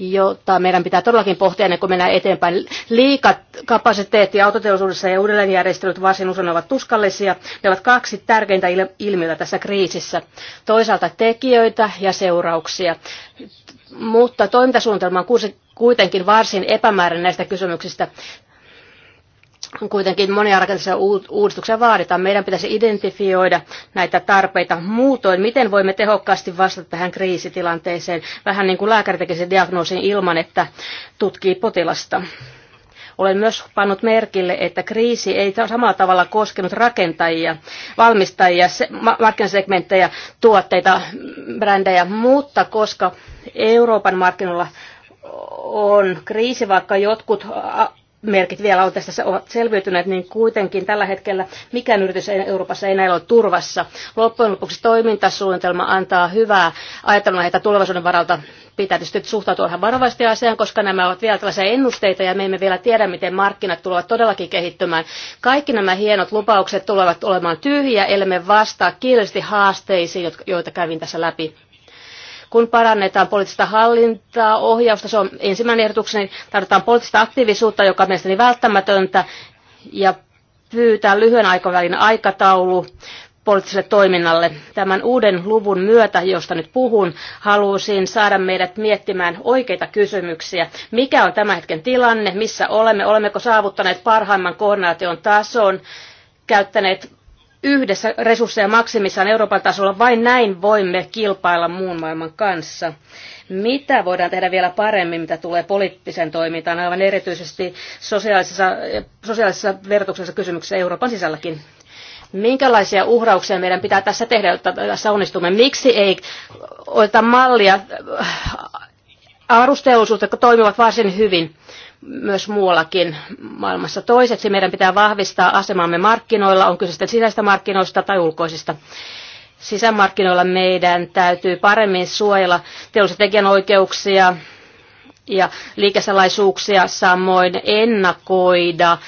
jota meidän pitää todellakin pohtia ennen kuin mennään eteenpäin. Liikat kapasiteetti autoteollisuudessa ja uudelleenjärjestelyt varsin usein ovat tuskallisia. Ne ovat kaksi tärkeintä ilmiötä tässä kriisissä. Toisaalta tekijöitä ja seurauksia. Mutta toimintasuunnitelma on kuitenkin varsin epämääräinen näistä kysymyksistä. Kuitenkin monia rakenteellisia uudistuksia vaaditaan. Meidän pitäisi identifioida näitä tarpeita muutoin. Miten voimme tehokkaasti vastata tähän kriisitilanteeseen? Vähän niin kuin lääkäri tekee sen diagnoosin ilman, että tutkii potilasta. Olen myös pannut merkille, että kriisi ei samalla tavalla koskenut rakentajia, valmistajia, markkinasegmenttejä, tuotteita, brändejä, mutta koska Euroopan markkinoilla on kriisi, vaikka jotkut merkit vielä on tässä ovat selviytyneet, niin kuitenkin tällä hetkellä mikään yritys Euroopassa ei enää ole turvassa. Loppujen lopuksi toimintasuunnitelma antaa hyvää ajattelua, että tulevaisuuden varalta pitää tietysti suhtautua varovasti asiaan, koska nämä ovat vielä tällaisia ennusteita ja me emme vielä tiedä, miten markkinat tulevat todellakin kehittymään. Kaikki nämä hienot lupaukset tulevat olemaan tyhjiä, ellei me vastaa kiireellisesti haasteisiin, joita kävin tässä läpi. Kun parannetaan poliittista hallintaa, ohjausta, se on ensimmäinen ehdotukseni, tarvitaan poliittista aktiivisuutta, joka on mielestäni välttämätöntä, ja pyytää lyhyen aikavälin aikataulu poliittiselle toiminnalle. Tämän uuden luvun myötä, josta nyt puhun, halusin saada meidät miettimään oikeita kysymyksiä. Mikä on tämän hetken tilanne, missä olemme, olemmeko saavuttaneet parhaimman koordinaation tason, käyttäneet yhdessä resursseja maksimissaan Euroopan tasolla. Vain näin voimme kilpailla muun maailman kanssa. Mitä voidaan tehdä vielä paremmin, mitä tulee poliittisen toimintaan, aivan erityisesti sosiaalisessa, sosiaalisessa verotuksessa kysymyksessä Euroopan sisälläkin? minkälaisia uhrauksia meidän pitää tässä tehdä, jotta tässä onnistumme. Miksi ei oteta mallia äh, arusteollisuutta, jotka toimivat varsin hyvin myös muuallakin maailmassa. Toiseksi meidän pitää vahvistaa asemamme markkinoilla, on kyse sisäistä markkinoista tai ulkoisista. Sisämarkkinoilla meidän täytyy paremmin suojella teollisen tekijänoikeuksia ja liikesalaisuuksia, samoin ennakoida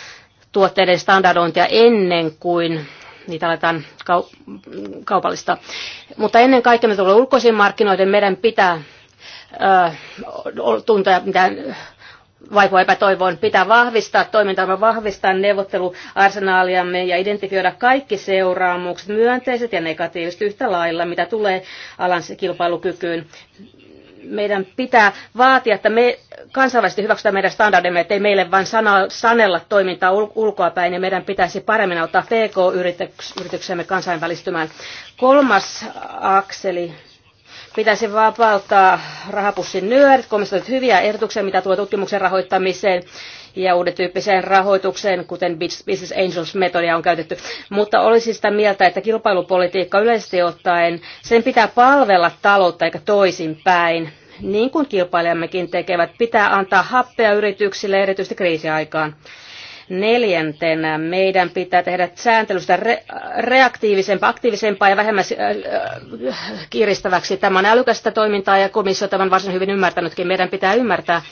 tuotteiden standardointia ennen kuin niitä aletaan kau- kaupallista. Mutta ennen kaikkea me tulee ulkoisiin markkinoiden, meidän pitää äh, tuntea mitään vaikua epätoivoon. Pitää vahvistaa toimintaa, vahvistaa neuvotteluarsenaaliamme ja identifioida kaikki seuraamukset, myönteiset ja negatiiviset yhtä lailla, mitä tulee alan kilpailukykyyn. Meidän pitää vaatia, että me kansainvälisesti hyväksytään meidän standardimme, ettei meille vain sanella toimintaa ulkoapäin, ja meidän pitäisi paremmin auttaa PK-yrityksemme kansainvälistymään. Kolmas akseli Pitäisi vapauttaa rahapussin nyörit, komissiot hyviä ehdotuksia, mitä tulee tutkimuksen rahoittamiseen ja uuden tyyppiseen rahoitukseen, kuten Business Angels-metodia on käytetty. Mutta olisi sitä mieltä, että kilpailupolitiikka yleisesti ottaen, sen pitää palvella taloutta eikä toisinpäin niin kuin kilpailijammekin tekevät, pitää antaa happea yrityksille erityisesti kriisiaikaan. Neljäntenä meidän pitää tehdä sääntelystä re- reaktiivisempaa, aktiivisempaa ja vähemmän äh, äh, kiristäväksi. Tämä on älykästä toimintaa ja komissio tämän varsin hyvin ymmärtänytkin. Meidän pitää ymmärtää,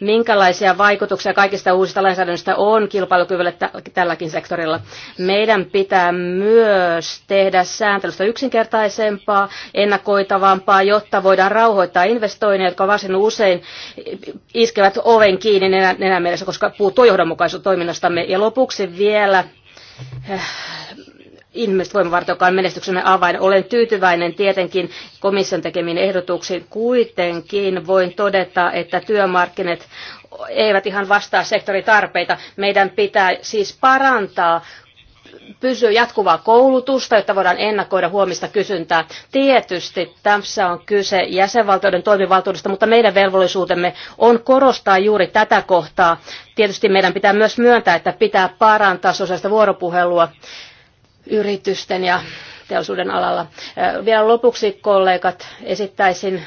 minkälaisia vaikutuksia kaikista uusista lainsäädännöistä on kilpailukyvylle tälläkin sektorilla. Meidän pitää myös tehdä sääntelystä yksinkertaisempaa, ennakoitavampaa, jotta voidaan rauhoittaa investointeja, jotka varsin usein iskevät oven kiinni nenä, nenämielessä, koska puuttuu johdonmukaisuus toiminnastamme. Ja lopuksi vielä eh, ihmiset voimavarat, joka on menestyksemme avain. Olen tyytyväinen tietenkin komission tekemiin ehdotuksiin. Kuitenkin voin todeta, että työmarkkinat eivät ihan vastaa sektoritarpeita. Meidän pitää siis parantaa pysyy jatkuvaa koulutusta, jotta voidaan ennakoida huomista kysyntää. Tietysti tässä on kyse jäsenvaltioiden toimivaltuudesta, mutta meidän velvollisuutemme on korostaa juuri tätä kohtaa. Tietysti meidän pitää myös myöntää, että pitää parantaa sosiaalista vuoropuhelua yritysten ja teollisuuden alalla. Vielä lopuksi kollegat esittäisin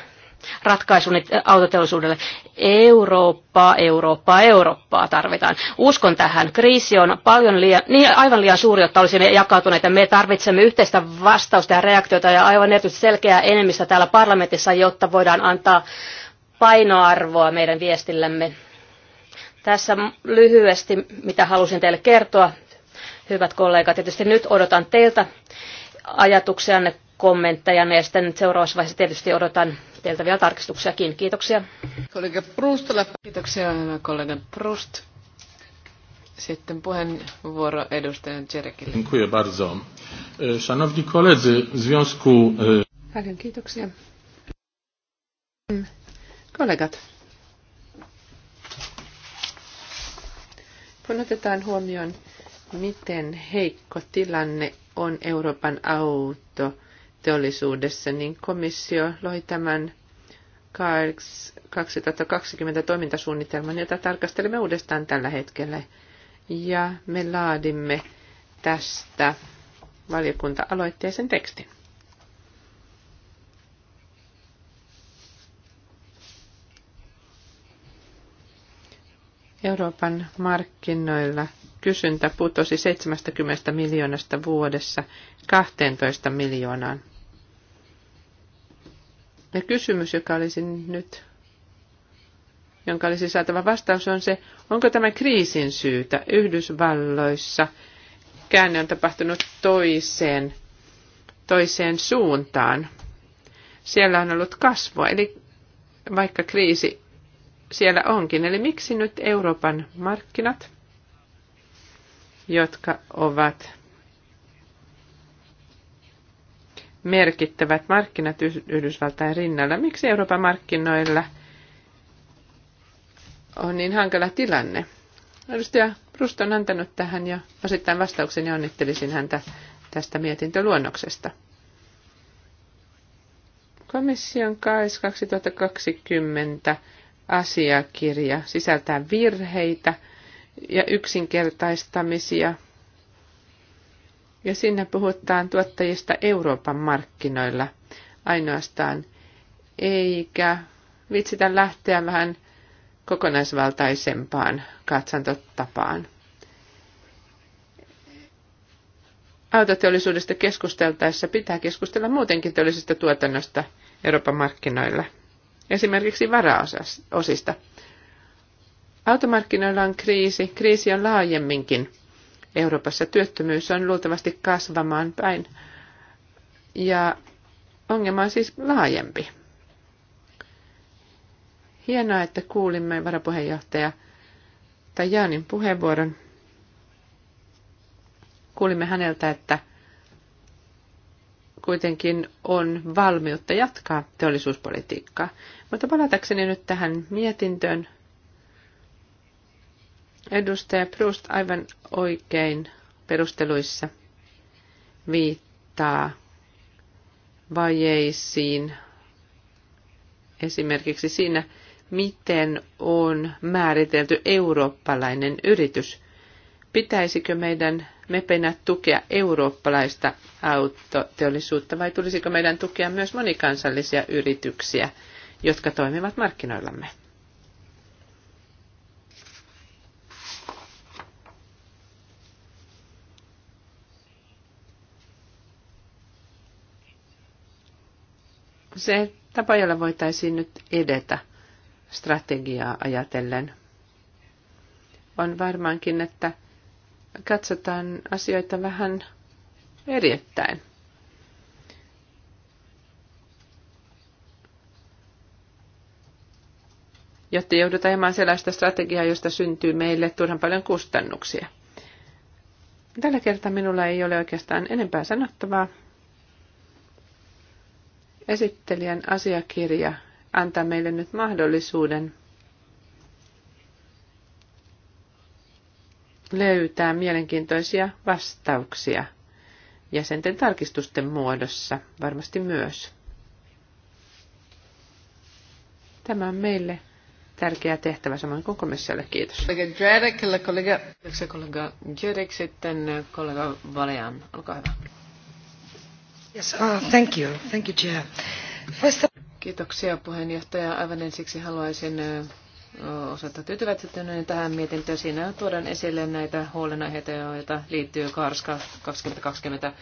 ratkaisun autoteollisuudelle. Eurooppaa, Eurooppaa, Eurooppaa tarvitaan. Uskon tähän. Kriisi on paljon liian, niin aivan liian suuri, jotta olisimme jakautuneita. Me tarvitsemme yhteistä vastausta ja reaktiota ja aivan erityisesti selkeää enemmistä täällä parlamentissa, jotta voidaan antaa painoarvoa meidän viestillämme. Tässä lyhyesti, mitä halusin teille kertoa hyvät kollegat. Tietysti nyt odotan teiltä ajatuksianne, kommenttejanne ja sitten seuraavassa vaiheessa tietysti odotan teiltä vielä tarkistuksiakin. Kiitoksia. Kollega Proust. Kiitoksia, kollega Brust. Sitten puheenvuoro edustajan Tjerekille. Dziękuję bardzo. E, szanowni koledzy, w związku... E, Paljon kiitoksia. Mm. Kollegat. Kun otetaan huomioon miten heikko tilanne on Euroopan autoteollisuudessa, niin komissio loi tämän 2020 toimintasuunnitelman, jota tarkastelemme uudestaan tällä hetkellä. Ja me laadimme tästä valiokunta-aloitteisen tekstin. Euroopan markkinoilla kysyntä putosi 70 miljoonasta vuodessa 12 miljoonaan. Ja kysymys, joka olisi nyt, jonka olisi saatava vastaus, on se, onko tämä kriisin syytä Yhdysvalloissa. Käänne on tapahtunut toiseen, toiseen suuntaan. Siellä on ollut kasvua, eli vaikka kriisi siellä onkin. Eli miksi nyt Euroopan markkinat, jotka ovat merkittävät markkinat Yhdysvaltain rinnalla, miksi Euroopan markkinoilla on niin hankala tilanne? Edustaja Rust on antanut tähän jo osittain vastauksen ja onnittelisin häntä tästä mietintöluonnoksesta. Komission KAIS 2020 asiakirja sisältää virheitä ja yksinkertaistamisia. Ja siinä puhutaan tuottajista Euroopan markkinoilla ainoastaan, eikä vitsitä lähteä vähän kokonaisvaltaisempaan katsantotapaan. Autoteollisuudesta keskusteltaessa pitää keskustella muutenkin teollisesta tuotannosta Euroopan markkinoilla – esimerkiksi varaosista. Automarkkinoilla on kriisi, kriisi on laajemminkin. Euroopassa työttömyys on luultavasti kasvamaan päin ja ongelma on siis laajempi. Hienoa, että kuulimme varapuheenjohtaja Tajanin puheenvuoron. Kuulimme häneltä, että kuitenkin on valmiutta jatkaa teollisuuspolitiikkaa. Mutta palatakseni nyt tähän mietintöön. Edustaja Proust aivan oikein perusteluissa viittaa vajeisiin esimerkiksi siinä, miten on määritelty eurooppalainen yritys. Pitäisikö meidän mepenä tukea eurooppalaista autoteollisuutta vai tulisiko meidän tukea myös monikansallisia yrityksiä, jotka toimivat markkinoillamme? Se tapa, jolla voitaisiin nyt edetä strategiaa ajatellen, on varmaankin, että katsotaan asioita vähän erittäin. jotta joudutaan hieman sellaista strategiaa, josta syntyy meille turhan paljon kustannuksia. Tällä kertaa minulla ei ole oikeastaan enempää sanottavaa. Esittelijän asiakirja antaa meille nyt mahdollisuuden löytää mielenkiintoisia vastauksia jäsenten tarkistusten muodossa varmasti myös. Tämä on meille tärkeä tehtävä samoin kuin komissiolle. Kiitos. Kollega Jerek, kollega, kollega sitten äh, kollega Valean. Olkaa hyvä. Yes, uh, thank you. Thank you, Chair. First... Kiitoksia puheenjohtaja. Aivan ensiksi haluaisin äh, osalta tyytyväisettyneiden tähän mietintöön. Siinä tuodaan esille näitä huolenaiheita, joita liittyy Karska 2020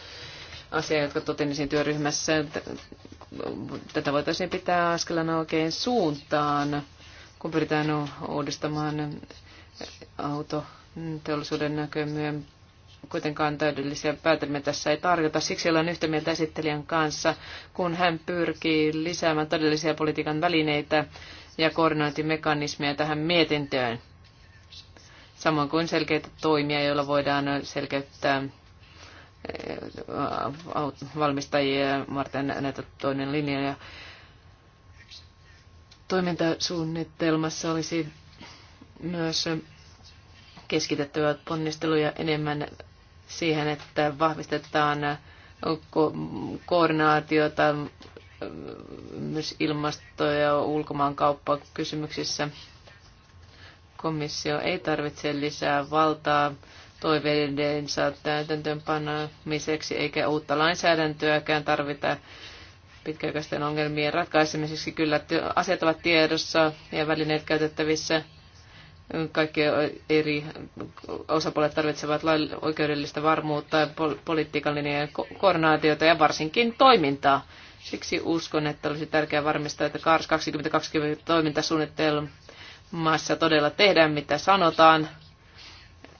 asiaa, jotka totesin työryhmässä. Tätä voitaisiin pitää askelana oikein suuntaan, kun pyritään uudistamaan autoteollisuuden näkömyön kuitenkaan täydellisiä päätelmiä tässä ei tarjota. Siksi ollaan yhtä mieltä esittelijän kanssa, kun hän pyrkii lisäämään todellisia politiikan välineitä ja koordinointimekanismeja tähän mietintöön, samoin kuin selkeitä toimia, joilla voidaan selkeyttää eh, valmistajia varten näitä toinen linjoja. Toimintasuunnitelmassa olisi myös keskitettyä ponnisteluja enemmän siihen, että vahvistetaan ko- koordinaatiota myös ilmasto- ja ulkomaankauppa kysymyksissä. Komissio ei tarvitse lisää valtaa toiveidensa täytäntöönpanemiseksi eikä uutta lainsäädäntöäkään tarvita pitkäaikaisten ongelmien ratkaisemiseksi. Kyllä asiat ovat tiedossa ja välineet käytettävissä. Kaikki eri osapuolet tarvitsevat oikeudellista varmuutta, politiikan linjojen koordinaatiota ja varsinkin toimintaa Siksi uskon, että olisi tärkeää varmistaa, että KARS 2020 toimintasuunnitelmassa todella tehdään, mitä sanotaan.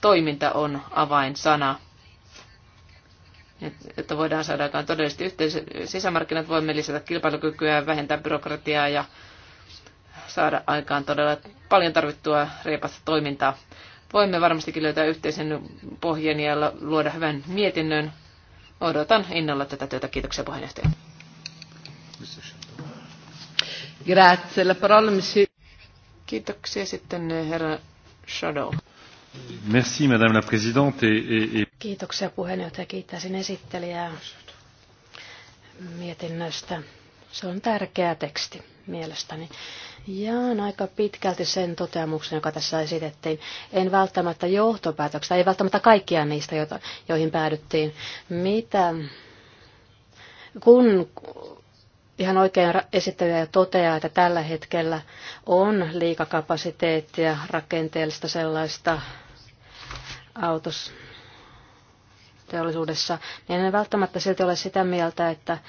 Toiminta on avainsana. Että voidaan saada aikaan todellisesti yhteiset sisämarkkinat, voimme lisätä kilpailukykyä, vähentää byrokratiaa ja saada aikaan todella paljon tarvittua reipasta toimintaa. Voimme varmastikin löytää yhteisen pohjan ja luoda hyvän mietinnön. Odotan innolla tätä työtä. Kiitoksia puheenjohtaja. Grazie. La parola, monsieur. Kiitoksia sitten eh, herra Shadow. Merci, madame la présidente. Et, et, et... Kiitoksia puheenjohtaja. Kiittäisin esittelijää mietinnöstä. Se on tärkeä teksti mielestäni. Jaan aika pitkälti sen toteamuksen, joka tässä esitettiin. En välttämättä johtopäätöksistä, ei välttämättä kaikkia niistä, joita, joihin päädyttiin. Mitä, kun ihan oikein esittäjä toteaa, että tällä hetkellä on liikakapasiteettia, rakenteellista sellaista autos teollisuudessa, niin en välttämättä silti ole sitä mieltä, että äh,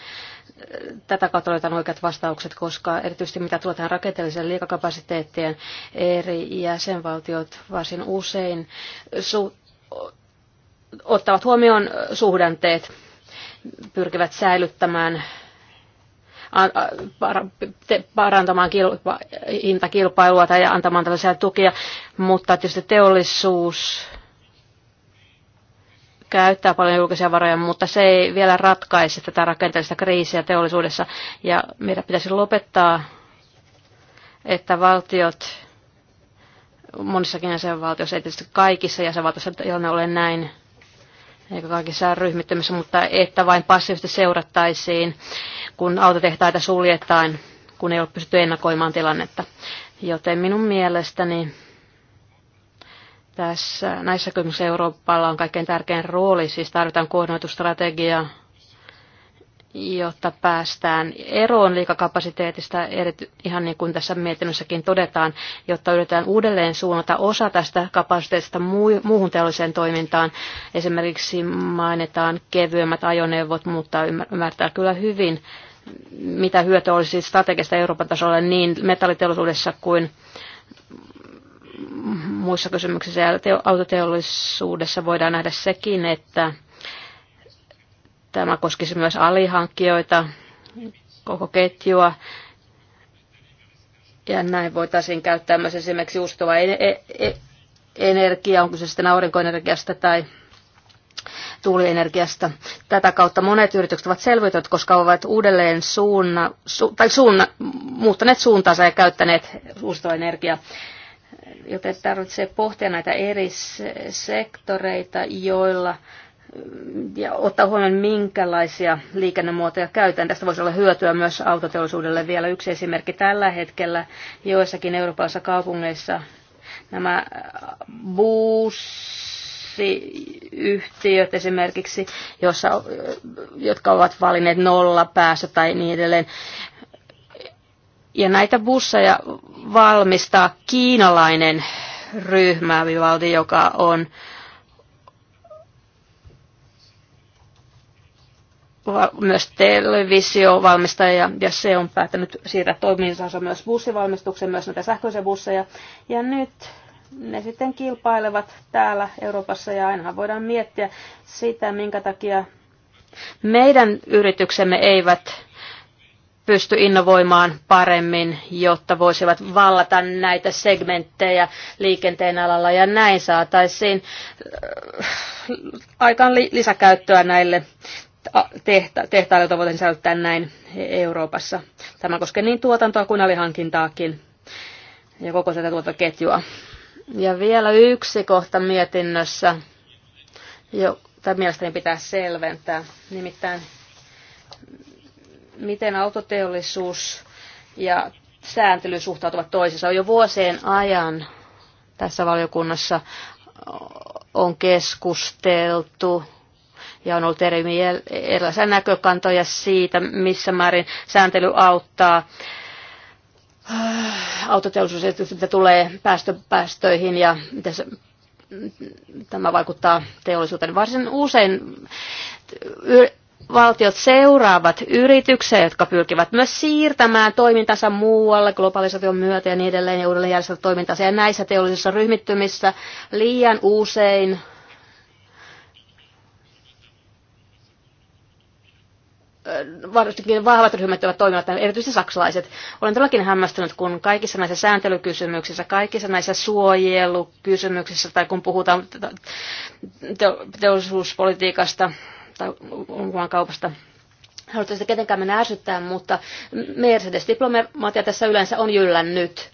tätä kautta löytän oikeat vastaukset, koska erityisesti mitä tulee tähän rakenteelliseen liikakapasiteettien, eri jäsenvaltiot varsin usein su- ottavat huomioon suhdanteet, pyrkivät säilyttämään parantamaan hintakilpailua tai antamaan tällaisia tukia, mutta tietysti teollisuus käyttää paljon julkisia varoja, mutta se ei vielä ratkaise tätä rakenteellista kriisiä teollisuudessa. Ja meidän pitäisi lopettaa, että valtiot, monissakin jäsenvaltioissa, ei tietysti kaikissa jäsenvaltioissa, joilla ne ole näin, eikä kaikissa ryhmittymissä, mutta että vain passiivisesti seurattaisiin, kun autotehtaita suljetaan, kun ei ole pystytty ennakoimaan tilannetta. Joten minun mielestäni tässä, näissä kysymyksissä Euroopalla on kaikkein tärkein rooli, siis tarvitaan koordinoitu strategia jotta päästään eroon liikakapasiteetista, erity, ihan niin kuin tässä mietinnössäkin todetaan, jotta yritetään uudelleen suunnata osa tästä kapasiteetista muuhun teolliseen toimintaan. Esimerkiksi mainitaan kevyemmät ajoneuvot, mutta ymmärtää kyllä hyvin, mitä hyötyä olisi strategista Euroopan tasolla niin metalliteollisuudessa kuin muissa kysymyksissä ja autoteollisuudessa voidaan nähdä sekin, että Tämä koskisi myös alihankkijoita, koko ketjua. Ja näin voitaisiin käyttää myös esimerkiksi uustuva e- e- e- energiaa, onko se sitten aurinkoenergiasta tai tuulienergiasta. Tätä kautta monet yritykset ovat selviytyneet, koska ovat uudelleen suunna, su, tai suunna, muuttaneet suuntaansa ja käyttäneet uusiutuvaa energiaa. Joten tarvitsee pohtia näitä eri sektoreita, joilla ja ottaa huomioon, minkälaisia liikennemuotoja käytetään. Tästä voisi olla hyötyä myös autoteollisuudelle. Vielä yksi esimerkki tällä hetkellä joissakin Euroopassa kaupungeissa nämä bussiyhtiöt esimerkiksi, jossa, jotka ovat valinneet nolla päässä tai niin edelleen. Ja näitä busseja valmistaa kiinalainen ryhmä, joka on myös televisiovalmistaja, ja se on päättänyt siirtää toimintansa myös bussivalmistuksen, myös näitä sähköisiä busseja. Ja nyt ne sitten kilpailevat täällä Euroopassa, ja aina voidaan miettiä sitä, minkä takia meidän yrityksemme eivät pysty innovoimaan paremmin, jotta voisivat vallata näitä segmenttejä liikenteen alalla ja näin saataisiin äh, aikaan lisäkäyttöä näille tehta- joita voitaisiin säilyttää näin e, Euroopassa. Tämä koskee niin tuotantoa kuin alihankintaakin ja koko tätä tuotantoketjua. Ja vielä yksi kohta mietinnössä, jota mielestäni pitää selventää, nimittäin miten autoteollisuus ja sääntely suhtautuvat toisiinsa. Jo vuosien ajan tässä valiokunnassa on keskusteltu ja on ollut eri, erilaisia näkökantoja siitä, missä määrin sääntely auttaa äh, autoteollisuus, että tulee päästöpäästöihin ja miten se, tämä vaikuttaa teollisuuteen. Varsin usein valtiot seuraavat yrityksiä, jotka pyrkivät myös siirtämään toimintansa muualle globalisaation myötä ja niin edelleen ja uudelleen toimintansa. Ja näissä teollisissa ryhmittymissä liian usein varsinkin vahvat ryhmät ovat toimivat, erityisesti saksalaiset. Olen todellakin hämmästynyt, kun kaikissa näissä sääntelykysymyksissä, kaikissa näissä suojelukysymyksissä tai kun puhutaan teollisuuspolitiikasta tai kaupasta, haluaisin sitä ketenkään mennä ärsyttää, mutta Mercedes-diplomatia tässä yleensä on jyllännyt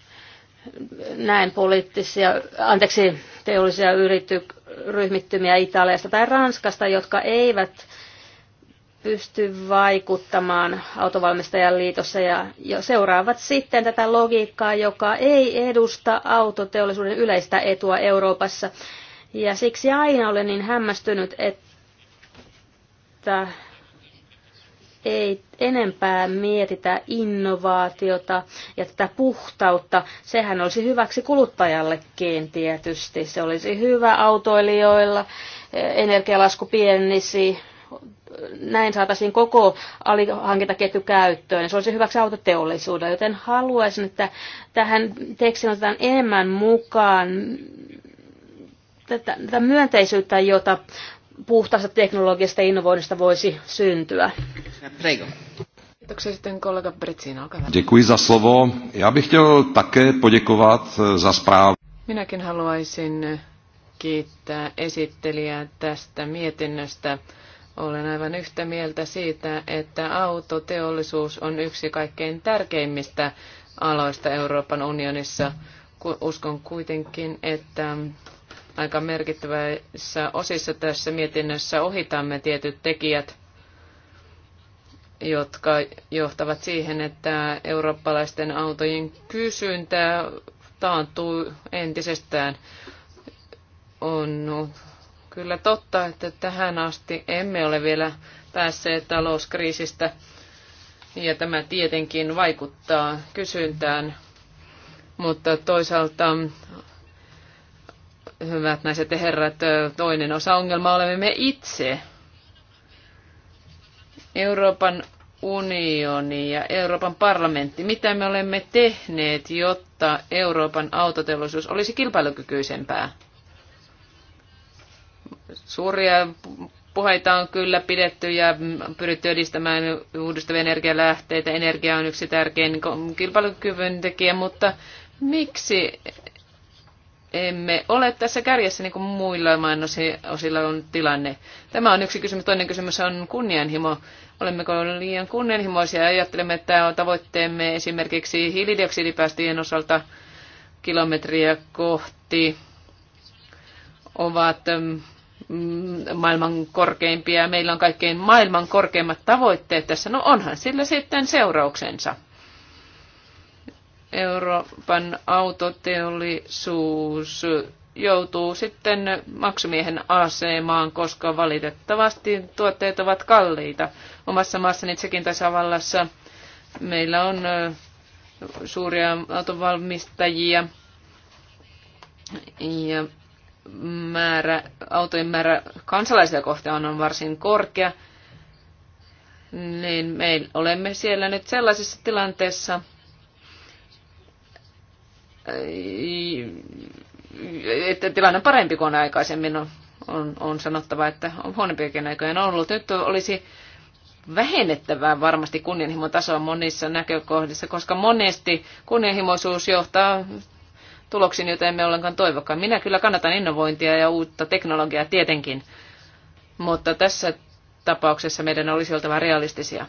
näin poliittisia, anteeksi, teollisia yrity, ryhmittymiä Italiasta tai Ranskasta, jotka eivät pysty vaikuttamaan autovalmistajan liitossa ja jo seuraavat sitten tätä logiikkaa, joka ei edusta autoteollisuuden yleistä etua Euroopassa. Ja siksi aina olen niin hämmästynyt, että ei enempää mietitä innovaatiota ja tätä puhtautta. Sehän olisi hyväksi kuluttajallekin tietysti. Se olisi hyvä autoilijoilla, energialasku pienisi, näin saataisiin koko alihankintaketju käyttöön. Ja se olisi hyväksi autoteollisuudelle, joten haluaisin, että tähän tekstiin otetaan enemmän mukaan tätä, tätä myönteisyyttä, jota puhtaasta teknologiasta ja innovoinnista voisi syntyä. Prego. Kiitoksia sitten kollega Britsin, olkaa hyvä. Děkuji za slovo. Já bych chtěl také poděkovat eh, za zprávu. Minäkin haluaisin kiittää esittelijää tästä mietinnöstä. Olen aivan yhtä mieltä siitä, että autoteollisuus on yksi kaikkein tärkeimmistä aloista Euroopan unionissa. Uskon kuitenkin, että aika merkittävässä osissa tässä mietinnössä ohitamme tietyt tekijät, jotka johtavat siihen, että eurooppalaisten autojen kysyntä taantuu entisestään. On kyllä totta, että tähän asti emme ole vielä päässeet talouskriisistä. Ja tämä tietenkin vaikuttaa kysyntään, mutta toisaalta, hyvät naiset ja herrat, toinen osa ongelmaa olemme me itse. Euroopan unioni ja Euroopan parlamentti, mitä me olemme tehneet, jotta Euroopan autoteollisuus olisi kilpailukykyisempää? Suuria puheita on kyllä pidetty ja pyritty edistämään uudistavia energialähteitä. Energia on yksi tärkein kilpailukyvyn tekijä, mutta miksi emme ole tässä kärjessä niin kuin muilla maanosilla on tilanne. Tämä on yksi kysymys. Toinen kysymys on kunnianhimo. Olemmeko liian kunnianhimoisia ja ajattelemme, että on tavoitteemme esimerkiksi hiilidioksidipäästöjen osalta kilometriä kohti ovat Mm, maailman korkeimpia, meillä on kaikkein maailman korkeimmat tavoitteet tässä. No onhan sillä sitten seurauksensa. Euroopan autoteollisuus joutuu sitten maksumiehen asemaan, koska valitettavasti tuotteet ovat kalliita. Omassa maassani Tsekin tasavallassa meillä on suuria autovalmistajia ja määrä, autojen määrä kansalaisia kohtaan on varsin korkea, niin me olemme siellä nyt sellaisessa tilanteessa, että tilanne on parempi kuin aikaisemmin on, no, on, on sanottava, että on huonompiakin on ollut. Nyt olisi vähennettävää varmasti kunnianhimon tasoa monissa näkökohdissa, koska monesti kunnianhimoisuus johtaa tuloksiin, joita emme ollenkaan toivokaan. Minä kyllä kannatan innovointia ja uutta teknologiaa tietenkin, mutta tässä tapauksessa meidän olisi oltava realistisia.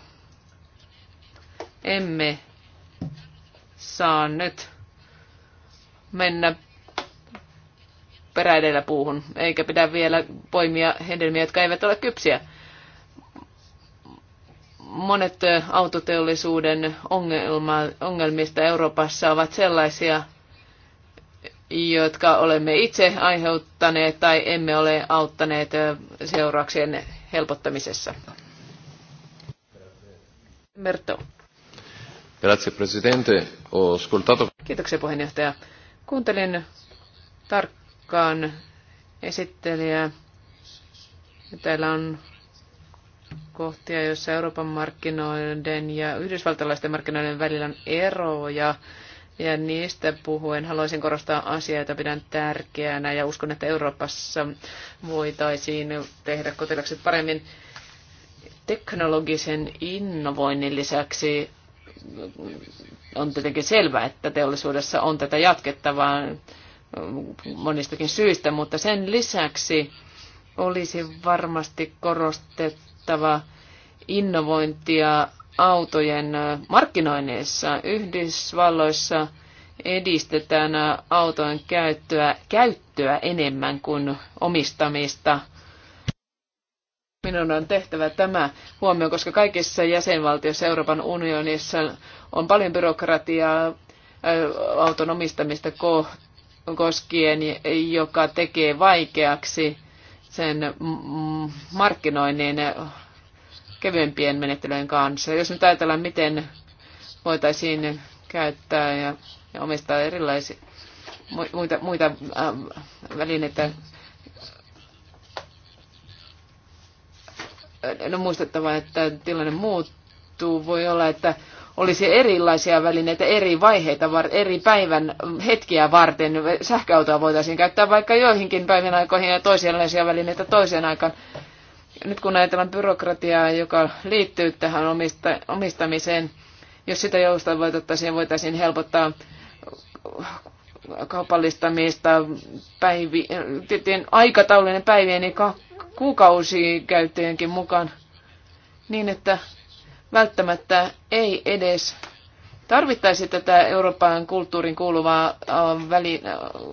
Emme saa nyt mennä peräideillä puuhun, eikä pidä vielä poimia hedelmiä, jotka eivät ole kypsiä. Monet autoteollisuuden ongelma, ongelmista Euroopassa ovat sellaisia, jotka olemme itse aiheuttaneet tai emme ole auttaneet seurauksien helpottamisessa. Merto. Grazie Presidente. Ho ascoltato... Kiitoksia puheenjohtaja. Kuuntelin tarkkaan esittelijää. Täällä on kohtia, joissa Euroopan markkinoiden ja yhdysvaltalaisten markkinoiden välillä on eroja. Ja niistä puhuen haluaisin korostaa asiaa, jota pidän tärkeänä ja uskon, että Euroopassa voitaisiin tehdä kotilakset paremmin teknologisen innovoinnin lisäksi on tietenkin selvää, että teollisuudessa on tätä jatkettavaa monistakin syistä, mutta sen lisäksi olisi varmasti korostettava innovointia autojen markkinoinneissa. Yhdysvalloissa edistetään autojen käyttöä, käyttöä enemmän kuin omistamista. Minun on tehtävä tämä huomio, koska kaikissa jäsenvaltioissa Euroopan unionissa on paljon byrokratiaa auton omistamista koskien, joka tekee vaikeaksi sen markkinoinnin kevyempien menettelyjen kanssa. Jos nyt ajatellaan, miten voitaisiin käyttää ja, ja omistaa erilaisia muita, muita äh, välineitä. No muistettava, että tilanne muuttuu. Voi olla, että olisi erilaisia välineitä, eri vaiheita, eri päivän hetkiä varten. Sähköautoa voitaisiin käyttää vaikka joihinkin päivän aikoihin ja toisenlaisia välineitä toiseen aikaan. Nyt kun ajatellaan byrokratiaa, joka liittyy tähän omista, omistamiseen, jos sitä joustavoitettaisiin, voitaisiin helpottaa kaupallistamista, päivi, aikataulinen päivien niin kuukausiin käyttäjänkin mukaan, niin että välttämättä ei edes tarvittaisiin tätä Euroopan kulttuurin kuuluvaa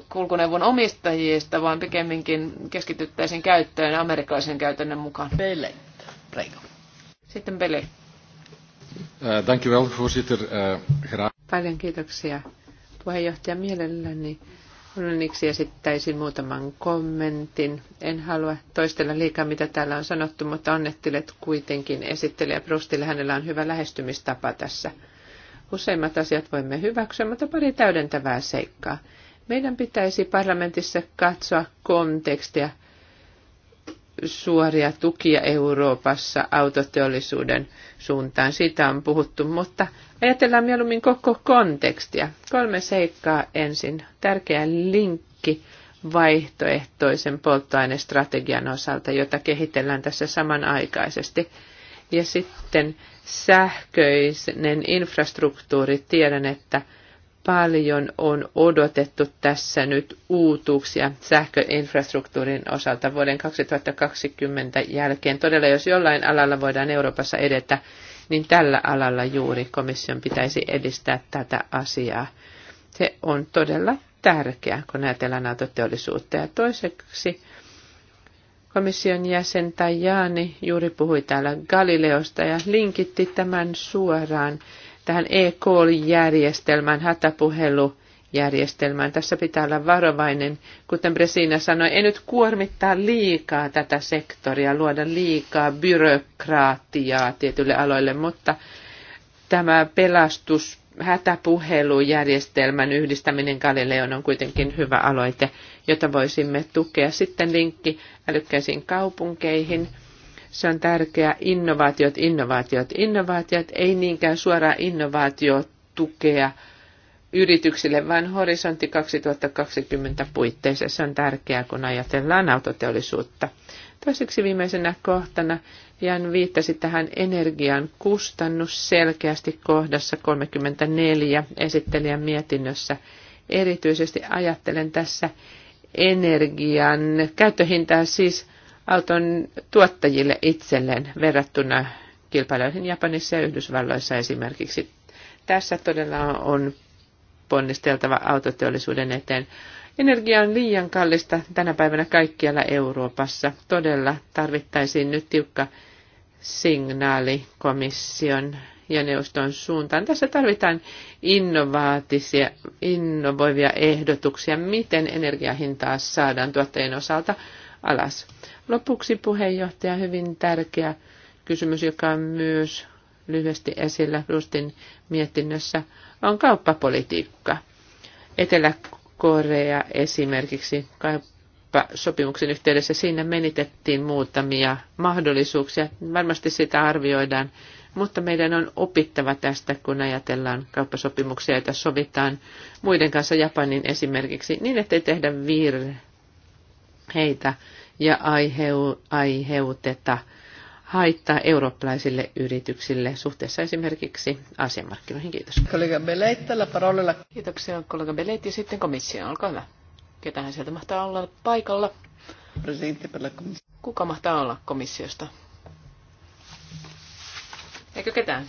kulkuneuvon omistajista, vaan pikemminkin keskityttäisiin käyttöön amerikkalaisen käytännön mukaan. Pele, prego. Sitten Pele. Thank you well, voorzitter. Paljon kiitoksia puheenjohtaja mielelläni. Onneksi esittäisin muutaman kommentin. En halua toistella liikaa, mitä täällä on sanottu, mutta onnettelet kuitenkin esittelijä Brustille. Hänellä on hyvä lähestymistapa tässä Useimmat asiat voimme hyväksyä, mutta pari täydentävää seikkaa. Meidän pitäisi parlamentissa katsoa kontekstia suoria tukia Euroopassa autoteollisuuden suuntaan. Siitä on puhuttu, mutta ajatellaan mieluummin koko kontekstia. Kolme seikkaa ensin. Tärkeä linkki vaihtoehtoisen polttoainestrategian osalta, jota kehitellään tässä samanaikaisesti. Ja sitten sähköinen infrastruktuuri. Tiedän, että paljon on odotettu tässä nyt uutuuksia sähköinfrastruktuurin osalta vuoden 2020 jälkeen. Todella jos jollain alalla voidaan Euroopassa edetä, niin tällä alalla juuri komission pitäisi edistää tätä asiaa. Se on todella tärkeää, kun ajatellaan autoteollisuutta. Ja toiseksi Komission jäsen Tajani juuri puhui täällä Galileosta ja linkitti tämän suoraan tähän e-call-järjestelmään, hätäpuhelujärjestelmään. Tässä pitää olla varovainen, kuten Bresina sanoi, ei nyt kuormittaa liikaa tätä sektoria, luoda liikaa byrokraatiaa tietylle aloille, mutta tämä pelastus hätäpuhelujärjestelmän yhdistäminen Galileon on kuitenkin hyvä aloite jota voisimme tukea. Sitten linkki älykkäisiin kaupunkeihin. Se on tärkeää. Innovaatiot, innovaatiot, innovaatiot. Ei niinkään suoraa innovaatiotukea yrityksille, vaan horisontti 2020 puitteissa. Se on tärkeää, kun ajatellaan autoteollisuutta. Toiseksi viimeisenä kohtana Jan viittasi tähän energian kustannus selkeästi kohdassa 34 esittelijän mietinnössä. Erityisesti ajattelen tässä energian käyttöhintaa siis auton tuottajille itselleen verrattuna kilpailijoihin Japanissa ja Yhdysvalloissa esimerkiksi. Tässä todella on ponnisteltava autoteollisuuden eteen. Energia on liian kallista tänä päivänä kaikkialla Euroopassa. Todella tarvittaisiin nyt tiukka signaali komission ja neuvoston suuntaan. Tässä tarvitaan innovaatisia, innovoivia ehdotuksia, miten energiahintaa saadaan tuottajien osalta alas. Lopuksi puheenjohtaja, hyvin tärkeä kysymys, joka on myös lyhyesti esillä Rustin mietinnössä, on kauppapolitiikka. Etelä-Korea esimerkiksi kauppasopimuksen yhteydessä siinä menitettiin muutamia mahdollisuuksia. Varmasti sitä arvioidaan mutta meidän on opittava tästä, kun ajatellaan kauppasopimuksia, joita sovitaan muiden kanssa Japanin esimerkiksi, niin ettei tehdä virheitä ja aiheu, aiheuteta haittaa eurooppalaisille yrityksille suhteessa esimerkiksi asiamarkkinoihin. Kiitos. Kollega Beleit tällä parola. Kiitoksia kollega Beleit ja sitten komissio, olkaa hyvä. Ketähän sieltä mahtaa olla paikalla? Kuka mahtaa olla komissiosta? Eikö ketään?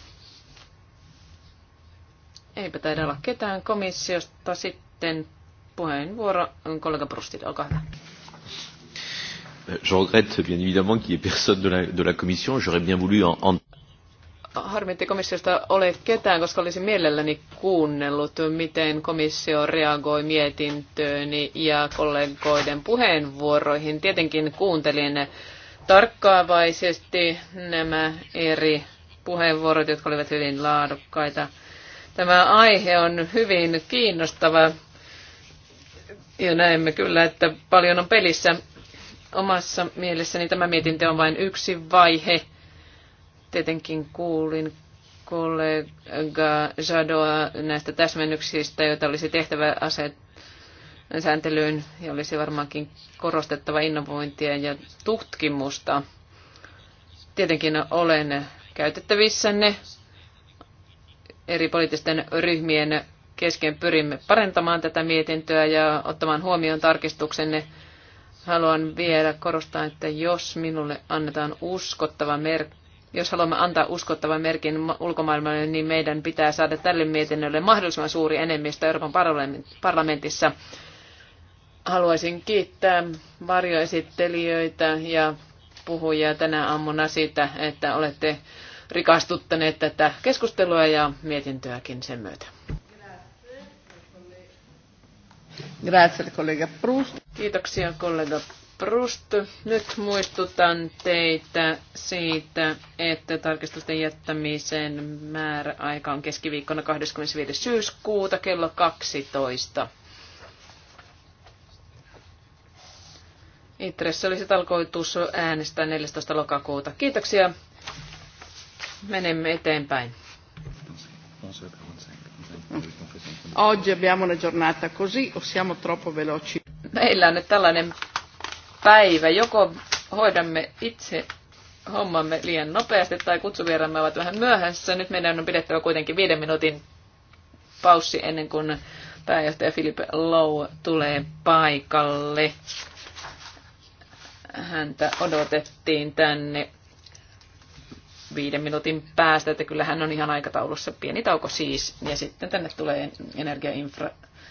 Eipä taida olla ketään komissiosta. Sitten puheenvuoro on kollega Brustit, olkaa hyvä. Je regrette bien évidemment qu'il n'y ait personne de la, de la commission. J'aurais bien voulu en, en... Harmi, että komissiosta ole ketään, koska olisin mielelläni kuunnellut, miten komissio reagoi mietintööni ja kollegoiden puheenvuoroihin. Tietenkin kuuntelin tarkkaavaisesti nämä eri puheenvuorot, jotka olivat hyvin laadukkaita. Tämä aihe on hyvin kiinnostava ja näemme kyllä, että paljon on pelissä. Omassa mielessäni tämä mietintö on vain yksi vaihe. Tietenkin kuulin kollega Jadoa näistä täsmennyksistä, joita olisi tehtävä aset sääntelyyn ja olisi varmaankin korostettava innovointia ja tutkimusta. Tietenkin olen käytettävissänne. Eri poliittisten ryhmien kesken pyrimme parantamaan tätä mietintöä ja ottamaan huomioon tarkistuksenne. Haluan vielä korostaa, että jos minulle annetaan uskottava merkki, jos haluamme antaa uskottavan merkin ulkomaailmalle, niin meidän pitää saada tälle mietinnölle mahdollisimman suuri enemmistö Euroopan parlamentissa. Haluaisin kiittää varjoesittelijöitä ja puhujia tänä aamuna siitä, että olette rikastuttaneet tätä keskustelua ja mietintöäkin sen myötä. Kiitoksia, kollega Proust. Nyt muistutan teitä siitä, että tarkistusten jättämisen määräaika on keskiviikkona 25. syyskuuta kello 12. Intresse olisi talkoitus äänestää 14. lokakuuta. Kiitoksia menemme eteenpäin. Oggi abbiamo una giornata così o siamo troppo veloci? Meillä on nyt tällainen päivä. Joko hoidamme itse hommamme liian nopeasti tai kutsuvieramme ovat vähän myöhässä. Nyt meidän on pidettävä kuitenkin viiden minuutin paussi ennen kuin pääjohtaja Philip Lowe tulee paikalle. Häntä odotettiin tänne viiden minuutin päästä, että kyllähän on ihan aikataulussa pieni tauko siis. Ja sitten tänne tulee energiainfra,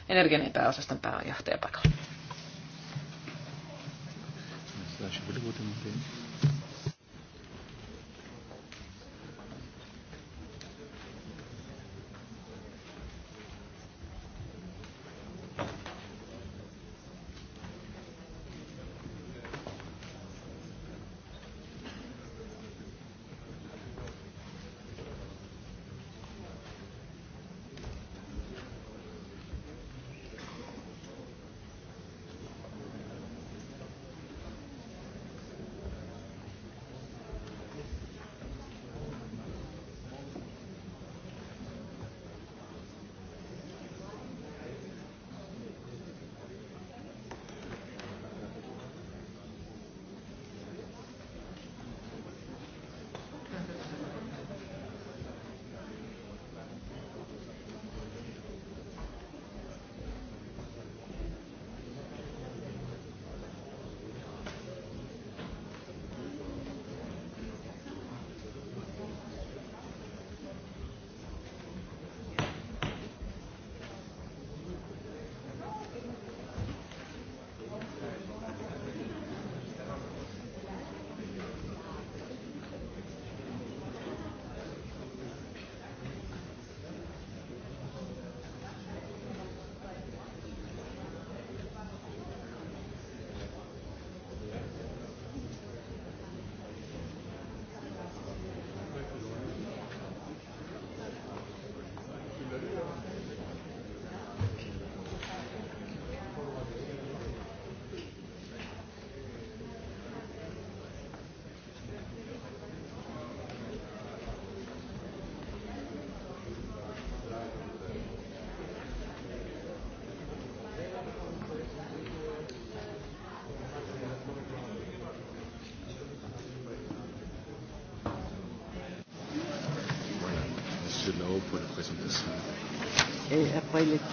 energian pääosaston pääjohtaja paikalle.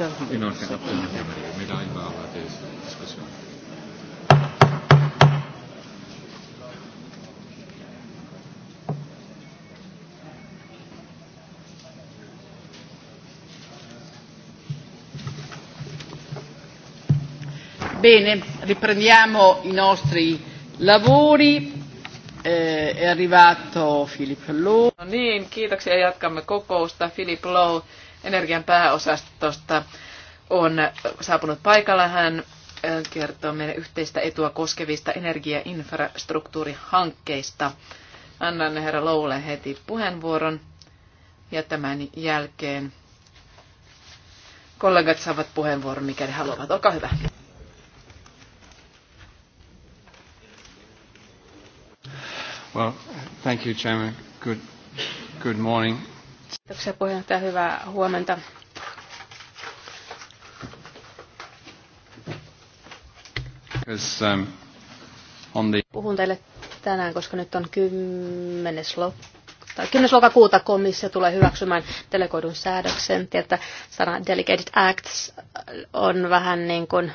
rapporteur. Non, c'est rapporteur, mais là, il va arrêter cette discussion. Bene, riprendiamo i nostri lavori. Eh, è arrivato Philip Lowe. No niin, kiitoksia. Jatkamme kokousta. Philip Lowe energian pääosastosta on saapunut paikalla. Hän kertoo meille yhteistä etua koskevista energiainfrastruktuurihankkeista. Annan herra Loule heti puheenvuoron ja tämän jälkeen kollegat saavat puheenvuoron, mikäli haluavat. Olkaa hyvä. Well, thank you, Chairman. Good, good morning. Kiitoksia puheenjohtaja, hyvää huomenta. Um, Puhun teille tänään, koska nyt on 10. Lok- tai 10. lokakuuta komissio tulee hyväksymään delegoidun säädöksen. Tietä sana Delegated Acts on vähän niin kuin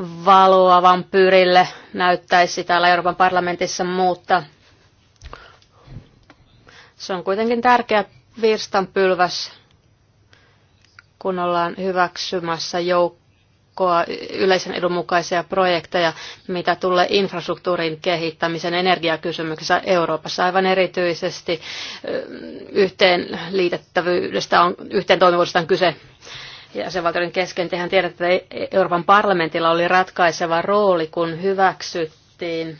valoa vampyyrille näyttäisi täällä Euroopan parlamentissa, mutta se on kuitenkin tärkeä virstanpylväs, kun ollaan hyväksymässä joukkoa yleisen edun mukaisia projekteja, mitä tulee infrastruktuurin kehittämisen energiakysymyksessä Euroopassa. Aivan erityisesti yhteen on, yhteen toimivuudesta on kyse jäsenvaltioiden kesken. Tehän tiedätte, että e- Euroopan parlamentilla oli ratkaiseva rooli, kun hyväksyttiin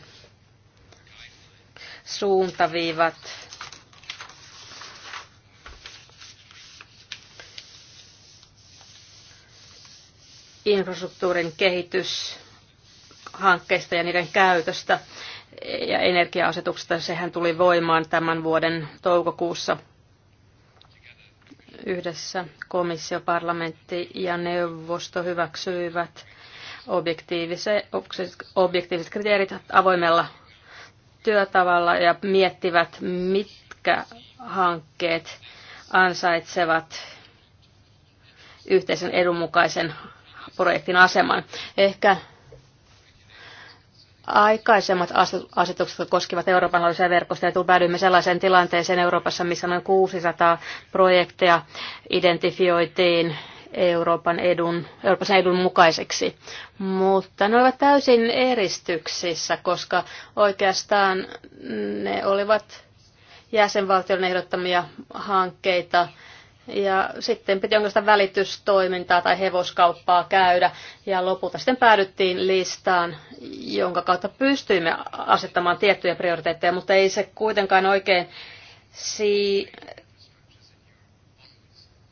suuntaviivat infrastruktuurin kehityshankkeista ja niiden käytöstä ja energiaasetuksesta. Sehän tuli voimaan tämän vuoden toukokuussa yhdessä komissio, parlamentti ja neuvosto hyväksyivät objektiiviset, kriteerit avoimella työtavalla ja miettivät, mitkä hankkeet ansaitsevat yhteisen edunmukaisen projektin aseman. Ehkä aikaisemmat asetukset jotka koskivat Euroopan laajuisia verkostoja, ja päädyimme sellaiseen tilanteeseen Euroopassa, missä noin 600 projekteja identifioitiin Euroopan edun, Euroopan edun mukaiseksi. Mutta ne olivat täysin eristyksissä, koska oikeastaan ne olivat jäsenvaltioiden ehdottamia hankkeita, ja sitten piti jonkinlaista välitystoimintaa tai hevoskauppaa käydä. Ja lopulta sitten päädyttiin listaan, jonka kautta pystyimme asettamaan tiettyjä prioriteetteja, mutta ei se kuitenkaan oikein si-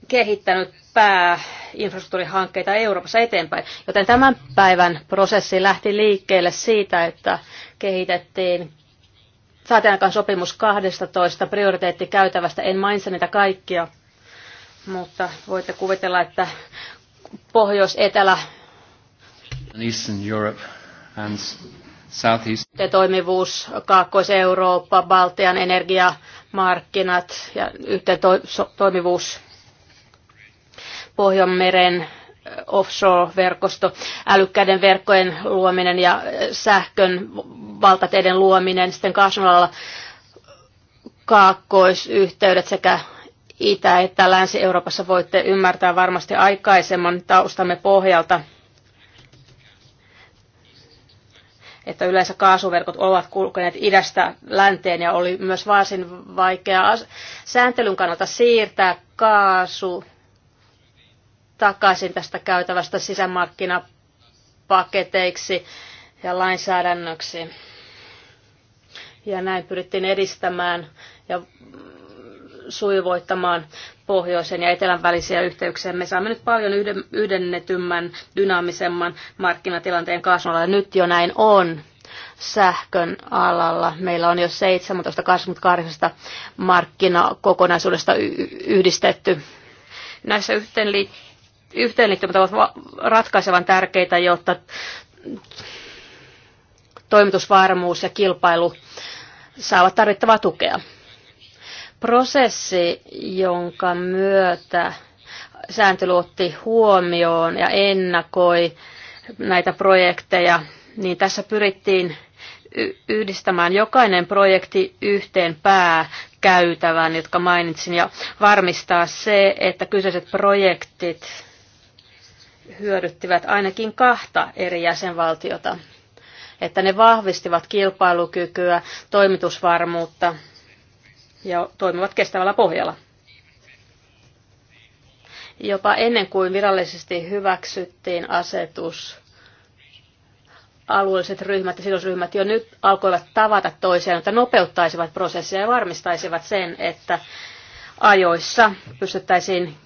kehittänyt pääinfrastruktuurihankkeita Euroopassa eteenpäin. Joten tämän päivän prosessi lähti liikkeelle siitä, että kehitettiin saatiin aikaan sopimus 12 prioriteettikäytävästä. En mainitse niitä kaikkia, mutta voitte kuvitella, että pohjois-etelä toimivuus, Kaakkois-Eurooppa, Baltian energiamarkkinat ja yhteen to- so- toimivuus Pohjanmeren offshore-verkosto, älykkäiden verkkojen luominen ja sähkön valtateiden luominen, sitten kasvunalalla kaakkoisyhteydet sekä Itä- että Länsi-Euroopassa voitte ymmärtää varmasti aikaisemman taustamme pohjalta, että yleensä kaasuverkot ovat kulkeneet idästä länteen ja oli myös varsin vaikea sääntelyn kannalta siirtää kaasu takaisin tästä käytävästä sisämarkkinapaketeiksi ja lainsäädännöksi. Ja näin pyrittiin edistämään ja sujuvoittamaan pohjoisen ja etelän välisiä yhteyksiä. Me saamme nyt paljon yhden, yhdennetymmän, dynaamisemman markkinatilanteen kasvulla. Nyt jo näin on sähkön alalla. Meillä on jo 17-28 markkinakokonaisuudesta yhdistetty. Näissä yhteenli- yhteenliittymät ovat ratkaisevan tärkeitä, jotta toimitusvarmuus ja kilpailu saavat tarvittavaa tukea prosessi, jonka myötä sääntely otti huomioon ja ennakoi näitä projekteja, niin tässä pyrittiin yhdistämään jokainen projekti yhteen pääkäytävään, jotka mainitsin, ja varmistaa se, että kyseiset projektit hyödyttivät ainakin kahta eri jäsenvaltiota, että ne vahvistivat kilpailukykyä, toimitusvarmuutta ja toimivat kestävällä pohjalla. Jopa ennen kuin virallisesti hyväksyttiin asetus, alueelliset ryhmät ja sidosryhmät jo nyt alkoivat tavata toisiaan, että nopeuttaisivat prosessia ja varmistaisivat sen, että ajoissa pystyttäisiin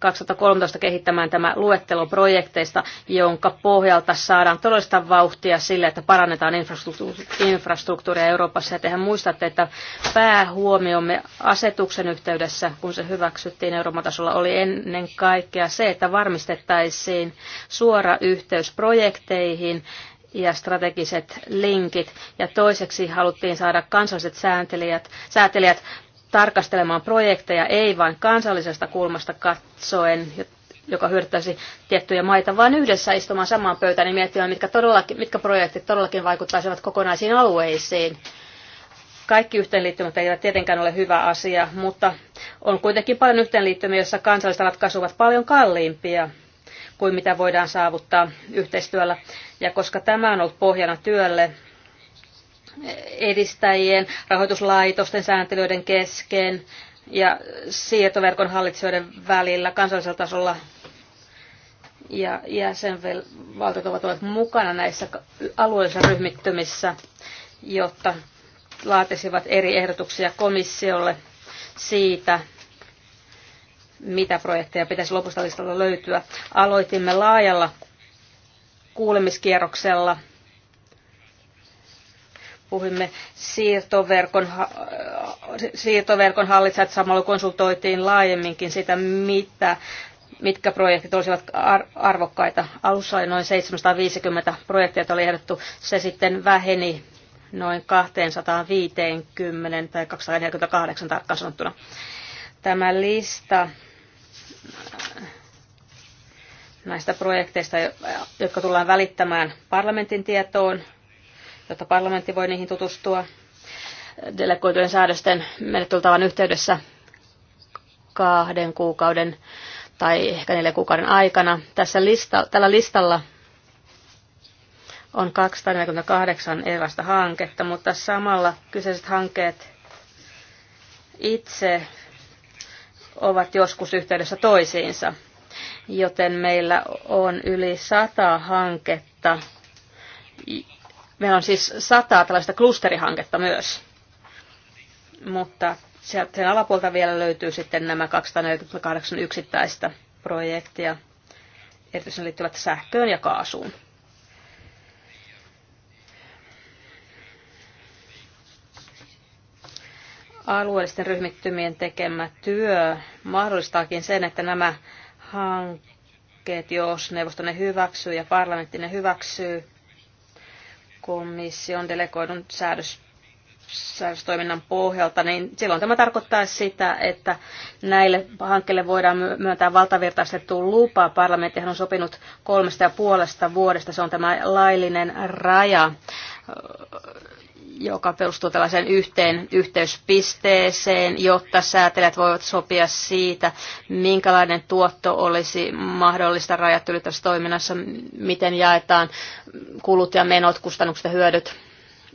2013 kehittämään tämä luettelo projekteista, jonka pohjalta saadaan todellista vauhtia sille, että parannetaan infrastruktuuria Euroopassa. Ja tehän muistatte, että päähuomiomme asetuksen yhteydessä, kun se hyväksyttiin Euroopan tasolla, oli ennen kaikkea se, että varmistettaisiin suora yhteys projekteihin ja strategiset linkit. Ja toiseksi haluttiin saada kansalliset sääntelijät, säätelijät tarkastelemaan projekteja ei vain kansallisesta kulmasta katsoen, joka hyödyttäisi tiettyjä maita, vaan yhdessä istumaan samaan pöytään ja miettimään, mitkä, todellakin, mitkä projektit todellakin vaikuttaisivat kokonaisiin alueisiin. Kaikki yhteenliittymät eivät tietenkään ole hyvä asia, mutta on kuitenkin paljon yhteenliittymiä, joissa kansalliset ratkaisut ovat paljon kalliimpia kuin mitä voidaan saavuttaa yhteistyöllä. Ja koska tämä on ollut pohjana työlle, edistäjien, rahoituslaitosten, sääntelyiden kesken ja siirtoverkon hallitsijoiden välillä kansallisella tasolla ja jäsenvaltiot ovat olleet mukana näissä alueellisissa ryhmittymissä, jotta laatisivat eri ehdotuksia komissiolle siitä, mitä projekteja pitäisi lopusta listalla löytyä. Aloitimme laajalla kuulemiskierroksella puhuimme siirtoverkon, siirtoverkon hallitsijat samalla konsultoitiin laajemminkin sitä, mitä mitkä projektit olisivat arvokkaita. Alussa oli noin 750 projektia, joita oli ehdottu. Se sitten väheni noin 250 tai 248 tarkkaan sanottuna. Tämä lista näistä projekteista, jotka tullaan välittämään parlamentin tietoon, jotta parlamentti voi niihin tutustua delegoitujen säädösten menettelytavan yhteydessä kahden kuukauden tai ehkä neljän kuukauden aikana. Tässä lista, tällä listalla on 248 erilaista hanketta, mutta samalla kyseiset hankkeet itse ovat joskus yhteydessä toisiinsa, joten meillä on yli sata hanketta, Meillä on siis sataa tällaista klusterihanketta myös. Mutta sen alapuolta vielä löytyy sitten nämä 248 yksittäistä projektia, erityisesti liittyvät sähköön ja kaasuun. Alueellisten ryhmittymien tekemä työ mahdollistaakin sen, että nämä hankkeet, jos neuvosto ne hyväksyy ja parlamentti ne hyväksyy, komission delegoidun säädös, säädöstoiminnan pohjalta, niin silloin tämä tarkoittaa sitä, että näille hankkeille voidaan myöntää valtavirtaistettu lupa. Parlamenttihan on sopinut kolmesta ja puolesta vuodesta, se on tämä laillinen raja joka perustuu tällaiseen yhteen yhteyspisteeseen, jotta säätelijät voivat sopia siitä, minkälainen tuotto olisi mahdollista rajat ylittävässä toiminnassa, miten jaetaan kulut ja menot, kustannukset ja hyödyt.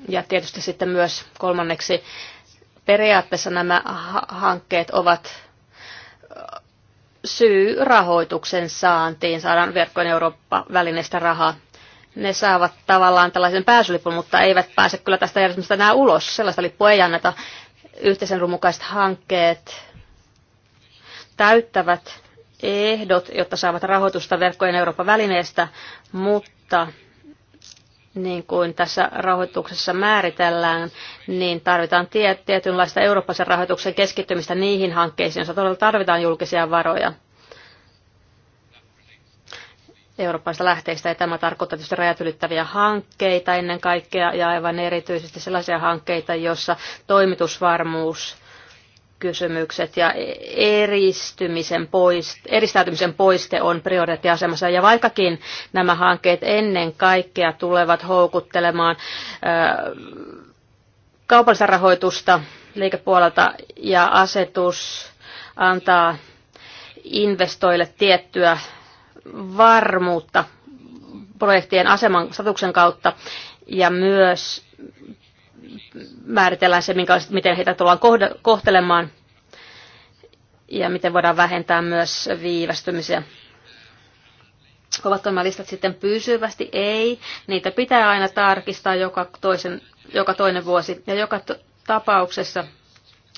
Ja tietysti sitten myös kolmanneksi periaatteessa nämä hankkeet ovat syy rahoituksen saantiin, saadaan verkkojen Eurooppa-välineistä rahaa ne saavat tavallaan tällaisen pääsylipun, mutta eivät pääse kyllä tästä järjestelmästä enää ulos. Sellaista lippua ei anneta. Yhteisen rumukaiset hankkeet täyttävät ehdot, jotta saavat rahoitusta verkkojen Euroopan välineestä, mutta niin kuin tässä rahoituksessa määritellään, niin tarvitaan tietynlaista eurooppalaisen rahoituksen keskittymistä niihin hankkeisiin, joissa todella tarvitaan julkisia varoja eurooppalaisista lähteistä. Ja tämä tarkoittaa tietysti rajat ylittäviä hankkeita ennen kaikkea ja aivan erityisesti sellaisia hankkeita, joissa toimitusvarmuus kysymykset ja eristymisen poiste, eristäytymisen poiste on prioriteettiasemassa. Ja vaikkakin nämä hankkeet ennen kaikkea tulevat houkuttelemaan ö, kaupallista rahoitusta liikepuolelta ja asetus antaa investoille tiettyä varmuutta projektien aseman statuksen kautta ja myös määritellään se, miten heitä tullaan kohtelemaan ja miten voidaan vähentää myös viivästymisiä. Ovatko nämä listat sitten pysyvästi? Ei. Niitä pitää aina tarkistaa joka, toisen, joka toinen vuosi. Ja joka tapauksessa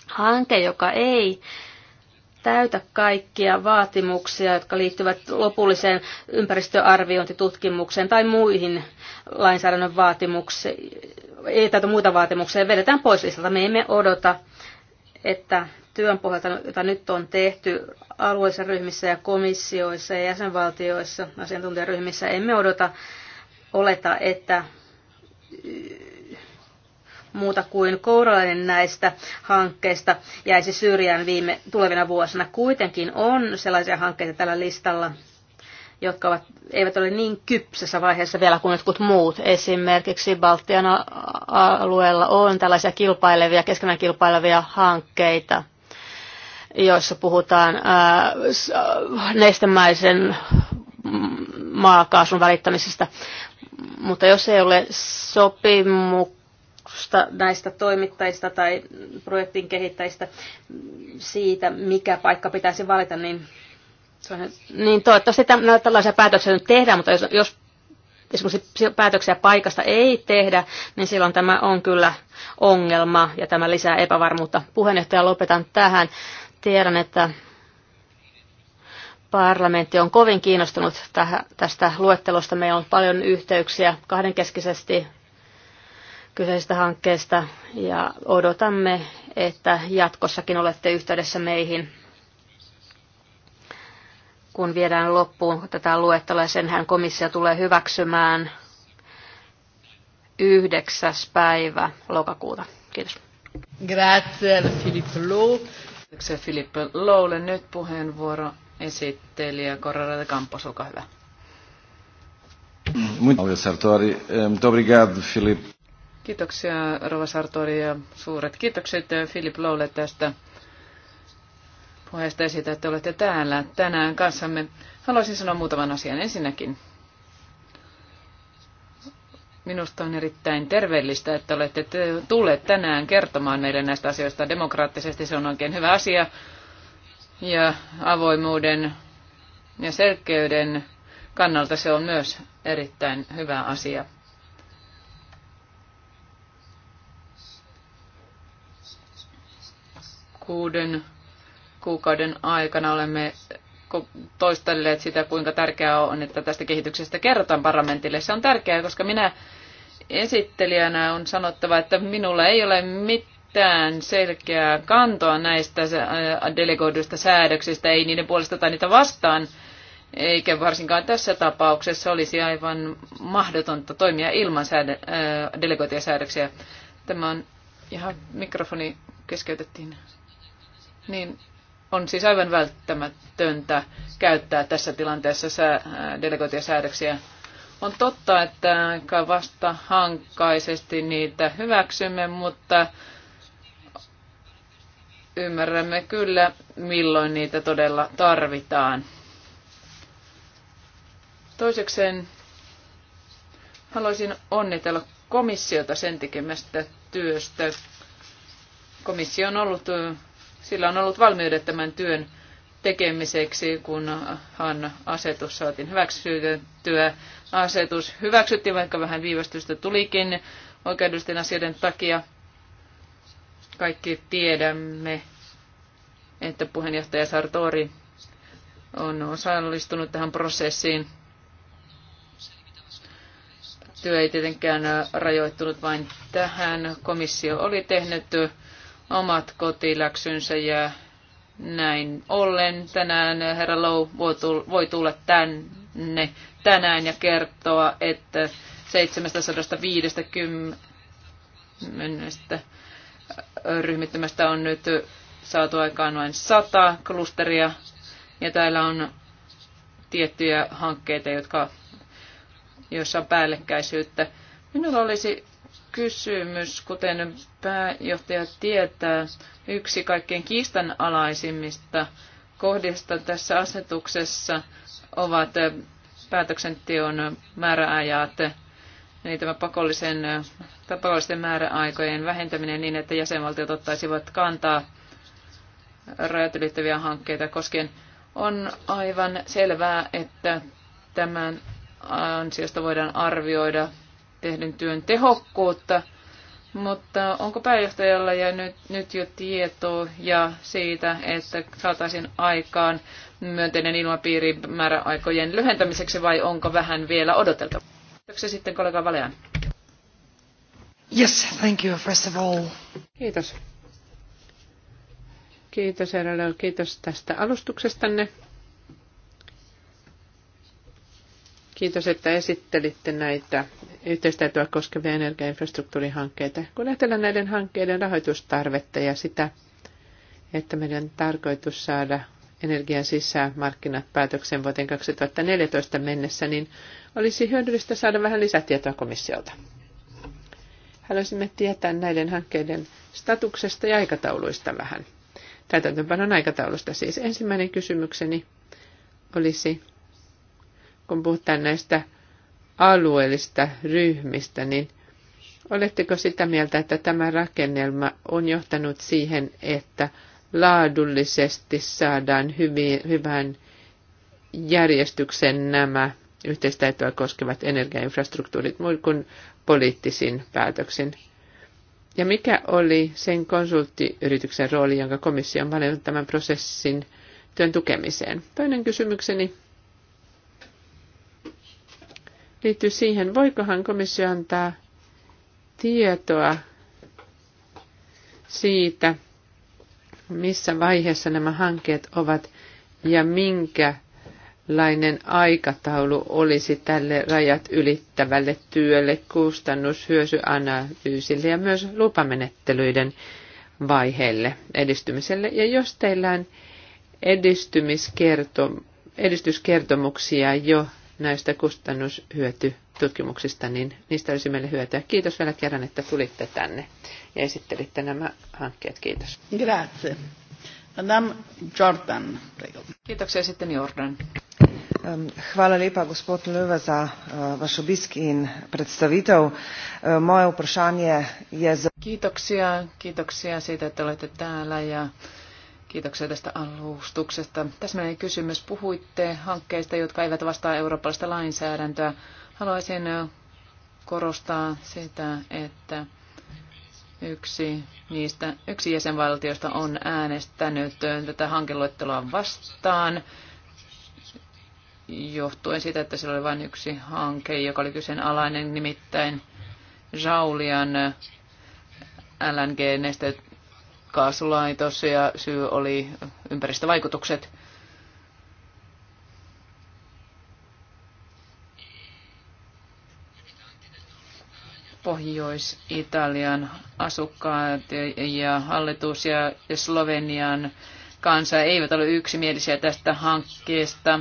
hanke, joka ei täytä kaikkia vaatimuksia, jotka liittyvät lopulliseen ympäristöarviointitutkimukseen tai muihin lainsäädännön vaatimuksiin, ei muita vaatimuksia, vedetään pois listalta. Me emme odota, että työn pohjalta, jota nyt on tehty alueellisissa ryhmissä ja komissioissa ja jäsenvaltioissa, asiantuntijaryhmissä, emme odota, oleta, että muuta kuin kourallinen näistä hankkeista jäisi syrjään viime, tulevina vuosina. Kuitenkin on sellaisia hankkeita tällä listalla, jotka ovat, eivät ole niin kypsessä vaiheessa vielä kuin jotkut muut. Esimerkiksi Baltian alueella on tällaisia kilpailevia, keskenään kilpailevia hankkeita, joissa puhutaan ää, nestemäisen maakaasun välittämisestä. Mutta jos ei ole sopimu, kiinnostusta näistä toimittajista tai projektin kehittäjistä siitä, mikä paikka pitäisi valita, niin, niin toivottavasti tällaisia päätöksiä nyt tehdään, mutta jos, jos esimerkiksi päätöksiä paikasta ei tehdä, niin silloin tämä on kyllä ongelma ja tämä lisää epävarmuutta. Puheenjohtaja, lopetan tähän. Tiedän, että parlamentti on kovin kiinnostunut tästä luettelosta. Meillä on paljon yhteyksiä kahdenkeskisesti kyseisestä hankkeesta ja odotamme, että jatkossakin olette yhteydessä meihin, kun viedään loppuun tätä luettelua. Senhän komissio tulee hyväksymään 9. päivä lokakuuta. Kiitos. Grazie, Filippo Lou. Kiitoksia Filippo Loulle. Nyt puheenvuoro esittelijä Correra de Campos, olkaa hyvä. Muito obrigado, Kiitoksia Rova Sartori ja suuret kiitokset eh, Philip Lowlle tästä puheesta ja siitä, että olette täällä tänään kanssamme. Haluaisin sanoa muutaman asian. Ensinnäkin minusta on erittäin terveellistä, että olette tulleet tänään kertomaan meille näistä asioista demokraattisesti. Se on oikein hyvä asia. Ja avoimuuden ja selkeyden kannalta se on myös erittäin hyvä asia. kuuden kuukauden aikana olemme toistelleet sitä, kuinka tärkeää on, että tästä kehityksestä kerrotaan parlamentille. Se on tärkeää, koska minä esittelijänä on sanottava, että minulla ei ole mitään selkeää kantoa näistä äh, delegoiduista säädöksistä, ei niiden puolesta tai niitä vastaan, eikä varsinkaan tässä tapauksessa olisi aivan mahdotonta toimia ilman äh, delegoituja säädöksiä. Tämä on, ihan mikrofoni keskeytettiin niin on siis aivan välttämätöntä käyttää tässä tilanteessa äh, delegoituja säädöksiä. On totta, että aika vasta hankkaisesti niitä hyväksymme, mutta ymmärrämme kyllä, milloin niitä todella tarvitaan. Toisekseen haluaisin onnitella komissiota sen tekemästä työstä. Komissio on ollut sillä on ollut valmiudet tämän työn tekemiseksi, kun hän asetus saatiin hyväksytyä. Asetus hyväksyttiin, vaikka vähän viivästystä tulikin oikeudellisten asioiden takia. Kaikki tiedämme, että puheenjohtaja Sartori on osallistunut tähän prosessiin. Työ ei tietenkään rajoittunut vain tähän. Komissio oli tehnyt omat kotiläksynsä ja näin ollen tänään herra Lou voi tulla tänne tänään ja kertoa, että 750 ryhmittymästä on nyt saatu aikaan vain 100 klusteria ja täällä on tiettyjä hankkeita, jotka, joissa on päällekkäisyyttä. Minulla olisi kysymys, kuten pääjohtaja tietää, yksi kaikkein kiistanalaisimmista kohdista tässä asetuksessa ovat päätöksenteon määräajat, eli tämä pakollisen, pakollisten määräaikojen vähentäminen niin, että jäsenvaltiot ottaisivat kantaa rajat ylittäviä hankkeita koskien. On aivan selvää, että tämän ansiosta voidaan arvioida tehdyn työn tehokkuutta, mutta onko pääjohtajalla ja nyt, nyt jo tietoa ja siitä, että saataisiin aikaan myönteinen ilmapiiri määräaikojen lyhentämiseksi vai onko vähän vielä odoteltava? Kiitoksia sitten kollega Valean. Yes, thank you first of all. Kiitos. Kiitos Erelo, kiitos tästä alustuksestanne. Kiitos, että esittelitte näitä yhteistyötä koskevia energiainfrastruktuurihankkeita. Kun ajatellaan näiden hankkeiden rahoitustarvetta ja sitä, että meidän tarkoitus saada energian sisämarkkinat päätöksen vuoteen 2014 mennessä, niin olisi hyödyllistä saada vähän lisätietoa komissiolta. Haluaisimme tietää näiden hankkeiden statuksesta ja aikatauluista vähän. Täytäntöönpanon aikataulusta siis. Ensimmäinen kysymykseni olisi, kun puhutaan näistä alueellista ryhmistä, niin oletteko sitä mieltä, että tämä rakennelma on johtanut siihen, että laadullisesti saadaan hyvin, hyvän järjestyksen nämä yhteistäytöä koskevat energiainfrastruktuurit muun kuin poliittisin päätöksin? Ja mikä oli sen konsulttiyrityksen rooli, jonka komissio on valinnut tämän prosessin työn tukemiseen? Toinen kysymykseni liittyy siihen, voikohan komissio antaa tietoa siitä, missä vaiheessa nämä hankkeet ovat ja minkälainen aikataulu olisi tälle rajat ylittävälle työlle, kustannushyösyanalyysille ja myös lupamenettelyiden vaiheelle edistymiselle. Ja jos teillä on edistyskertomuksia jo näistä kustannushyötytutkimuksista, niin niistä olisi meille hyötyä. Kiitos vielä kerran, että tulitte tänne ja esittelitte nämä hankkeet. Kiitos. Grazie. Madame Jordan. Kiitoksia sitten Jordan. Hvala lepa, gospod Löwe, za eh, vaš obisk in predstavitev. Eh, moje vprašanje je za... Kiitoksia, kiitoksia siitä, että olette täällä ja Kiitoksia tästä alustuksesta. Täsmällinen kysymys. Puhuitte hankkeista, jotka eivät vastaa eurooppalaista lainsäädäntöä. Haluaisin korostaa sitä, että yksi niistä, yksi jäsenvaltiosta on äänestänyt tätä hankeluettelua vastaan johtuen siitä, että siellä oli vain yksi hanke, joka oli kyseenalainen, nimittäin Jaulian lng nesteet kaasulaitos ja syy oli ympäristövaikutukset. Pohjois-Italian asukkaat ja hallitus ja Slovenian kansa eivät ole yksimielisiä tästä hankkeesta.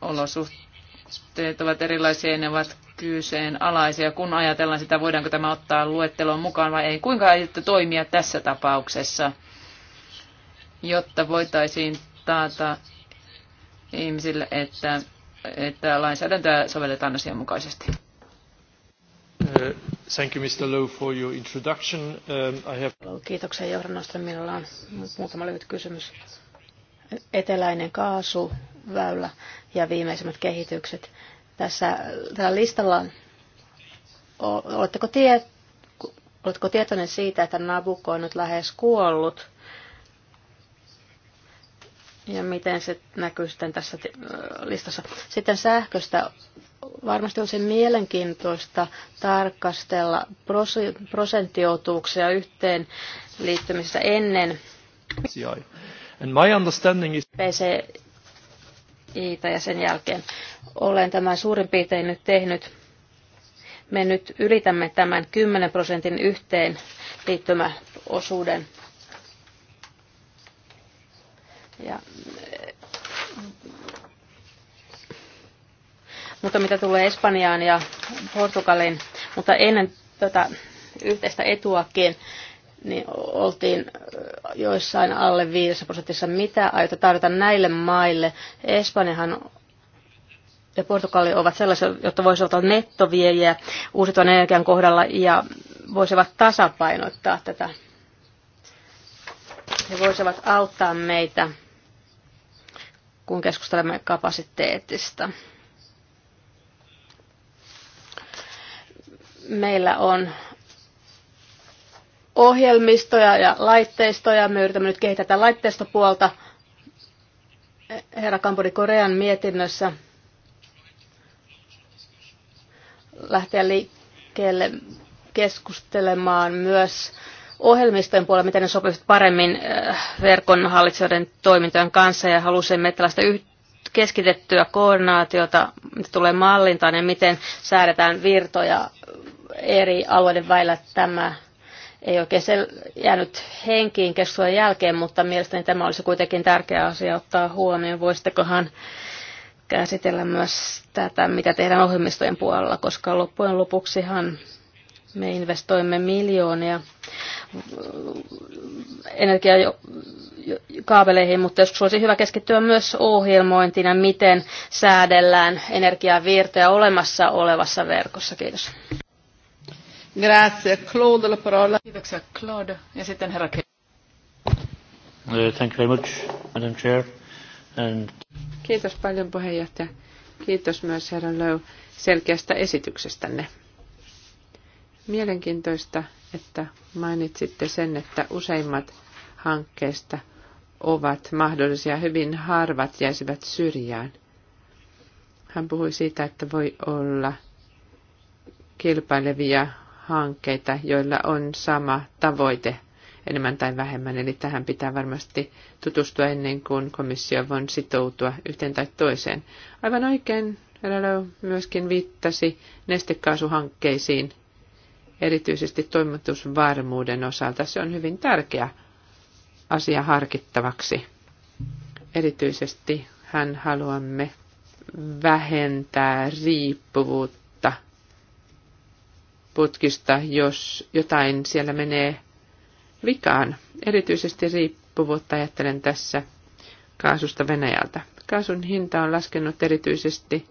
Olosuhteet ovat erilaisia ja ne ovat kyseenalaisia, kun ajatellaan sitä, voidaanko tämä ottaa luetteloon mukaan vai ei. Kuinka aiotte toimia tässä tapauksessa, jotta voitaisiin taata ihmisille, että, että lainsäädäntöä sovelletaan asianmukaisesti? Uh, thank you, Mr. Lowe, for your introduction. Um, I have... Kiitoksia johdannosta. Minulla on muutama lyhyt kysymys. Eteläinen kaasu, väylä ja viimeisimmät kehitykset tässä tällä listalla. Oletteko, tie, oletteko tietoinen siitä, että Nabukko on nyt lähes kuollut? Ja miten se näkyy sitten tässä listassa? Sitten sähköstä varmasti olisi mielenkiintoista tarkastella prosenttiotuuksia yhteen liittymisessä ennen. And my understanding is... PC Iitä ja sen jälkeen. Olen tämän suurin piirtein nyt tehnyt. Me nyt ylitämme tämän 10 prosentin yhteen liittymäosuuden. Ja, eh, mutta mitä tulee Espanjaan ja Portugaliin, mutta ennen tätä yhteistä etuakin, niin oltiin joissain alle 5 prosentissa. Mitä aiotte tarjota näille maille? Espanjahan ja Portugali ovat sellaisia, jotta voisivat olla nettoviejiä uusiutuvan energian kohdalla ja voisivat tasapainottaa tätä. He voisivat auttaa meitä, kun keskustelemme kapasiteetista. Meillä on ohjelmistoja ja laitteistoja. Me yritämme nyt kehittää tätä laitteistopuolta. Herra Kampuri Korean mietinnössä lähteä liikkeelle keskustelemaan myös ohjelmistojen puolella, miten ne sopivat paremmin äh, verkon hallitsijoiden toimintojen kanssa ja halusimme tällaista keskitettyä koordinaatiota, mitä tulee mallintaan ja miten säädetään virtoja eri alueiden väillä tämä ei oikein sel- jäänyt henkiin keskustelun jälkeen, mutta mielestäni tämä olisi kuitenkin tärkeä asia ottaa huomioon. Voisittekohan käsitellä myös tätä, mitä tehdään ohjelmistojen puolella, koska loppujen lopuksihan me investoimme miljoonia energiakaapeleihin, mutta joskus olisi hyvä keskittyä myös ja miten säädellään energiavirtoja olemassa olevassa verkossa. Kiitos. Grazie. Claude, la parola. Kiitoksia Claude. Ja sitten herra Ke- uh, Thank you very much, Madam Chair. And... Kiitos paljon puheenjohtaja. Kiitos myös herra Löw selkeästä esityksestänne. Mielenkiintoista, että mainitsitte sen, että useimmat hankkeista ovat mahdollisia, hyvin harvat jäisivät syrjään. Hän puhui siitä, että voi olla kilpailevia hankkeita, joilla on sama tavoite enemmän tai vähemmän. Eli tähän pitää varmasti tutustua ennen kuin komissio voi sitoutua yhteen tai toiseen. Aivan oikein Relo myöskin viittasi nestekaasuhankkeisiin, erityisesti toimitusvarmuuden osalta. Se on hyvin tärkeä asia harkittavaksi. Erityisesti hän haluamme vähentää riippuvuutta putkista, jos jotain siellä menee vikaan. Erityisesti riippuvuutta ajattelen tässä kaasusta Venäjältä. Kaasun hinta on laskenut erityisesti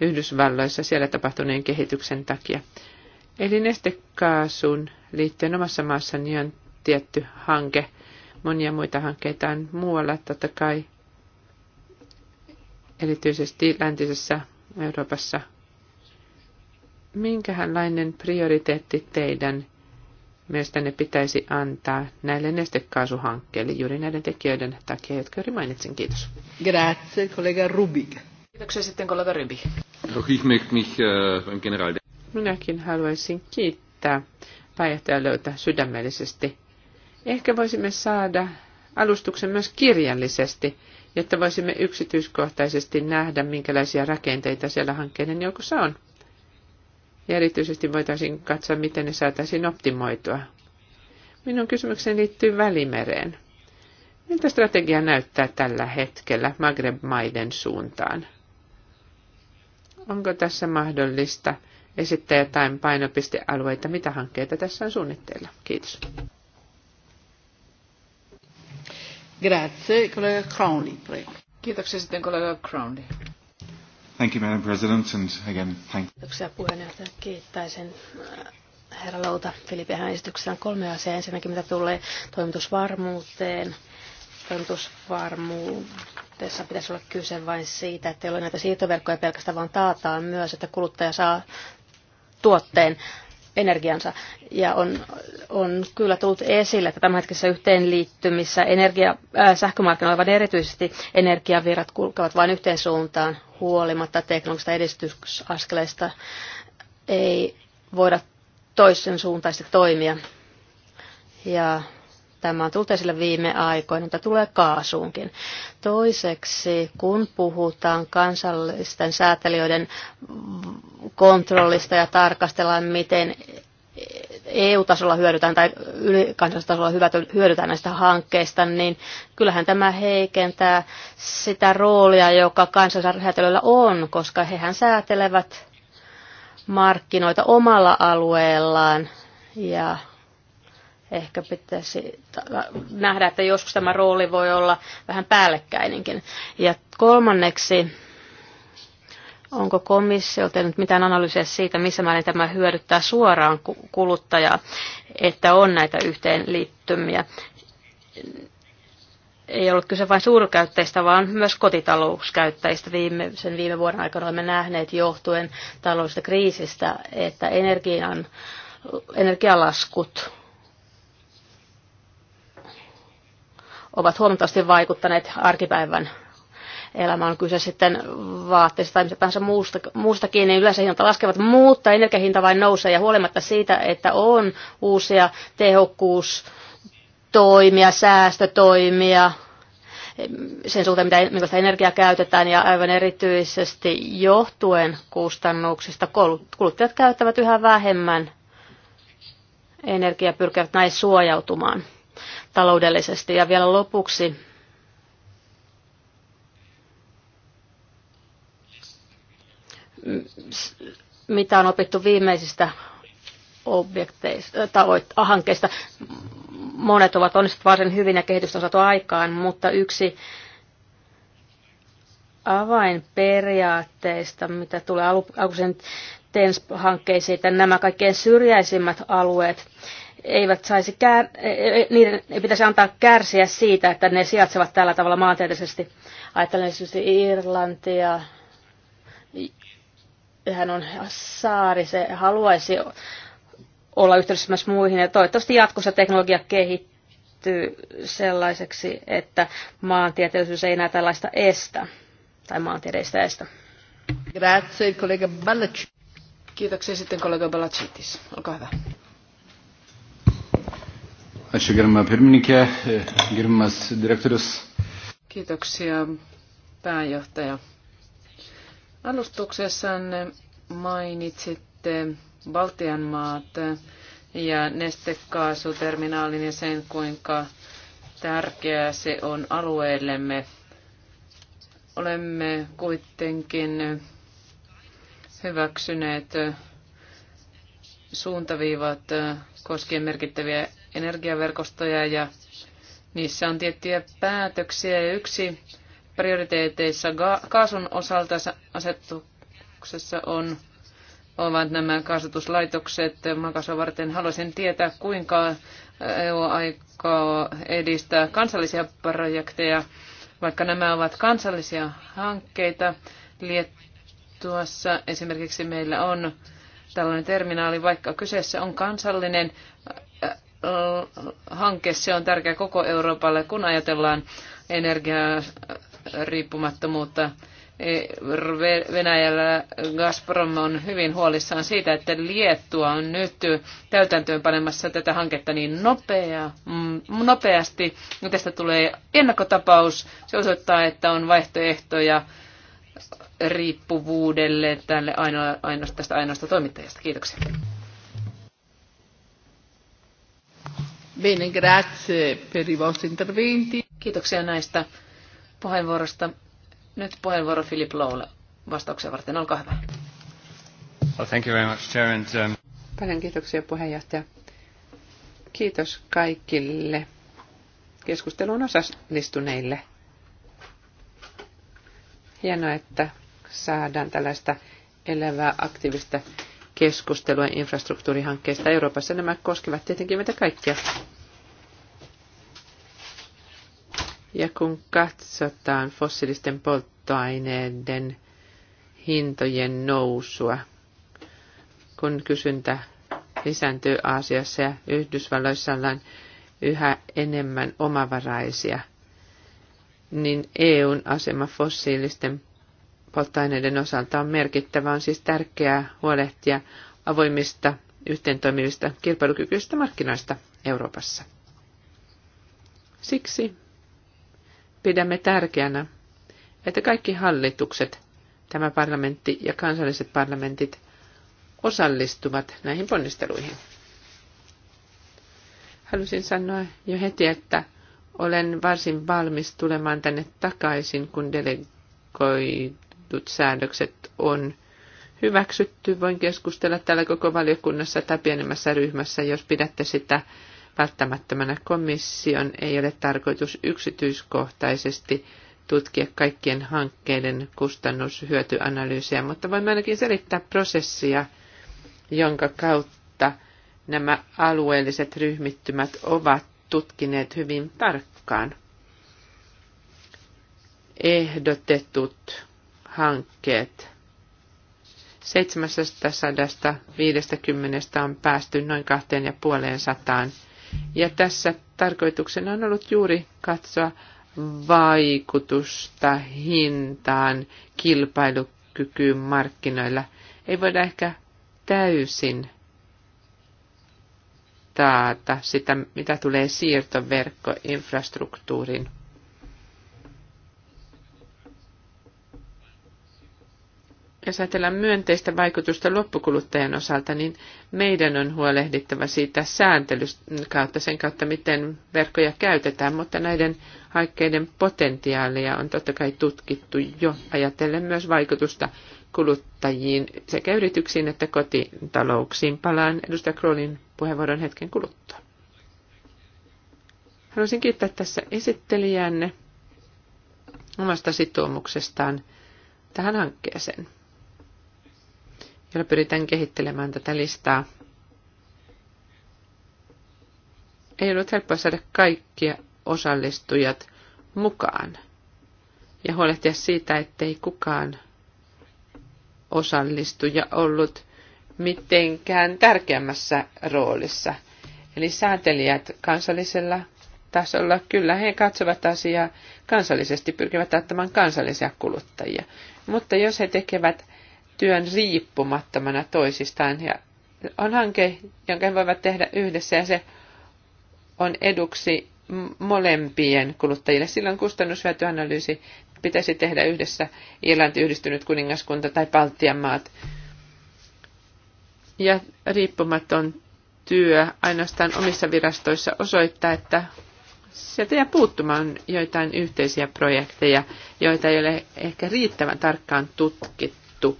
Yhdysvalloissa siellä tapahtuneen kehityksen takia. Eli nestekaasun liittyen omassa maassani on tietty hanke. Monia muita hankkeita on muualla, totta kai erityisesti läntisessä Euroopassa minkälainen prioriteetti teidän mielestänne pitäisi antaa näille nestekaasuhankkeille juuri näiden tekijöiden takia, jotka juuri mainitsin. Kiitos. Grazie, kollega Rubik. Kiitoksia sitten kollega Rubik. Äh, Minäkin haluaisin kiittää pääjohtaja löytää sydämellisesti. Ehkä voisimme saada alustuksen myös kirjallisesti, jotta voisimme yksityiskohtaisesti nähdä, minkälaisia rakenteita siellä hankkeiden joukossa on. Ja erityisesti voitaisiin katsoa, miten ne saataisiin optimoitua. Minun kysymykseni liittyy Välimereen. Miltä strategia näyttää tällä hetkellä Maghreb-maiden suuntaan? Onko tässä mahdollista esittää jotain painopistealueita? Mitä hankkeita tässä on suunnitteilla? Kiitos. Grazie, kollega Crowley. Prego. Kiitoksia sitten kollega Crowley. Thank you, Madam President, and again, thank Kiitoksia puheenjohtaja. Kiittäisin äh, herra Louta Filipe hänen esityksessään kolme asiaa. Ensinnäkin mitä tulee toimitusvarmuuteen. Toimitusvarmuudessa pitäisi olla kyse vain siitä, että ei ole näitä siirtoverkkoja pelkästään, vaan taataan myös, että kuluttaja saa tuotteen energiansa. Ja on, on kyllä tullut esille, että tämänhetkisessä yhteenliittymissä energia, äh, sähkömarkkinoilla, vaan erityisesti energiavirrat kulkevat vain yhteen suuntaan huolimatta teknologisista edistysaskeleista. Ei voida toisen suuntaisesti toimia. Ja Tämä on tullut esille viime aikoina, mutta tulee kaasuunkin. Toiseksi, kun puhutaan kansallisten säätelijöiden kontrollista ja tarkastellaan, miten EU-tasolla hyödytään tai tasolla hyödytään näistä hankkeista, niin kyllähän tämä heikentää sitä roolia, joka kansallisäätelyllä on, koska hehän säätelevät markkinoita omalla alueellaan ja Ehkä pitäisi nähdä, että joskus tämä rooli voi olla vähän päällekkäinenkin. Ja kolmanneksi, onko komissio tehnyt mitään analyysiä siitä, missä määrin tämä hyödyttää suoraan kuluttajaa, että on näitä yhteenliittymiä. Ei ollut kyse vain suurkäyttäjistä, vaan myös kotitalouskäyttäjistä. Viime, sen viime vuoden aikana olemme nähneet johtuen taloudellisesta kriisistä, että energian, energialaskut ovat huomattavasti vaikuttaneet arkipäivän elämään. On kyse sitten vaatteista tai mitä tahansa muusta, muustakin, niin yleensä hinta laskevat, mutta energiahinta vain nousee. Ja huolimatta siitä, että on uusia tehokkuustoimia, säästötoimia, sen suhteen, mitä, millaista energiaa käytetään ja aivan erityisesti johtuen kustannuksista kuluttajat käyttävät yhä vähemmän energiaa pyrkivät näin suojautumaan taloudellisesti. Ja vielä lopuksi mitä on opittu viimeisistä objekteista, ah, hankkeista. Monet ovat onnistuneet varsin hyvin ja kehitystä on saatu aikaan, mutta yksi avainperiaatteista, mitä tulee alkuisen TENS-hankkeisiin, nämä kaikkein syrjäisimmät alueet, eivät saisi kär, e, e, e, niiden ei pitäisi antaa kärsiä siitä, että ne sijaitsevat tällä tavalla maantieteellisesti. Ajattelen esimerkiksi Irlantia, hän on saari, se haluaisi olla yhteydessä myös muihin ja toivottavasti jatkossa teknologia kehittyy sellaiseksi, että maantieteellisyys ei enää tällaista estä tai maantieteistä estä. Grazie, kollega Kiitoksia sitten kollega Balacitis. Olkaa hyvä. Ačiū gerbama pirmininkė, gerbamas direktorius. Kiitoksia pääjohtaja. Alustuksessanne mainitsitte Baltian maat ja nestekaasuterminaalin ja sen, kuinka tärkeää se on alueellemme. Olemme kuitenkin hyväksyneet suuntaviivat koskien merkittäviä energiaverkostoja ja niissä on tiettyjä päätöksiä. Ja yksi prioriteeteissa kaasun osalta asetuksessa on, ovat nämä kaasutuslaitokset makasua varten. Haluaisin tietää, kuinka EU aikoo edistää kansallisia projekteja, vaikka nämä ovat kansallisia hankkeita. Liettuassa esimerkiksi meillä on tällainen terminaali, vaikka kyseessä on kansallinen hanke. Se on tärkeä koko Euroopalle, kun ajatellaan energiariippumattomuutta. E, Venäjällä Gazprom on hyvin huolissaan siitä, että Liettua on nyt täytäntöön panemassa tätä hanketta niin nopea, mm, nopeasti. Tästä tulee ennakkotapaus. Se osoittaa, että on vaihtoehtoja riippuvuudelle tälle aino, aino, tästä ainoasta toimittajasta. Kiitoksia. Bene, grazie per i vostri interventi. Kiitoksia näistä puheenvuorosta. Nyt puheenvuoro Philip Lowlle vastauksia varten. Olkaa hyvä. Well, thank you very much, Chair, and, um... Paljon kiitoksia puheenjohtaja. Kiitos kaikille keskusteluun osallistuneille. Hienoa, että saadaan tällaista elävää aktiivista keskustelua infrastruktuurihankkeista Euroopassa. Nämä koskevat tietenkin meitä kaikkia. Ja kun katsotaan fossiilisten polttoaineiden hintojen nousua, kun kysyntä lisääntyy Aasiassa ja Yhdysvalloissa ollaan yhä enemmän omavaraisia, niin EUn asema fossiilisten polttoaineiden osalta on merkittävä. On siis tärkeää huolehtia avoimista, yhteentoimivista, kilpailukykyisistä markkinoista Euroopassa. Siksi pidämme tärkeänä, että kaikki hallitukset, tämä parlamentti ja kansalliset parlamentit osallistuvat näihin ponnisteluihin. Halusin sanoa jo heti, että olen varsin valmis tulemaan tänne takaisin, kun delegoitu ehdotetut säännökset on hyväksytty. Voin keskustella täällä koko valiokunnassa tai pienemmässä ryhmässä, jos pidätte sitä välttämättömänä. Komission ei ole tarkoitus yksityiskohtaisesti tutkia kaikkien hankkeiden kustannushyötyanalyysiä, mutta voimme ainakin selittää prosessia, jonka kautta nämä alueelliset ryhmittymät ovat tutkineet hyvin tarkkaan ehdotetut hankkeet. 750 on päästy noin 250 ja tässä tarkoituksena on ollut juuri katsoa vaikutusta hintaan, kilpailukykyyn markkinoilla. Ei voida ehkä täysin taata sitä, mitä tulee siirtoverkkoinfrastruktuurin jos ajatellaan myönteistä vaikutusta loppukuluttajan osalta, niin meidän on huolehdittava siitä sääntelyn kautta, sen kautta miten verkkoja käytetään, mutta näiden haikkeiden potentiaalia on totta kai tutkittu jo ajatellen myös vaikutusta kuluttajiin sekä yrityksiin että kotitalouksiin. Palaan edustaja Kroolin puheenvuoron hetken kuluttua. Haluaisin kiittää tässä esittelijänne omasta sitoumuksestaan tähän hankkeeseen jolla pyritään kehittelemään tätä listaa. Ei ollut helppoa saada kaikkia osallistujat mukaan ja huolehtia siitä, ettei kukaan osallistuja ollut mitenkään tärkeämmässä roolissa. Eli säätelijät kansallisella tasolla, kyllä he katsovat asiaa kansallisesti, pyrkivät ottamaan kansallisia kuluttajia. Mutta jos he tekevät työn riippumattomana toisistaan. Ja on hanke, jonka he voivat tehdä yhdessä ja se on eduksi molempien kuluttajille. Silloin kustannushyötyanalyysi pitäisi tehdä yhdessä Irlanti, yhdistynyt kuningaskunta tai Baltian maat. Ja riippumaton työ ainoastaan omissa virastoissa osoittaa, että sieltä jää puuttumaan joitain yhteisiä projekteja, joita ei ole ehkä riittävän tarkkaan tutkittu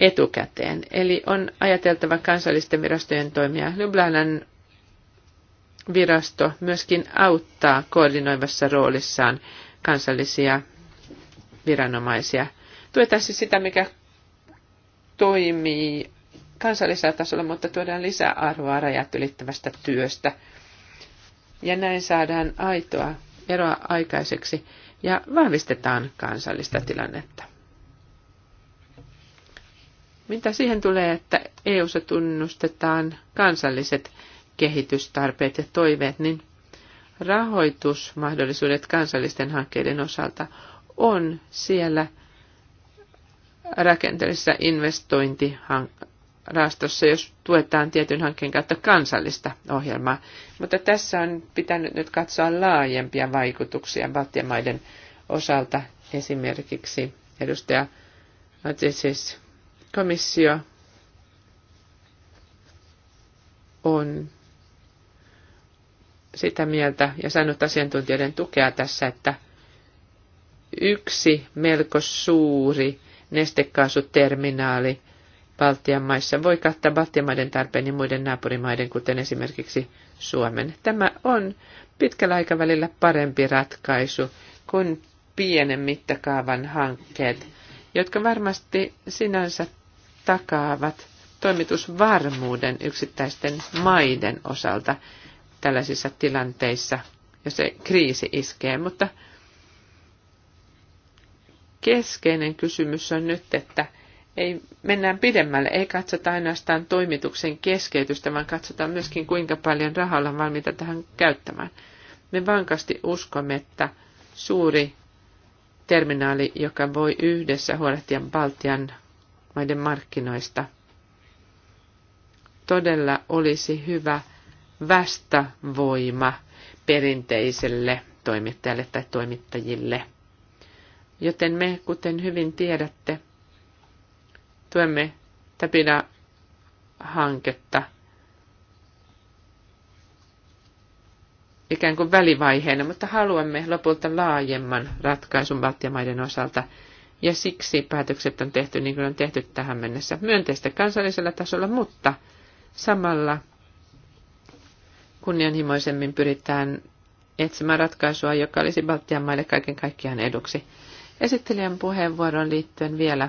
etukäteen. Eli on ajateltava kansallisten virastojen toimia. Ljubljanan virasto myöskin auttaa koordinoivassa roolissaan kansallisia viranomaisia. Tuetaan siis sitä, mikä toimii kansallisella tasolla, mutta tuodaan lisää arvoa rajat ylittävästä työstä. Ja näin saadaan aitoa eroa aikaiseksi ja vahvistetaan kansallista tilannetta. Mitä siihen tulee, että EU-ssa tunnustetaan kansalliset kehitystarpeet ja toiveet, niin rahoitusmahdollisuudet kansallisten hankkeiden osalta on siellä rakenteellisessa investointirahastossa, jos tuetaan tietyn hankkeen kautta kansallista ohjelmaa. Mutta tässä on pitänyt nyt katsoa laajempia vaikutuksia Baltian maiden osalta. Esimerkiksi edustaja siis komissio on sitä mieltä ja saanut asiantuntijoiden tukea tässä, että yksi melko suuri nestekaasuterminaali Baltian maissa voi kattaa Baltian maiden tarpeen ja muiden naapurimaiden, kuten esimerkiksi Suomen. Tämä on pitkällä aikavälillä parempi ratkaisu kuin pienen mittakaavan hankkeet, jotka varmasti sinänsä takaavat toimitusvarmuuden yksittäisten maiden osalta tällaisissa tilanteissa, jos se kriisi iskee. Mutta keskeinen kysymys on nyt, että ei, mennään pidemmälle, ei katsota ainoastaan toimituksen keskeytystä, vaan katsotaan myöskin kuinka paljon rahaa ollaan valmiita tähän käyttämään. Me vankasti uskomme, että suuri terminaali, joka voi yhdessä huolehtia Baltian maiden markkinoista. Todella olisi hyvä vastavoima perinteiselle toimittajalle tai toimittajille. Joten me, kuten hyvin tiedätte, tuemme täpinä hanketta ikään kuin välivaiheena, mutta haluamme lopulta laajemman ratkaisun Baltian osalta – ja siksi päätökset on tehty niin kuin on tehty tähän mennessä. Myönteistä kansallisella tasolla, mutta samalla kunnianhimoisemmin pyritään etsimään ratkaisua, joka olisi Baltian maille kaiken kaikkiaan eduksi. Esittelijän puheenvuoron liittyen vielä.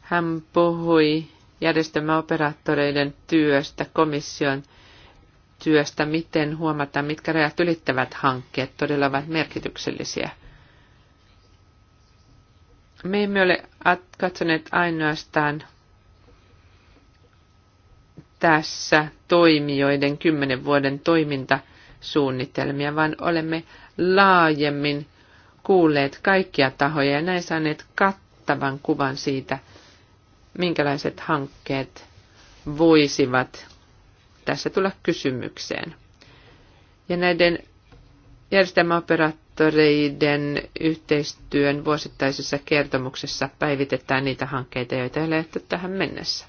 Hän puhui järjestelmäoperaattoreiden työstä komission työstä, miten huomata, mitkä rajat ylittävät hankkeet todella ovat merkityksellisiä. Me emme ole katsoneet ainoastaan tässä toimijoiden kymmenen vuoden toimintasuunnitelmia, vaan olemme laajemmin kuulleet kaikkia tahoja ja näin saaneet kattavan kuvan siitä, minkälaiset hankkeet voisivat tässä tulla kysymykseen. Ja näiden järjestelmäoperaattoreiden yhteistyön vuosittaisessa kertomuksessa päivitetään niitä hankkeita, joita ei ole tähän mennessä.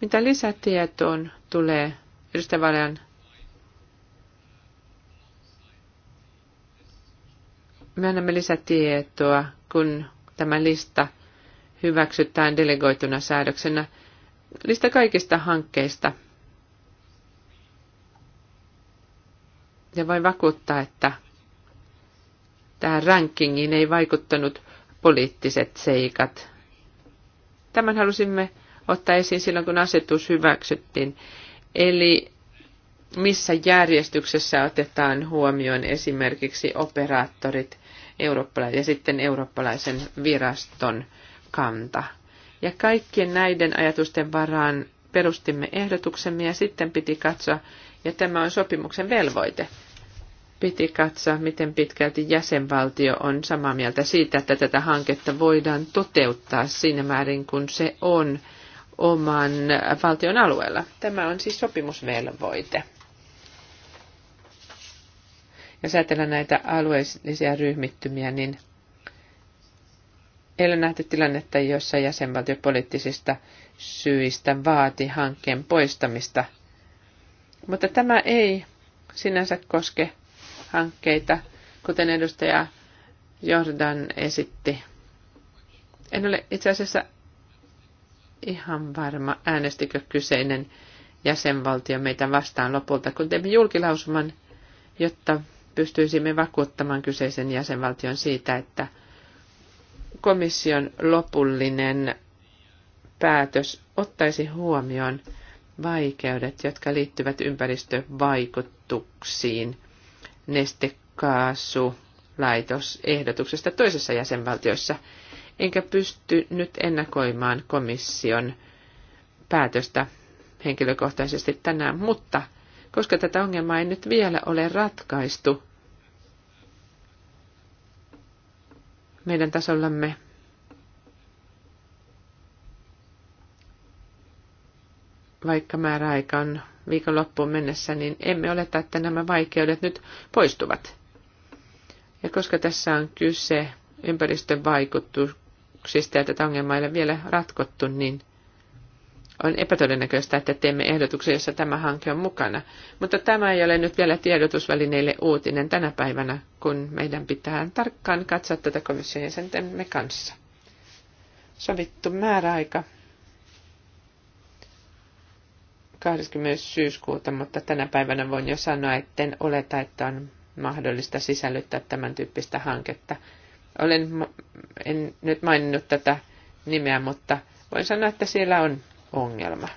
Mitä lisätietoon tulee ystävälleen Me annamme lisätietoa, kun tämä lista hyväksytään delegoituna säädöksenä. Lista kaikista hankkeista, Ja voin vakuuttaa, että tähän rankingiin ei vaikuttanut poliittiset seikat. Tämän halusimme ottaa esiin silloin, kun asetus hyväksyttiin. Eli missä järjestyksessä otetaan huomioon esimerkiksi operaattorit eurooppala- ja sitten eurooppalaisen viraston kanta. Ja kaikkien näiden ajatusten varaan perustimme ehdotuksemme ja sitten piti katsoa, ja tämä on sopimuksen velvoite. Piti katsoa, miten pitkälti jäsenvaltio on samaa mieltä siitä, että tätä hanketta voidaan toteuttaa siinä määrin, kun se on oman valtion alueella. Tämä on siis sopimusvelvoite. Ja ajatellaan näitä alueellisia ryhmittymiä, niin ei ole nähty tilannetta, jossa jäsenvaltio poliittisista syistä vaati hankkeen poistamista – mutta tämä ei sinänsä koske hankkeita, kuten edustaja Jordan esitti. En ole itse asiassa ihan varma, äänestikö kyseinen jäsenvaltio meitä vastaan lopulta, kun teimme julkilausuman, jotta pystyisimme vakuuttamaan kyseisen jäsenvaltion siitä, että komission lopullinen päätös ottaisi huomioon vaikeudet, jotka liittyvät ympäristövaikutuksiin ehdotuksesta toisessa jäsenvaltiossa, enkä pysty nyt ennakoimaan komission päätöstä henkilökohtaisesti tänään, mutta koska tätä ongelmaa ei nyt vielä ole ratkaistu meidän tasollamme, vaikka määräaika on viikonloppuun mennessä, niin emme oleta, että nämä vaikeudet nyt poistuvat. Ja koska tässä on kyse ympäristön vaikutuksista ja tätä ongelmaa ei ole vielä ratkottu, niin on epätodennäköistä, että teemme ehdotuksen, jossa tämä hanke on mukana. Mutta tämä ei ole nyt vielä tiedotusvälineille uutinen tänä päivänä, kun meidän pitää tarkkaan katsoa tätä komission jäsentemme kanssa. Sovittu määräaika 20. syyskuuta, mutta tänä päivänä voin jo sanoa, etten oleta, että on mahdollista sisällyttää tämän tyyppistä hanketta. Olen, en nyt maininnut tätä nimeä, mutta voin sanoa, että siellä on ongelma.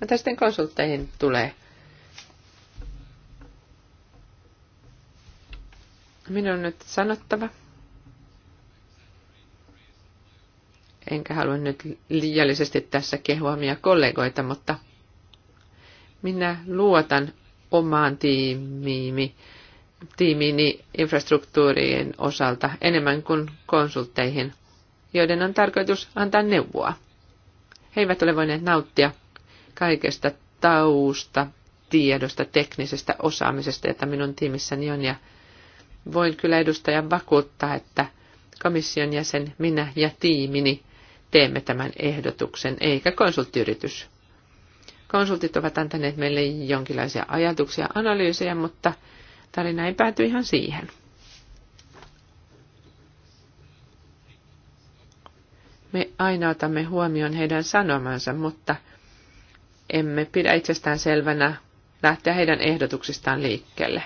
Mitä sitten konsultteihin tulee? Minun on nyt sanottava, enkä halua nyt liiallisesti tässä kehuamia kollegoita, mutta minä luotan omaan tiimiini, tiimiini infrastruktuurien osalta enemmän kuin konsultteihin, joiden on tarkoitus antaa neuvoa. He eivät ole voineet nauttia kaikesta tausta, tiedosta, teknisestä osaamisesta, jota minun tiimissäni on, ja voin kyllä edustajan vakuuttaa, että komission jäsen, minä ja tiimini teemme tämän ehdotuksen, eikä konsulttiyritys. Konsultit ovat antaneet meille jonkinlaisia ajatuksia, analyysejä, mutta tarina ei pääty ihan siihen. Me aina otamme huomioon heidän sanomansa, mutta emme pidä itsestään selvänä lähteä heidän ehdotuksistaan liikkeelle.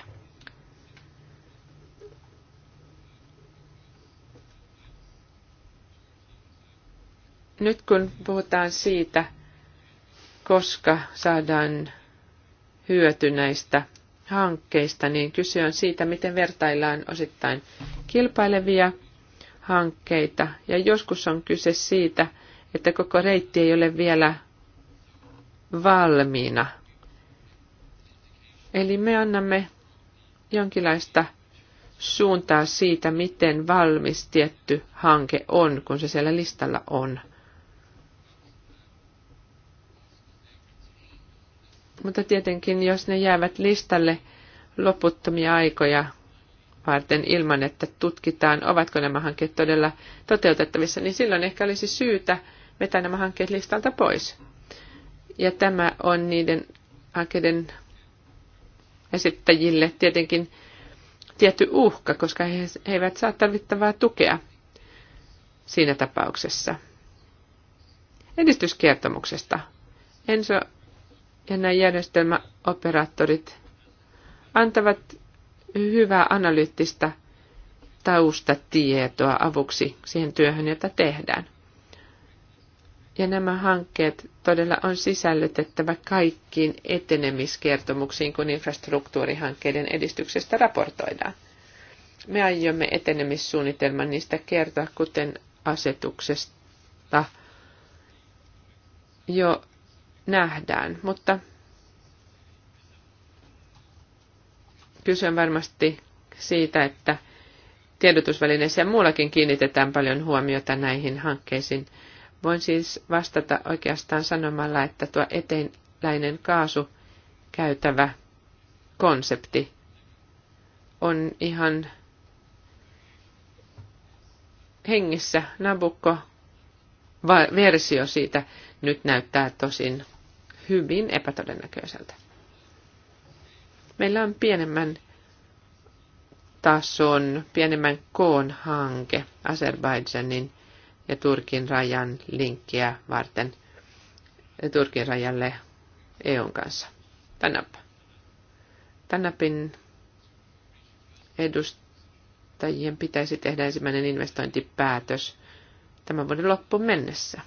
Nyt kun puhutaan siitä, koska saadaan hyöty näistä hankkeista, niin kyse on siitä, miten vertaillaan osittain kilpailevia hankkeita. Ja joskus on kyse siitä, että koko reitti ei ole vielä valmiina. Eli me annamme jonkinlaista suuntaa siitä, miten valmis tietty hanke on, kun se siellä listalla on. Mutta tietenkin, jos ne jäävät listalle loputtomia aikoja varten ilman, että tutkitaan, ovatko nämä hankkeet todella toteutettavissa, niin silloin ehkä olisi syytä vetää nämä hankkeet listalta pois. Ja tämä on niiden hankkeiden esittäjille tietenkin tietty uhka, koska he eivät saa tarvittavaa tukea siinä tapauksessa. Edistyskertomuksesta. Enso ja nämä järjestelmäoperaattorit antavat hyvää analyyttistä taustatietoa avuksi siihen työhön, jota tehdään. Ja nämä hankkeet todella on sisällytettävä kaikkiin etenemiskertomuksiin, kun infrastruktuurihankkeiden edistyksestä raportoidaan. Me aiomme etenemissuunnitelman niistä kertoa, kuten asetuksesta jo nähdään, mutta kyse on varmasti siitä, että tiedotusvälineissä ja muullakin kiinnitetään paljon huomiota näihin hankkeisiin. Voin siis vastata oikeastaan sanomalla, että tuo eteenläinen kaasu käytävä konsepti on ihan hengissä. Nabukko versio siitä nyt näyttää tosin hyvin epätodennäköiseltä. Meillä on pienemmän tason, pienemmän koon hanke Azerbaidžanin ja Turkin rajan linkkiä varten Turkin rajalle EUn kanssa. Tänäpä. Tänäpin edustajien pitäisi tehdä ensimmäinen investointipäätös tämän vuoden loppuun mennessä.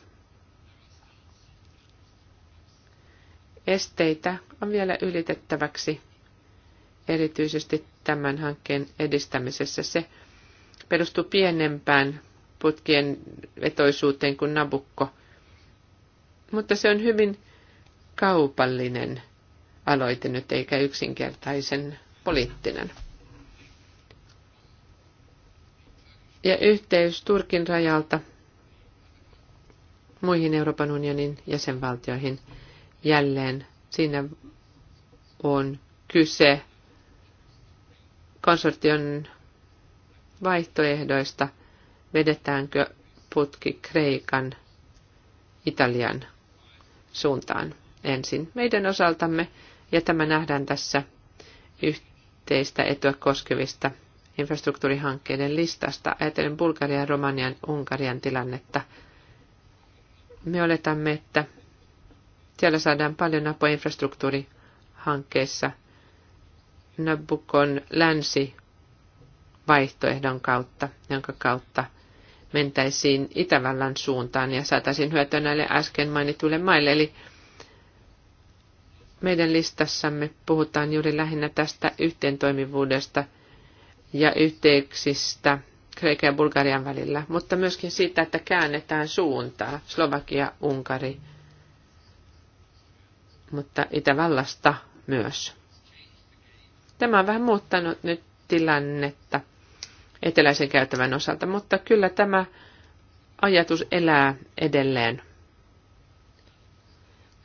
Esteitä on vielä ylitettäväksi, erityisesti tämän hankkeen edistämisessä. Se perustuu pienempään putkien vetoisuuteen kuin Nabukko, mutta se on hyvin kaupallinen aloite nyt eikä yksinkertaisen poliittinen. Ja yhteys Turkin rajalta muihin Euroopan unionin jäsenvaltioihin – jälleen siinä on kyse konsortion vaihtoehdoista, vedetäänkö putki Kreikan, Italian suuntaan ensin meidän osaltamme, ja tämä nähdään tässä yhteistä etua koskevista infrastruktuurihankkeiden listasta. Ajatellen Bulgarian, Romanian, Unkarian tilannetta. Me oletamme, että siellä saadaan paljon apua infrastruktuurihankkeessa Nabukon länsi vaihtoehdon kautta, jonka kautta mentäisiin Itävallan suuntaan ja saataisiin hyötyä näille äsken mainituille maille. Eli meidän listassamme puhutaan juuri lähinnä tästä yhteentoimivuudesta ja yhteyksistä Kreikan ja Bulgarian välillä, mutta myöskin siitä, että käännetään suuntaa Slovakia, Unkari, mutta Itävallasta myös. Tämä on vähän muuttanut nyt tilannetta eteläisen käytävän osalta, mutta kyllä tämä ajatus elää edelleen.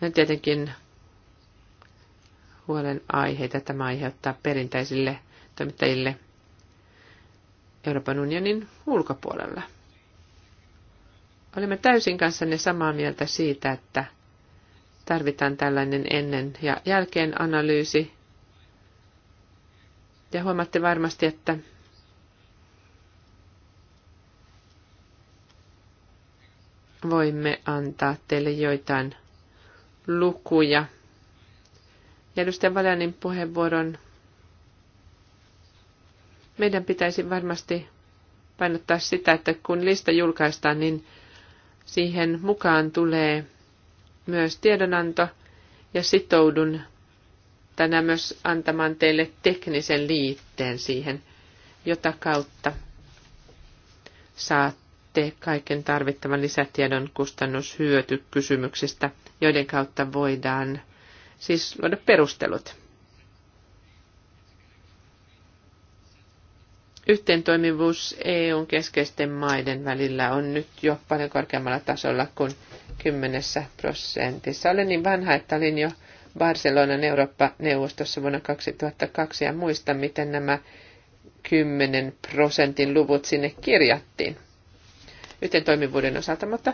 Ja tietenkin huolen aiheita tämä aiheuttaa perinteisille toimittajille Euroopan unionin ulkopuolella. Olemme täysin kanssanne samaa mieltä siitä, että tarvitaan tällainen ennen ja jälkeen analyysi. Ja huomaatte varmasti, että voimme antaa teille joitain lukuja. Ja edustaja Valanin puheenvuoron meidän pitäisi varmasti painottaa sitä, että kun lista julkaistaan, niin siihen mukaan tulee myös tiedonanto ja sitoudun tänään myös antamaan teille teknisen liitteen siihen, jota kautta saatte kaiken tarvittavan lisätiedon kustannushyötykysymyksistä, joiden kautta voidaan siis luoda perustelut. Yhteentoimivuus EUn keskeisten maiden välillä on nyt jo paljon korkeammalla tasolla kuin 10 prosentissa. Olen niin vanha, että olin jo Barcelonan Eurooppa-neuvostossa vuonna 2002 ja muistan, miten nämä 10 prosentin luvut sinne kirjattiin yhteen toimivuuden osalta, mutta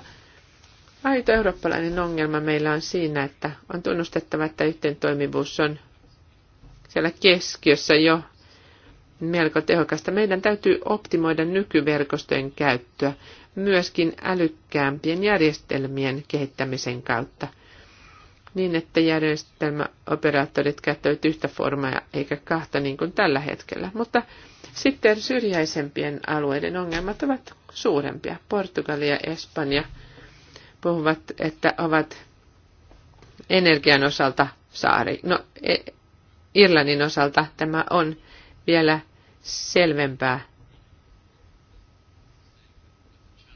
aito eurooppalainen ongelma meillä on siinä, että on tunnustettava, että yhteen toimivuus on siellä keskiössä jo melko tehokasta. Meidän täytyy optimoida nykyverkostojen käyttöä myöskin älykkäämpien järjestelmien kehittämisen kautta niin, että järjestelmäoperaattorit käyttävät yhtä formaa eikä kahta niin kuin tällä hetkellä. Mutta sitten syrjäisempien alueiden ongelmat ovat suurempia. Portugali ja Espanja puhuvat, että ovat energian osalta saari. No, e- Irlannin osalta tämä on vielä selvempää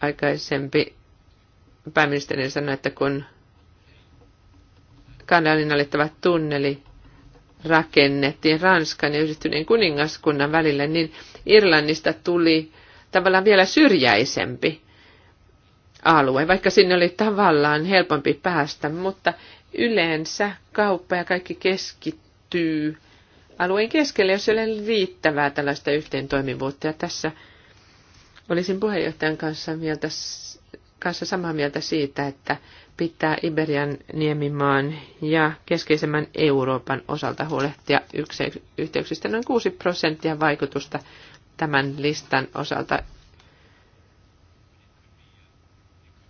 aikaisempi pääministeri sanoi, että kun kanalin alittava tunneli rakennettiin Ranskan ja yhdistyneen kuningaskunnan välillä, niin Irlannista tuli tavallaan vielä syrjäisempi alue, vaikka sinne oli tavallaan helpompi päästä, mutta yleensä kauppa ja kaikki keskittyy alueen keskelle, jos ei ole riittävää tällaista yhteentoimivuutta. Ja tässä Olisin puheenjohtajan kanssa, mieltä, kanssa samaa mieltä siitä, että pitää Iberian niemimaan ja keskeisemmän Euroopan osalta huolehtia yhteyksistä noin 6 prosenttia vaikutusta tämän listan osalta.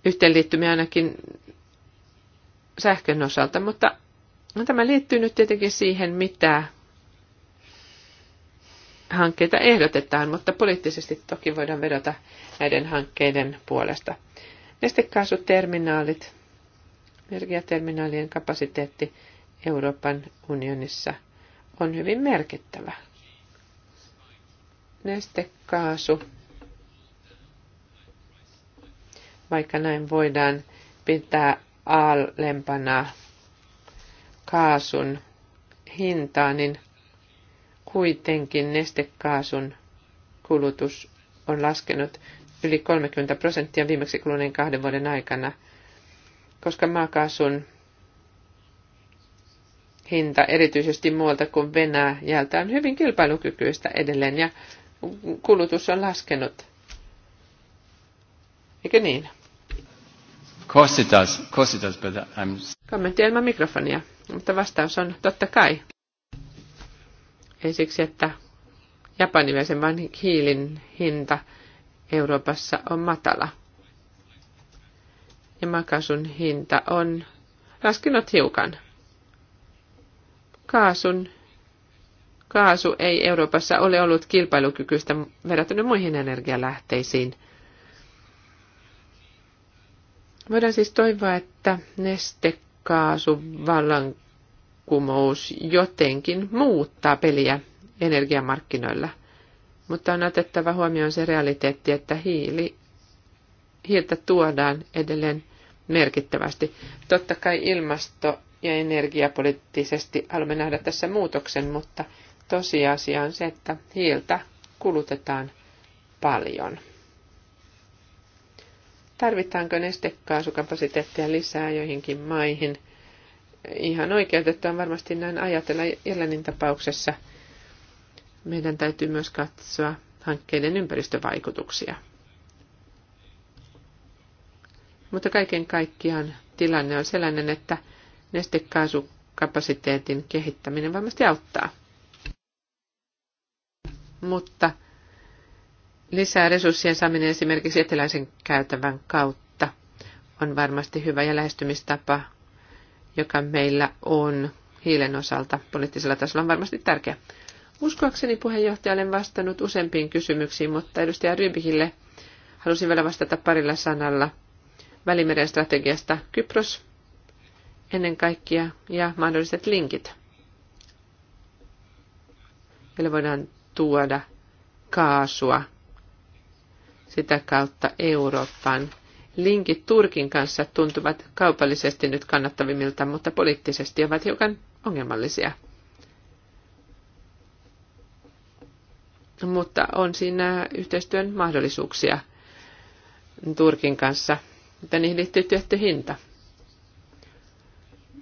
Yhteenliittymiä ainakin sähkön osalta, mutta tämä liittyy nyt tietenkin siihen, mitä hankkeita ehdotetaan, mutta poliittisesti toki voidaan vedota näiden hankkeiden puolesta. Nestekaasuterminaalit, energiaterminaalien kapasiteetti Euroopan unionissa on hyvin merkittävä. Nestekaasu, vaikka näin voidaan pitää alempana kaasun hintaa, niin kuitenkin nestekaasun kulutus on laskenut yli 30 prosenttia viimeksi kuluneen kahden vuoden aikana, koska maakaasun hinta erityisesti muualta kuin Venäjältä on hyvin kilpailukykyistä edelleen ja kulutus on laskenut. Eikö niin? Course it does. Course it does, but I'm... Kommentti ilman mikrofonia, mutta vastaus on totta kai. Ensiksi, että japanilaisen vain hiilin hinta Euroopassa on matala. Ja makasun hinta on laskenut hiukan. Kaasun kaasu ei Euroopassa ole ollut kilpailukykyistä verrattuna muihin energialähteisiin. Voidaan siis toivoa, että nestekaasu vallan vallankumous jotenkin muuttaa peliä energiamarkkinoilla. Mutta on otettava huomioon se realiteetti, että hiili, hiiltä tuodaan edelleen merkittävästi. Totta kai ilmasto- ja energiapoliittisesti haluamme nähdä tässä muutoksen, mutta tosiasia on se, että hiiltä kulutetaan paljon. Tarvitaanko nestekaasukapasiteettia lisää joihinkin maihin – ihan oikeutettua varmasti näin ajatella Irlannin tapauksessa. Meidän täytyy myös katsoa hankkeiden ympäristövaikutuksia. Mutta kaiken kaikkiaan tilanne on sellainen, että nestekaasukapasiteetin kehittäminen varmasti auttaa. Mutta lisää resurssien saaminen esimerkiksi eteläisen käytävän kautta on varmasti hyvä ja lähestymistapa joka meillä on hiilen osalta poliittisella tasolla on varmasti tärkeä. Uskoakseni puheenjohtaja olen vastannut useampiin kysymyksiin, mutta edustaja Rybikille halusin vielä vastata parilla sanalla Välimeren strategiasta Kypros ennen kaikkea ja mahdolliset linkit. Meillä voidaan tuoda kaasua sitä kautta Eurooppaan linkit Turkin kanssa tuntuvat kaupallisesti nyt kannattavimmilta, mutta poliittisesti ovat hiukan ongelmallisia. Mutta on siinä yhteistyön mahdollisuuksia Turkin kanssa, mutta niihin liittyy tietty hinta.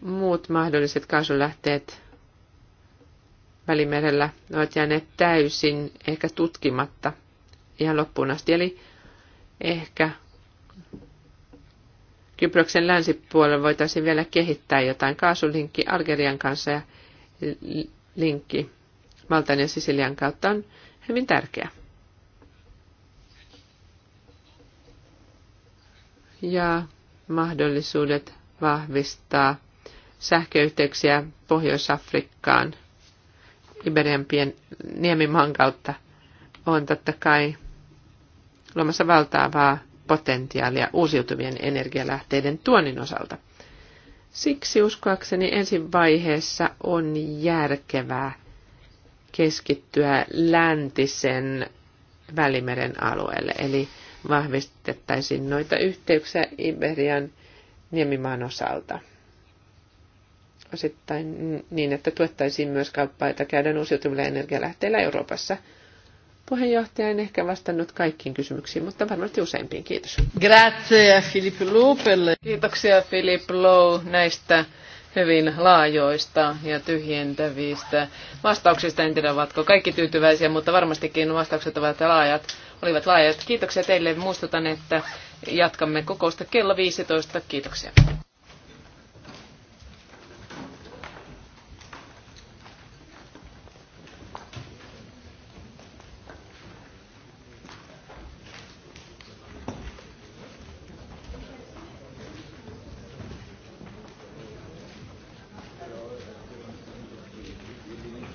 Muut mahdolliset kaasulähteet Välimerellä ovat jääneet täysin ehkä tutkimatta ihan loppuun asti. Eli ehkä Kyproksen länsipuolella voitaisiin vielä kehittää jotain kaasulinkki Algerian kanssa ja linkki Maltan ja Sisilian kautta on hyvin tärkeä. Ja mahdollisuudet vahvistaa sähköyhteyksiä Pohjois-Afrikkaan Iberian niemimaan kautta on totta kai luomassa valtavaa potentiaalia uusiutuvien energialähteiden tuonnin osalta. Siksi uskoakseni ensin vaiheessa on järkevää keskittyä läntisen Välimeren alueelle, eli vahvistettaisiin noita yhteyksiä Iberian niemimaan osalta. Osittain niin, että tuettaisiin myös kauppaita jota käydään uusiutuvilla energialähteillä Euroopassa – Puheenjohtaja en ehkä vastannut kaikkiin kysymyksiin, mutta varmasti useimpiin. Kiitos. Grazie Filippo Kiitoksia Filippo Lowe, näistä hyvin laajoista ja tyhjentävistä vastauksista. En tiedä, ovatko kaikki tyytyväisiä, mutta varmastikin vastaukset ovat laajat, olivat laajat. Kiitoksia teille. Muistutan, että jatkamme kokousta kello 15. Kiitoksia.